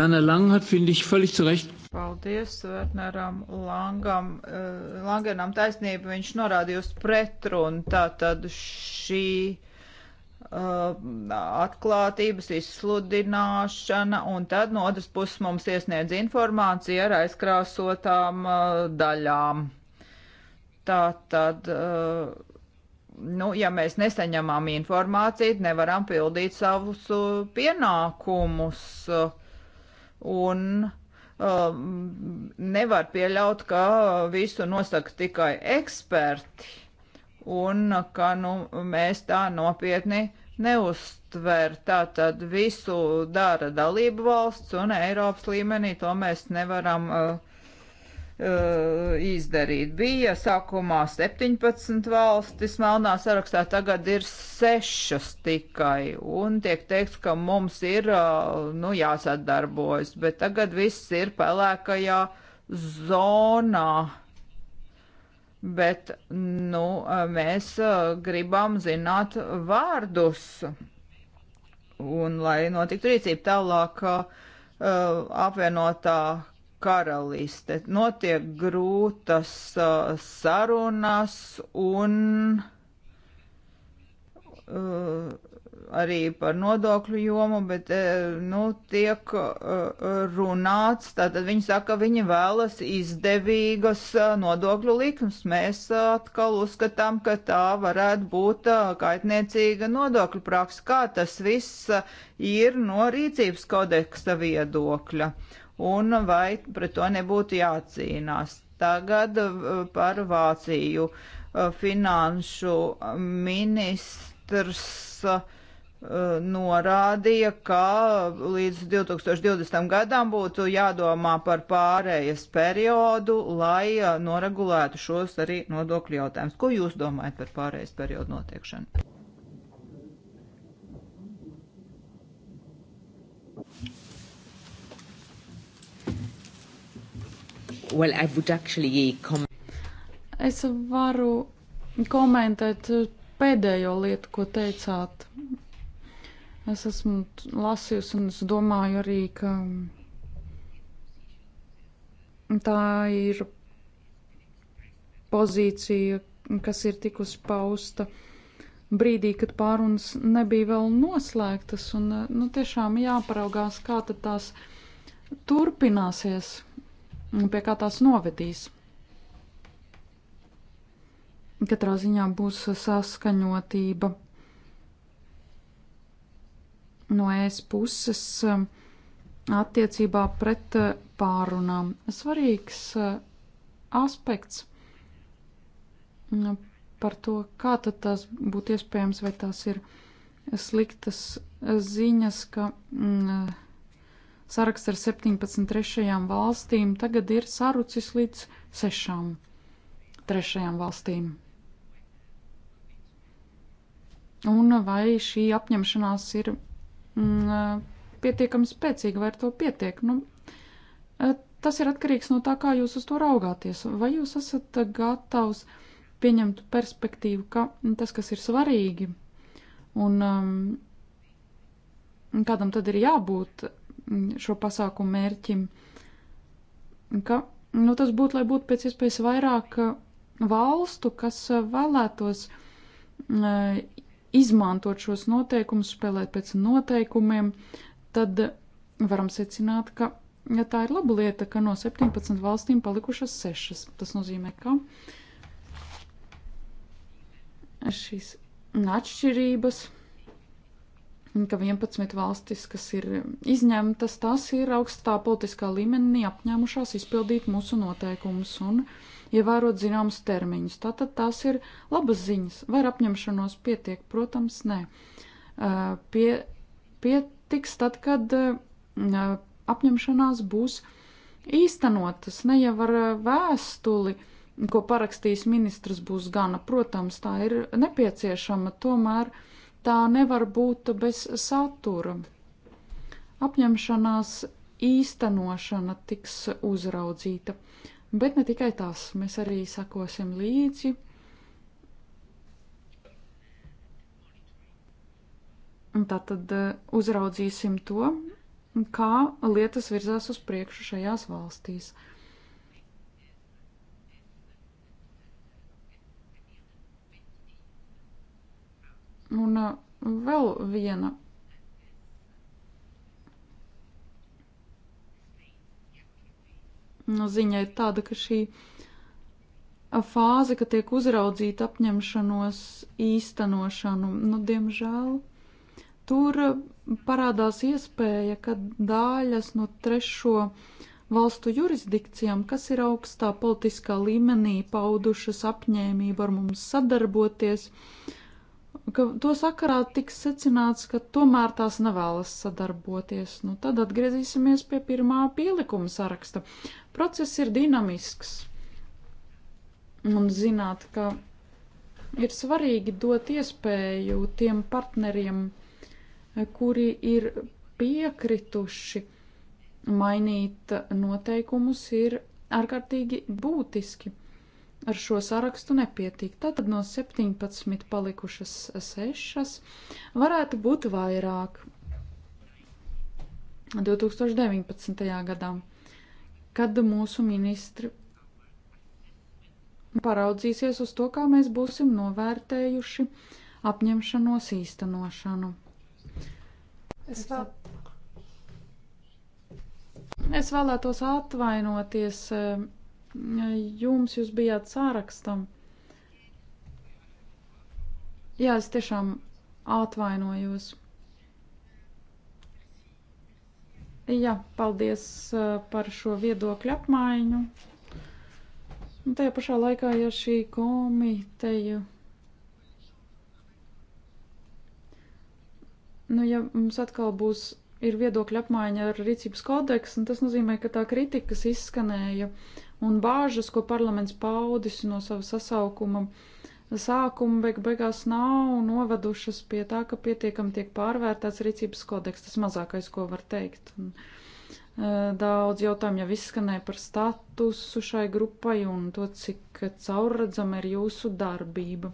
Werner Lang hat, finde ich, völlig zu Recht. Paldies Werneram Langam, eh, Langenam taisnība, viņš norādīja uz pretrunu, tātad šī eh, atklātības izsludināšana, un tad no otras puses mums iesniedz informācija ar aizkrāsotām eh, daļām. Tā tad, nu, ja mēs nesaņemam informāciju, nevaram pildīt savus pienākumus. Uh, un um, nevar pieļaut, ka visu nosaka tikai eksperti un ka nu, mēs tā nopietni neuztver. Tātad visu dara dalību valsts un Eiropas līmenī to mēs nevaram uh, Uh, izdarīt. Bija sākumā 17 valstis melnā sarakstā, tagad ir 6 tikai, un tiek teikts, ka mums ir, uh, nu, jāsadarbojas, bet tagad viss ir pelēkajā zonā. Bet, nu, mēs uh, gribam zināt vārdus, un lai notiktu rīcība tālāk apvienotā karaliste. Notiek grūtas uh, sarunas un uh, arī par nodokļu jomu, bet, uh, nu, tiek uh, runāts, tātad viņi saka, viņi vēlas izdevīgas uh, nodokļu likmes. Mēs uh, atkal uzskatām, ka tā varētu būt kaitniecīga nodokļu praksa. Kā tas viss ir no rīcības kodeksa viedokļa? Uh, un vai pret to nebūtu jācīnās. Tagad uh, par Vāciju uh, finanšu ministrs uh, norādīja, ka līdz 2020. gadam būtu jādomā par pārējas periodu, lai noregulētu šos arī nodokļu jautājumus. Ko jūs domājat par pārējas periodu noteikšanu? Well, I would actually es varu komentēt pēdējo lietu, ko teicāt. Es esmu lasījusi un es domāju arī, ka tā ir pozīcija, kas ir tikusi pausta brīdī, kad pārunas nebija vēl noslēgtas, un nu, tiešām jāparaugās, kā tad tās turpināsies pie kā tās novedīs. Katrā ziņā būs saskaņotība no ēs puses um, attiecībā pret uh, pārunām. Svarīgs uh, aspekts mm, par to, kā tad tās būtu iespējams, vai tās ir sliktas ziņas, ka. Mm, Saraksts ar 17 trešajām valstīm tagad ir sarucis līdz sešām trešajām valstīm. Un vai šī apņemšanās ir mm, pietiekami spēcīga, vai ar to pietiek? Nu, e, tas ir atkarīgs no tā, kā jūs uz to raugāties. Vai jūs esat gatavs pieņemt perspektīvu, ka tas, kas ir svarīgi, un um, kādam tad ir jābūt, šo pasākumu mērķim. Ka, nu, tas būtu, lai būtu pēc iespējas vairāk uh, valstu, kas uh, vēlētos uh, izmantot šos noteikumus, spēlēt pēc noteikumiem, tad varam secināt, ka ja tā ir laba lieta, ka no 17 valstīm palikušas 6. Tas nozīmē, ka šīs atšķirības ka 11 valstis, kas ir izņemtas, tās ir augstā politiskā līmenī apņēmušās izpildīt mūsu noteikumus un ievērot zināmus termiņus. Tātad tās ir labas ziņas. Vai ar apņemšanos pietiek? Protams, nē. Pie, pietiks tad, kad apņemšanās būs īstenotas, ne jau ar vēstuli ko parakstīs ministrs, būs gana. Protams, tā ir nepieciešama. Tomēr uh, tā nevar būt bez satura. Apņemšanās īstenošana tiks uzraudzīta, bet ne tikai tās, mēs arī sakosim līdzi. Tātad eh, uzraudzīsim to, kā lietas virzās uz priekšu šajās valstīs. Uh, Un uh, vēl viena. Nu, ziņa ir tāda, ka šī uh, fāze, ka tiek uzraudzīta apņemšanos īstenošanu, nu, diemžēl, tur uh, parādās iespēja, ka daļas no trešo valstu jurisdikcijām, kas ir augstā politiskā līmenī paudušas apņēmību ar mums sadarboties, uh, ka to sakarā tiks secināts, ka tomēr tās nevēlas sadarboties. Nu, tad atgriezīsimies pie pirmā pielikuma saraksta. Process ir dinamisks. Un zināt, ka ir svarīgi dot iespēju tiem partneriem, kuri ir piekrituši mainīt noteikumus, ir ārkārtīgi būtiski ar šo sarakstu nepietiek. Tātad no 17 palikušas 6 varētu būt vairāk 2019. gadā, kad mūsu ministri paraudzīsies uz to, kā mēs būsim novērtējuši apņemšanos īstenošanu. Es vēl Es vēlētos atvainoties eh, jums, jūs bijāt sārakstam. Jā, es tiešām atvainojos. Jā, paldies uh, par šo viedokļu apmaiņu. Un tajā pašā laikā, ja šī komiteja. Nu, ja mums atkal būs ir viedokļa apmaiņa ar rīcības kodeksu, un tas nozīmē, ka tā kritika, kas izskanēja un bāžas, ko parlaments paudis no sava sasaukuma sākuma beig beigās nav novedušas pie tā, ka pietiekami tiek pārvērtēts rīcības kodeks. Tas mazākais, ko var teikt. Un, e, Daudz jautājumu jau izskanēja par statusu šai grupai un to, cik caurredzama ir jūsu darbība.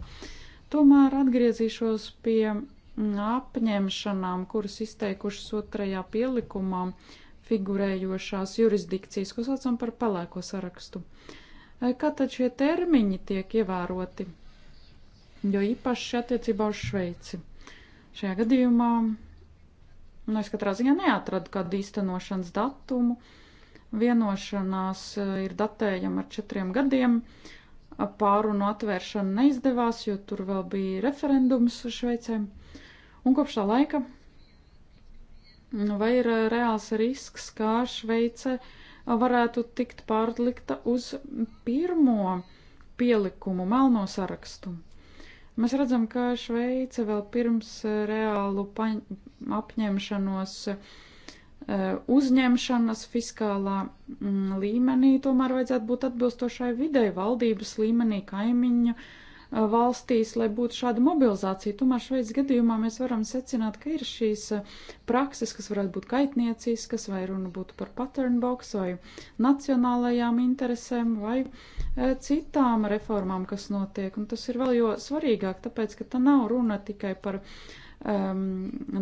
Tomēr atgriezīšos pie apņemšanām, kuras izteikušas otrajā pielikumā figurējošās jurisdikcijas, ko saucam par pelēko sarakstu. Eh, kā tad šie termiņi tiek ievēroti? Jo īpaši attiecībā uz Šveici. Šajā gadījumā nu, es katrā ziņā neatradu kādu īstenošanas datumu. Vienošanās eh, ir datējama ar četriem gadiem. Eh, pārunu atvēršana neizdevās, jo tur vēl bija referendums Šveicē. Un kopš tā laika vai ir eh, reāls risks, kā Šveice eh, varētu tikt pārlikta uz pirmo pielikumu, melno sarakstu. Mēs redzam, ka Šveice vēl pirms eh, reālu apņemšanos uzņemšanas fiskālā mm, līmenī tomēr vajadzētu būt atbilstošai videi valdības līmenī, kaimiņu Uh, valstīs, lai būtu šāda mobilizācija. Tomēr Šveices gadījumā mēs varam secināt, ka ir šīs uh, prakses, kas varētu būt kaitniecīskas, vai runa būtu par pattern box, vai nacionālajām interesēm, vai uh, citām reformām, kas notiek. Un tas ir vēl jo svarīgāk, tāpēc, ka tā nav runa tikai par um,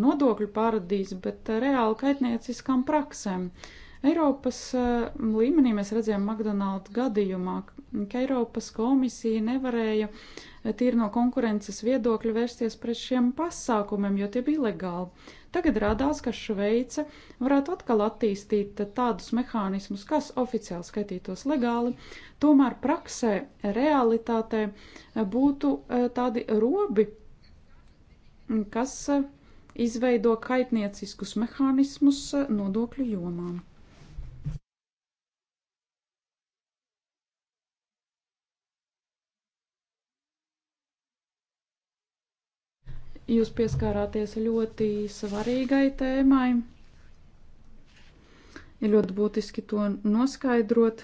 nodokļu paradīzi, bet reāli kaitnieciskām praksēm. Uh, Eiropas eh, līmenī mēs redzējām McDonald's gadījumā, ka Eiropas komisija nevarēja eh, tīri no konkurences viedokļa vērsties pret šiem pasākumiem, jo tie bija legāli. Tagad rādās, ka Šveice varētu atkal attīstīt tādus mehānismus, kas oficiāli skaitītos legāli, tomēr praksē, realitātē eh, būtu tādi robi, kas izveido kaitnieciskus mehānismus nodokļu jomām. Jūs pieskārāties ļoti svarīgai tēmai. Ir ļoti būtiski to noskaidrot.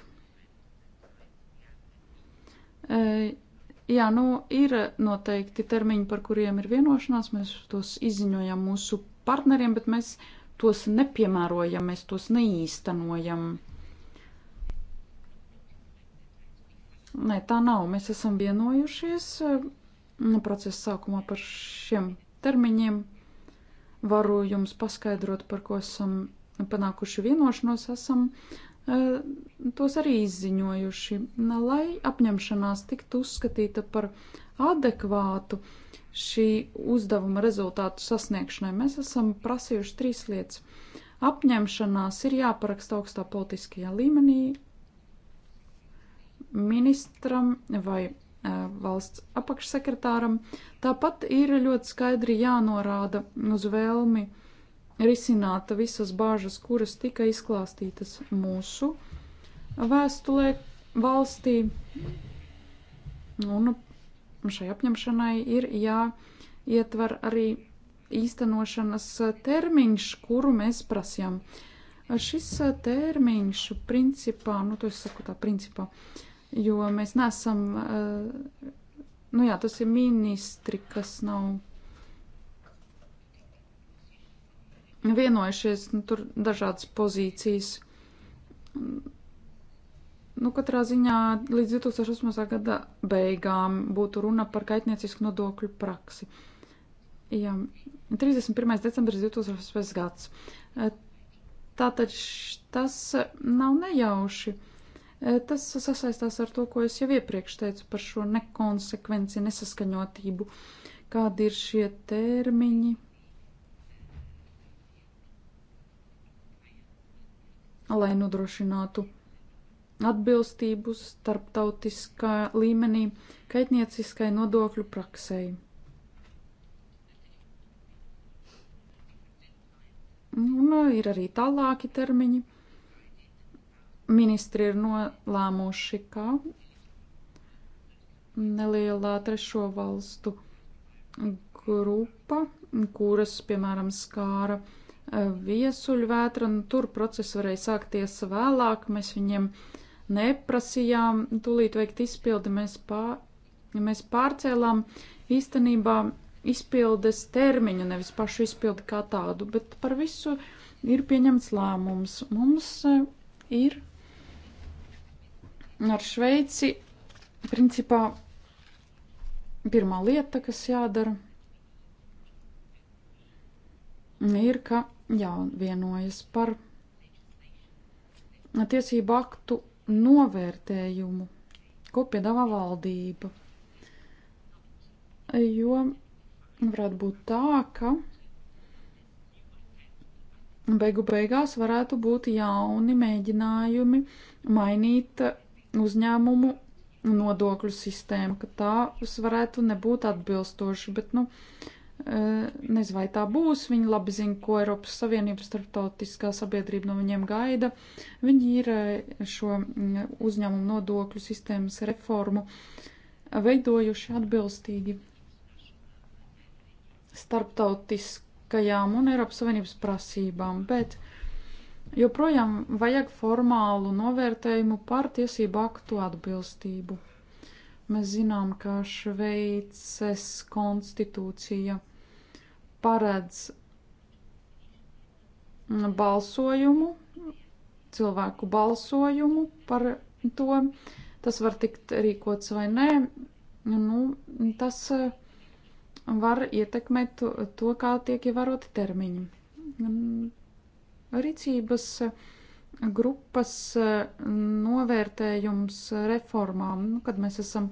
E, jā, nu ir noteikti termiņi, par kuriem ir vienošanās. Mēs tos izziņojam mūsu partneriem, bet mēs tos nepiemērojam, mēs tos neīstenojam. Nē, tā nav. Mēs esam vienojušies Nu, procesa sākumā par šiem termiņiem. Varu jums paskaidrot, par ko esam panākuši vienošanos, esam e, tos arī izziņojuši, lai apņemšanās tiktu uzskatīta par adekvātu šī uzdevuma rezultātu sasniegšanai. Mēs esam prasījuši trīs lietas. Apņemšanās ir jāparaksta augstā politiskajā līmenī ministram vai valsts apakšsekretāram. Tāpat ir ļoti skaidri jānorāda uz vēlmi risināt visas bāžas, kuras tika izklāstītas mūsu vēstulē valstī. Un šai apņemšanai ir jāietver arī īstenošanas termiņš, kuru mēs prasjam. Šis termiņš, principā, nu, to es saku tā, principā, uh, jo mēs nesam, eh, nu jā, tas ir ministri, kas nav vienojušies, nu, tur dažādas pozīcijas. Nu, katrā ziņā līdz 2008. gada beigām būtu runa par kaitniecisku nodokļu praksi. Jā, 31. decembris 2008. gads. Eh, tātad tas eh, nav nejauši. Uh, Eh, tas sasaistās ar to, ko es jau iepriekš teicu par šo nekonsekvenci, nesaskaņotību, kādi ir šie termiņi. Lai nodrošinātu atbilstību starptautiskā līmenī kaitnieciskai nodokļu praksēji. Un eh, ir arī tālāki termiņi ministri ir nolēmuši, ka nelielā trešo valstu grupa, kuras, piemēram, skāra e, viesuļvētra, un nu, tur process varēja sākties vēlāk, mēs viņiem neprasījām tūlīt veikt izpildi, mēs, pār, mēs pārcēlām īstenībā izpildes termiņu, nevis pašu izpildi kā tādu, bet par visu ir pieņemts lēmums. Mums e, ir Ar Šveici, principā, pirmā lieta, kas jādara, ir, ka jāvienojas par tiesību aktu novērtējumu, ko piedāvā valdība. Jo varētu būt tā, ka beigu beigās varētu būt jauni mēģinājumi mainīt uzņēmumu nodokļu sistēma, ka tās varētu nebūt atbilstoši, bet, nu, e, nezinu, vai tā būs. Viņi labi zina, ko Eiropas Savienības starptautiskā sabiedrība no viņiem gaida. Viņi ir e, šo mm, uzņēmumu nodokļu sistēmas reformu veidojuši atbilstīgi starptautiskajām un Eiropas Savienības prasībām, bet uh, joprojām vajag formālu novērtējumu par tiesību aktu atbilstību. Mēs zinām, ka Šveices konstitūcija paredz balsojumu, cilvēku balsojumu par to. Tas var tikt rīkots vai nē. Nu, tas eh, var ietekmēt to, kā tiek ievēroti termiņi. Rīcības eh, grupas eh, novērtējums reformām, nu, kad mēs esam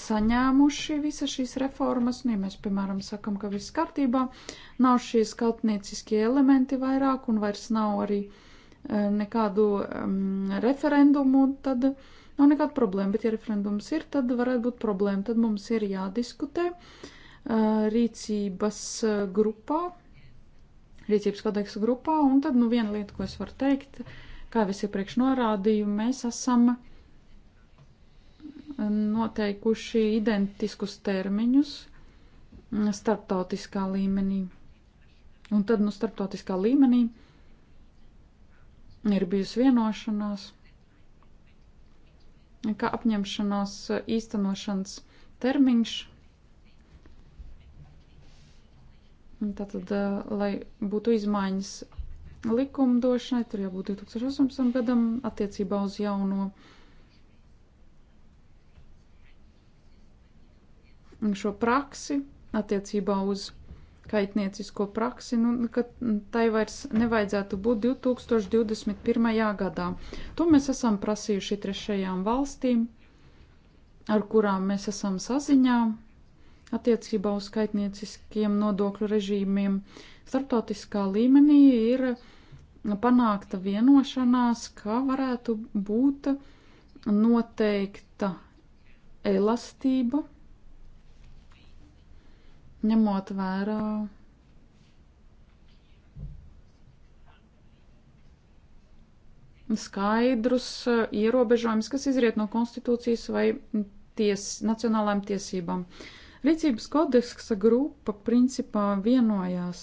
saņēmuši visas šīs reformas, un, nu, ja mēs, piemēram, sakam, ka viss kārtībā, nav šie skautnieciskie elementi vairāk, un vairs nav arī eh, nekādu um, referendumu, tad nav nekāda problēma. Bet, ja referendums ir, tad varētu būt problēma. Tad mums ir jādiskutē uh, rīcības grupā rīcības kodeksa grupā. Un tad, nu, viena lieta, ko es varu teikt, kā jau es iepriekš norādīju, mēs esam noteikuši identiskus termiņus starptautiskā līmenī. Un tad, nu, starptautiskā līmenī ir bijusi vienošanās, ka apņemšanās īstenošanas termiņš Tātad, eh, lai būtu izmaiņas likumdošanai, tur jābūt 2018. gadam attiecībā uz jauno šo praksi, attiecībā uz kaitniecisko praksi, nu, ka tai vairs nevajadzētu būt 2021. gadā. To mēs esam prasījuši trešajām valstīm, ar kurām mēs esam saziņām attiecībā uz skaitnieciskiem nodokļu režīmiem. Startautiskā līmenī ir panākta vienošanās, ka varētu būt noteikta elastība, ņemot vērā skaidrus ierobežojumus, kas izriet no konstitūcijas vai ties, nacionālajām tiesībām. Uh, Rīcības kodeksa grupa principā vienojās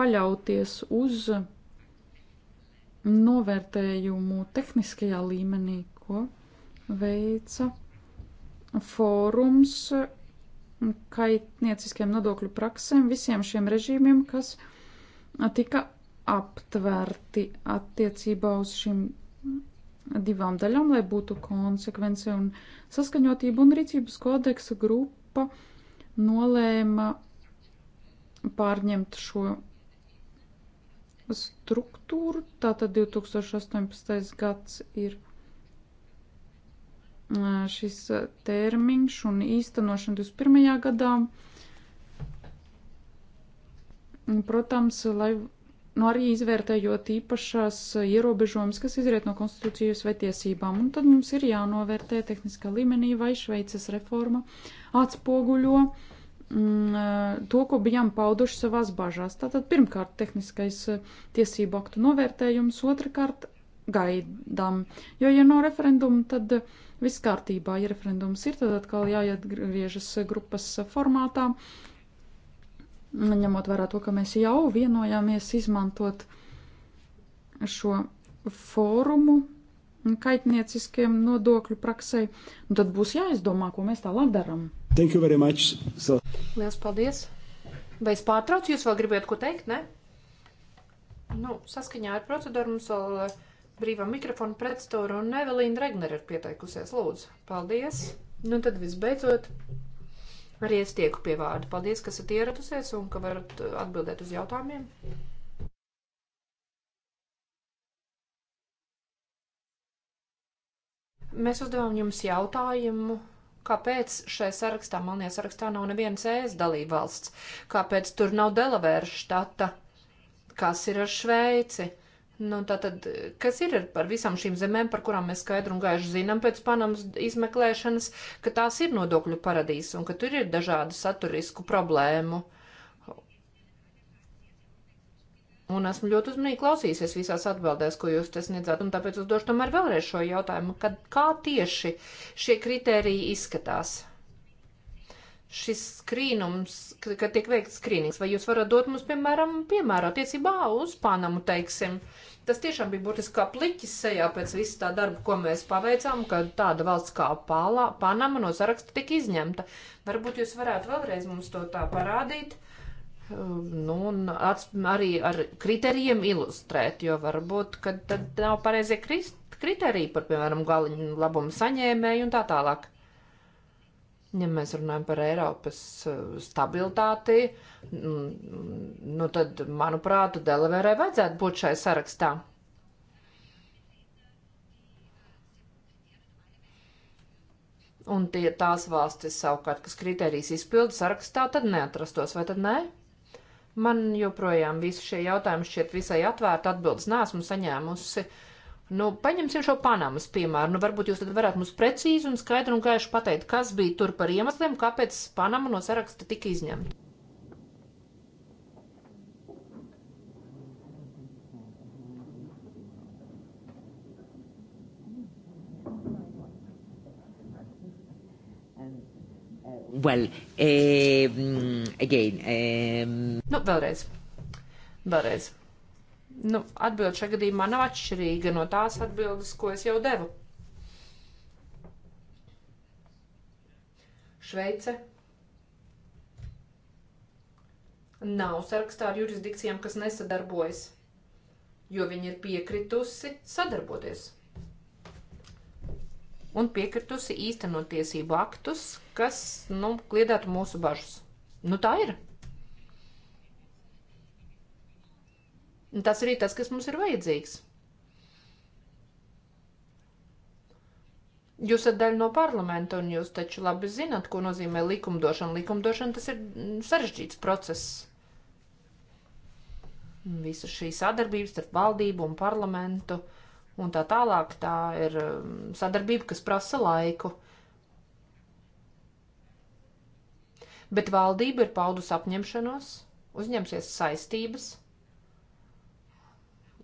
paļauties uz novērtējumu tehniskajā līmenī, ko veica fórums kaitnieciskiem nodokļu praksēm visiem šiem režīmiem, kas tika aptvērti attiecībā uz šīm divām daļām, lai būtu konsekvence un saskaņotība, un rīcības kodeksa grupa nolēma pārņemt šo struktūru. Tātad 2018. gads ir šis termiņš un īstenošana 21. gadā. Protams, lai nu, arī izvērtējot īpašās ierobežojumus, kas izriet no konstitūcijas vai tiesībām. Un tad mums ir jānovērtē tehniskā līmenī, vai Šveices reforma atspoguļo mm, eh, to, ko bijām pauduši savās bažās. Tātad pirmkārt tehniskais eh, tiesību aktu novērtējums, otrkārt gaidām. Jo, ja nav no referenduma, tad eh, viss kārtībā, ja referendums ir, tad atkal jāiet griežas grupas formātā. Uh, ņemot vērā to, ka mēs jau vienojāmies izmantot šo fórumu kaitnieciskiem nodokļu praksē, nu tad būs jāizdomā, ko mēs tālāk darām. Thank you very much. So... Lielas paldies. Vai es pārtraucu, jūs vēl gribētu ko teikt, ne? Nu, saskaņā ar procedūru mums vēl eh, brīvā mikrofona pretstūra un Nevelīna Regner ir pieteikusies, lūdzu. Paldies. Nu tad visbeidzot. Arī es tieku pie vārda. Paldies, ka esat ieradusies un ka varat uh, atbildēt uz jautājumiem. Mēs uzdevām jums jautājumu, kāpēc šajā sarakstā, Melnajā sarakstā nav nevienas ES dalībvalsts, kāpēc tur nav Delavēra štata, kas ir ar Šveici Nu, tātad, kas ir par visām šīm zemēm, par kurām mēs skaidru un gaišu zinām pēc Panamas izmeklēšanas, ka tās ir nodokļu paradīze un ka tur ir dažādu saturisku problēmu. Un esmu ļoti uzmanīgi klausījusies visās atbildēs, ko jūs te sniedzāt, un tāpēc uzdošu tomēr vēlreiz šo jautājumu, kad kā tieši šie kriteriji izskatās. Šis skrīnums, ka tiek veikts skrīnings, vai jūs varat dot mums, piemēram, piemēru attiecībā uz Panamu, teiksim, uh, Tas tiešām bija būtiski kā pliķis sejā pēc visa tā darba, ko mēs paveicām, kad tāda valsts kā Pālā, Panama no saraksta tika izņemta. Varbūt jūs varētu vēlreiz mums to tā parādīt. Um, nu, un arī ar kriterijiem ilustrēt, jo varbūt, ka tad nav pareizie kriteriji par, piemēram, galiņu labumu saņēmēju un tā tālāk. Ja mēs runājam par Eiropas uh, stabilitāti, mm, mm, nu tad, manuprāt, Delavērai vajadzētu būt šai sarakstā. Un tie tās valstis savukārt, kas kriterijas izpildu sarakstā, tad neatrastos, vai tad nē? Man joprojām visi šie jautājumi šķiet visai atvērti, atbildes nesmu saņēmusi. Uh, Nu, paņemsim šo Panamas piemēru. Nu, varbūt jūs tad varētu mums precīzi un skaidri un gaiši pateikt, kas bija tur par iemesliem, kāpēc Panama no saraksta tika izņemta. Well, um, again, um... Nu, vēlreiz. Vēlreiz. Nu, atbild šajā gadījumā nav atšķirīga no tās atbildes, ko es jau devu. Šveice nav sarakstā ar jurisdikcijām, kas nesadarbojas, jo viņi ir piekritusi sadarboties. Un piekritusi īstenot tiesību aktus, kas, nu, kliedētu mūsu bažas. Nu, tā ir. Tas arī tas, kas mums ir vajadzīgs. Jūs esat daļa no parlamenta, un jūs taču labi zināt, ko nozīmē likumdošana. Likumdošana tas ir mm, sarežģīts process. Visa šī sadarbības starp valdību un parlamentu un tā tālāk, tā ir mm, sadarbība, kas prasa laiku. Bet valdība ir paudus apņemšanos, uzņemsies saistības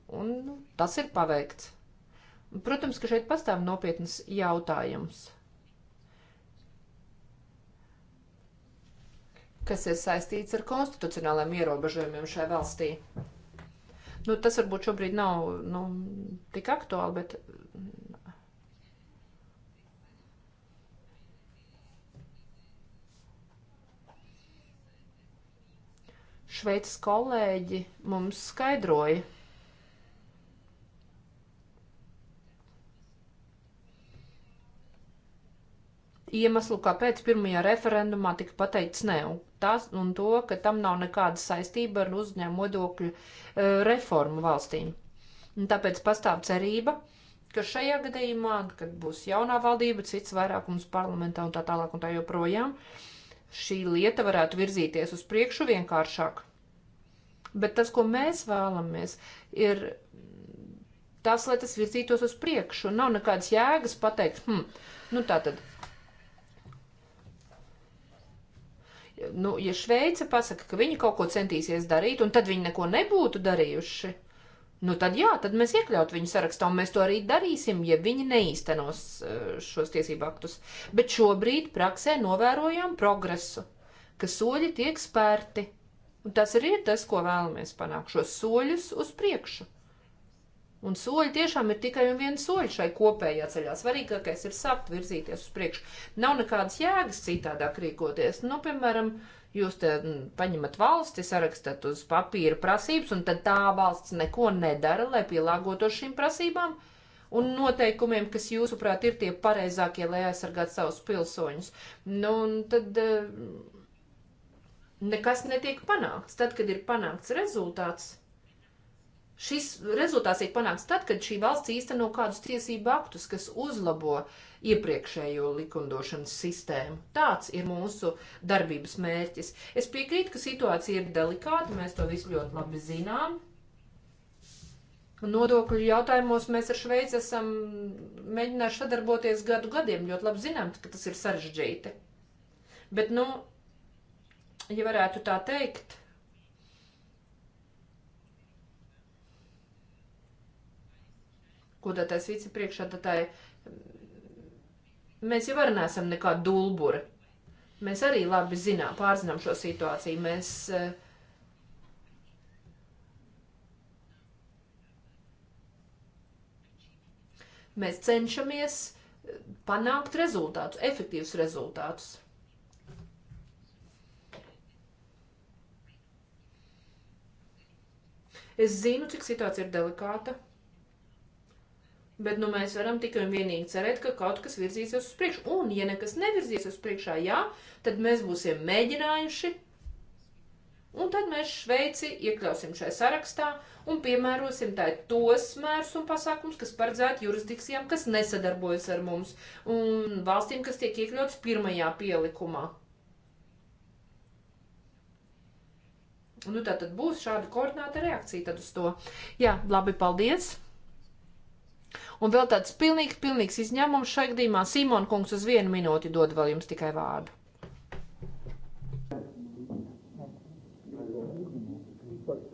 Un nu, tas ir paveikts. Protams, ka šeit pastāv nopietnas jautājums. kas ir saistīts ar konstitucionāliem ierobežojumiem šajā valstī. Nu, tas varbūt šobrīd nav nu, tik aktuāli, bet. Mm, Šveices kolēģi mums skaidroja, iemeslu, kāpēc pirmajā referendumā tika pateikts nē, un, tas, un to, ka tam nav nekāda saistība ar uzņēmumu nodokļu uh, e, reformu valstīm. Un tāpēc pastāv cerība, ka šajā gadījumā, kad būs jaunā valdība, cits vairākums parlamentā un tā tālāk un tā joprojām, šī lieta varētu virzīties uz priekšu vienkāršāk. Bet tas, ko mēs vēlamies, ir tas, lai tas virzītos uz priekšu. Nav nekādas jēgas pateikt, hm, nu tā tad Nu, ja Šveice pasaka, ka viņi kaut ko centīsies darīt, un tad viņi neko nebūtu darījuši, nu tad jā, tad mēs iekļaut viņu sarakstā, un mēs to arī darīsim, ja viņi neīstenos eh, šos tiesību aktus. Bet šobrīd praksē novērojām progresu, ka soļi tiek spērti, un tas arī ir tas, ko vēlamies panākt, šos soļus uz priekšu. Un soļi tiešām ir tikai un viens soļš šai kopējā ceļā. Svarīgākais ir sākt virzīties uz priekšu. Nav nekādas jēgas citādāk rīkoties. Nu, piemēram, jūs te mm, paņemat valsti, sarakstat uz papīra prasības, un tad tā valsts neko nedara, lai pielāgotos šīm prasībām un noteikumiem, kas jūsuprāt ir tie pareizākie, lai aizsargātu savus pilsoņus. Nu, un tad eh, nekas netiek panākts. Tad, kad ir panākts rezultāts, Šis rezultāts tiek panākts tad, kad šī valsts īsteno kādus tiesību aktus, kas uzlabo iepriekšējo likumdošanas sistēmu. Tāds ir mūsu darbības mērķis. Es piekrītu, ka situācija ir delikāta, mēs to visu ļoti labi zinām. Nodokļu jautājumos mēs ar Šveici esam mēģinājuši sadarboties gadu gadiem, ļoti labi zinām, ka tas ir sarežģīti. Bet, nu, ja varētu tā teikt, godātais vicepriekšādātāji, mēs jau arī neesam nekāda dulbura. Mēs arī labi zinām, pārzinām šo situāciju. Mēs, eh, mēs cenšamies panākt rezultātus, efektīvus rezultātus. Es zinu, cik situācija ir delikāta. Bet nu, mēs varam tikai un vienīgi cerēt, ka kaut kas virzīsies uz priekšu. Un, ja nekas nevirzīs uz priekšā, jā, tad mēs būsim mēģinājuši. Un tad mēs Šveici iekļausim šajā sarakstā un piemērosim tā tos mērus un pasākums, kas paredzēti jurisdikcijām, kas nesadarbojas ar mums un valstīm, kas tiek iekļauts pirmajā pielikumā. Nu, tā tad būs šāda koordināta reakcija tad uz to. Jā, labi, paldies! Un vēl tāds pilnīgs, pilnīgs izņēmums šai gadījumā Simona kungs uz vienu minūti dod vēl jums tikai vārdu.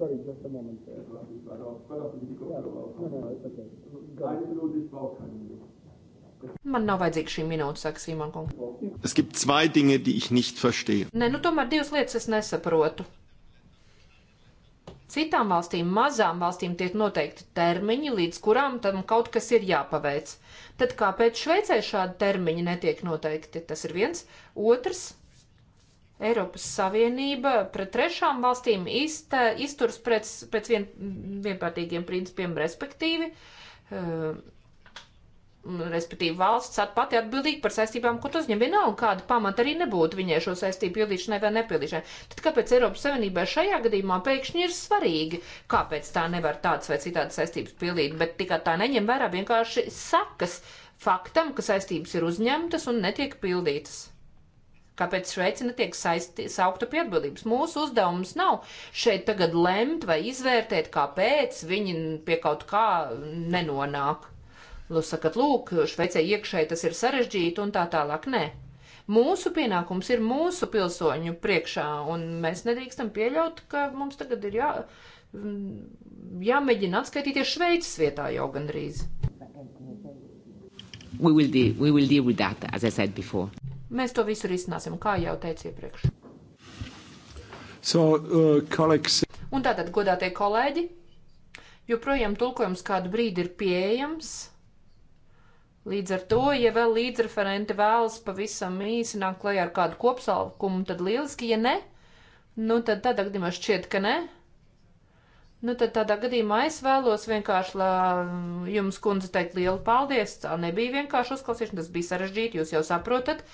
Sorry, just a moment. Man nav vajadzīga šī minūte, saka Simon Kungs. Es gibt zwei Dinge, die ich nicht verstehe. Nē, nu tomēr divas lietas es nesaprotu. Citām valstīm, mazām valstīm, tiek noteikti termiņi, līdz kurām tam kaut kas ir jāpaveic. Tad kāpēc Šveicē šādi termiņi netiek noteikti? Tas ir viens. Otrs. Eiropas Savienība pret trešām valstīm iztē, izturs pēc, pēc vien, vienprātīgiem principiem, respektīvi. Uh, Nu, respektīvi valsts pati atbildīga par saistībām, ko tas viņam nav, un kāda pamata arī nebūtu viņai šo saistību pildīšanai vai nepildīšanai. Tad kāpēc Eiropas Savienībai šajā gadījumā pēkšņi ir svarīgi, kāpēc tā nevar tādas vai citādas saistības pildīt, bet tikai tā neņem vērā vienkārši sekas faktam, ka saistības ir uzņemtas un netiek pildītas? Kāpēc Šveice netiek saisti, saukta pie atbildības? Mūsu uzdevums nav šeit tagad lemt vai izvērtēt, kāpēc viņi pie kaut kā nenonāk. Lūk, nu, sakat, lūk, Šveicē iekšēji tas ir sarežģīti un tā tālāk. Nē. Mūsu pienākums ir mūsu pilsoņu priekšā, un mēs nedrīkstam pieļaut, ka mums tagad ir jā, jāmēģina atskaitīties Šveices vietā jau gandrīz. We will deal, we will deal with that, as I said before. Mēs to visu risināsim, kā jau teicu iepriekš. So, uh, colleagues... Un tātad, godātie kolēģi, joprojām tulkojums kādu brīdi ir pieejams. Līdz ar to, ja vēl līdzreferenti vēlas pavisam īsi nākt klajā ar kādu kopsalkumu, tad lieliski, ja ne, nu tad tādā gadījumā šķiet, ka ne. Nu, tad tādā gadījumā es vēlos vienkārši la, mm, jums, kundze, teikt lielu paldies. Tā nebija vienkārši uzklausīšana, tas bija sarežģīti. Jūs jau saprotat,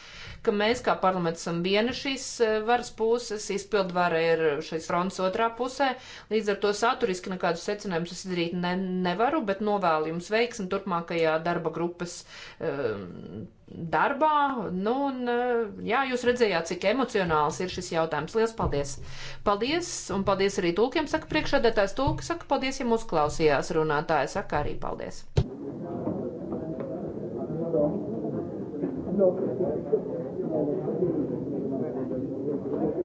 ka mēs kā parlaments esam viena šīs eh, varas puses, izpildvara ir šīs fronts otrā pusē. Līdz ar to saturiski nekādus secinājumus es izdarīt ne, nevaru, bet novēlu jums veiksmi turpmākajā darba grupas um, darbā. Nu, un, eh, jā, jūs redzējāt, cik emocionāls ir šis jautājums. Lielas paldies! Paldies! Un paldies arī tūkiem, saka priekšādētājs tūki, saka paldies, ja mūs klausījās runātāja, saka arī paldies! No. No.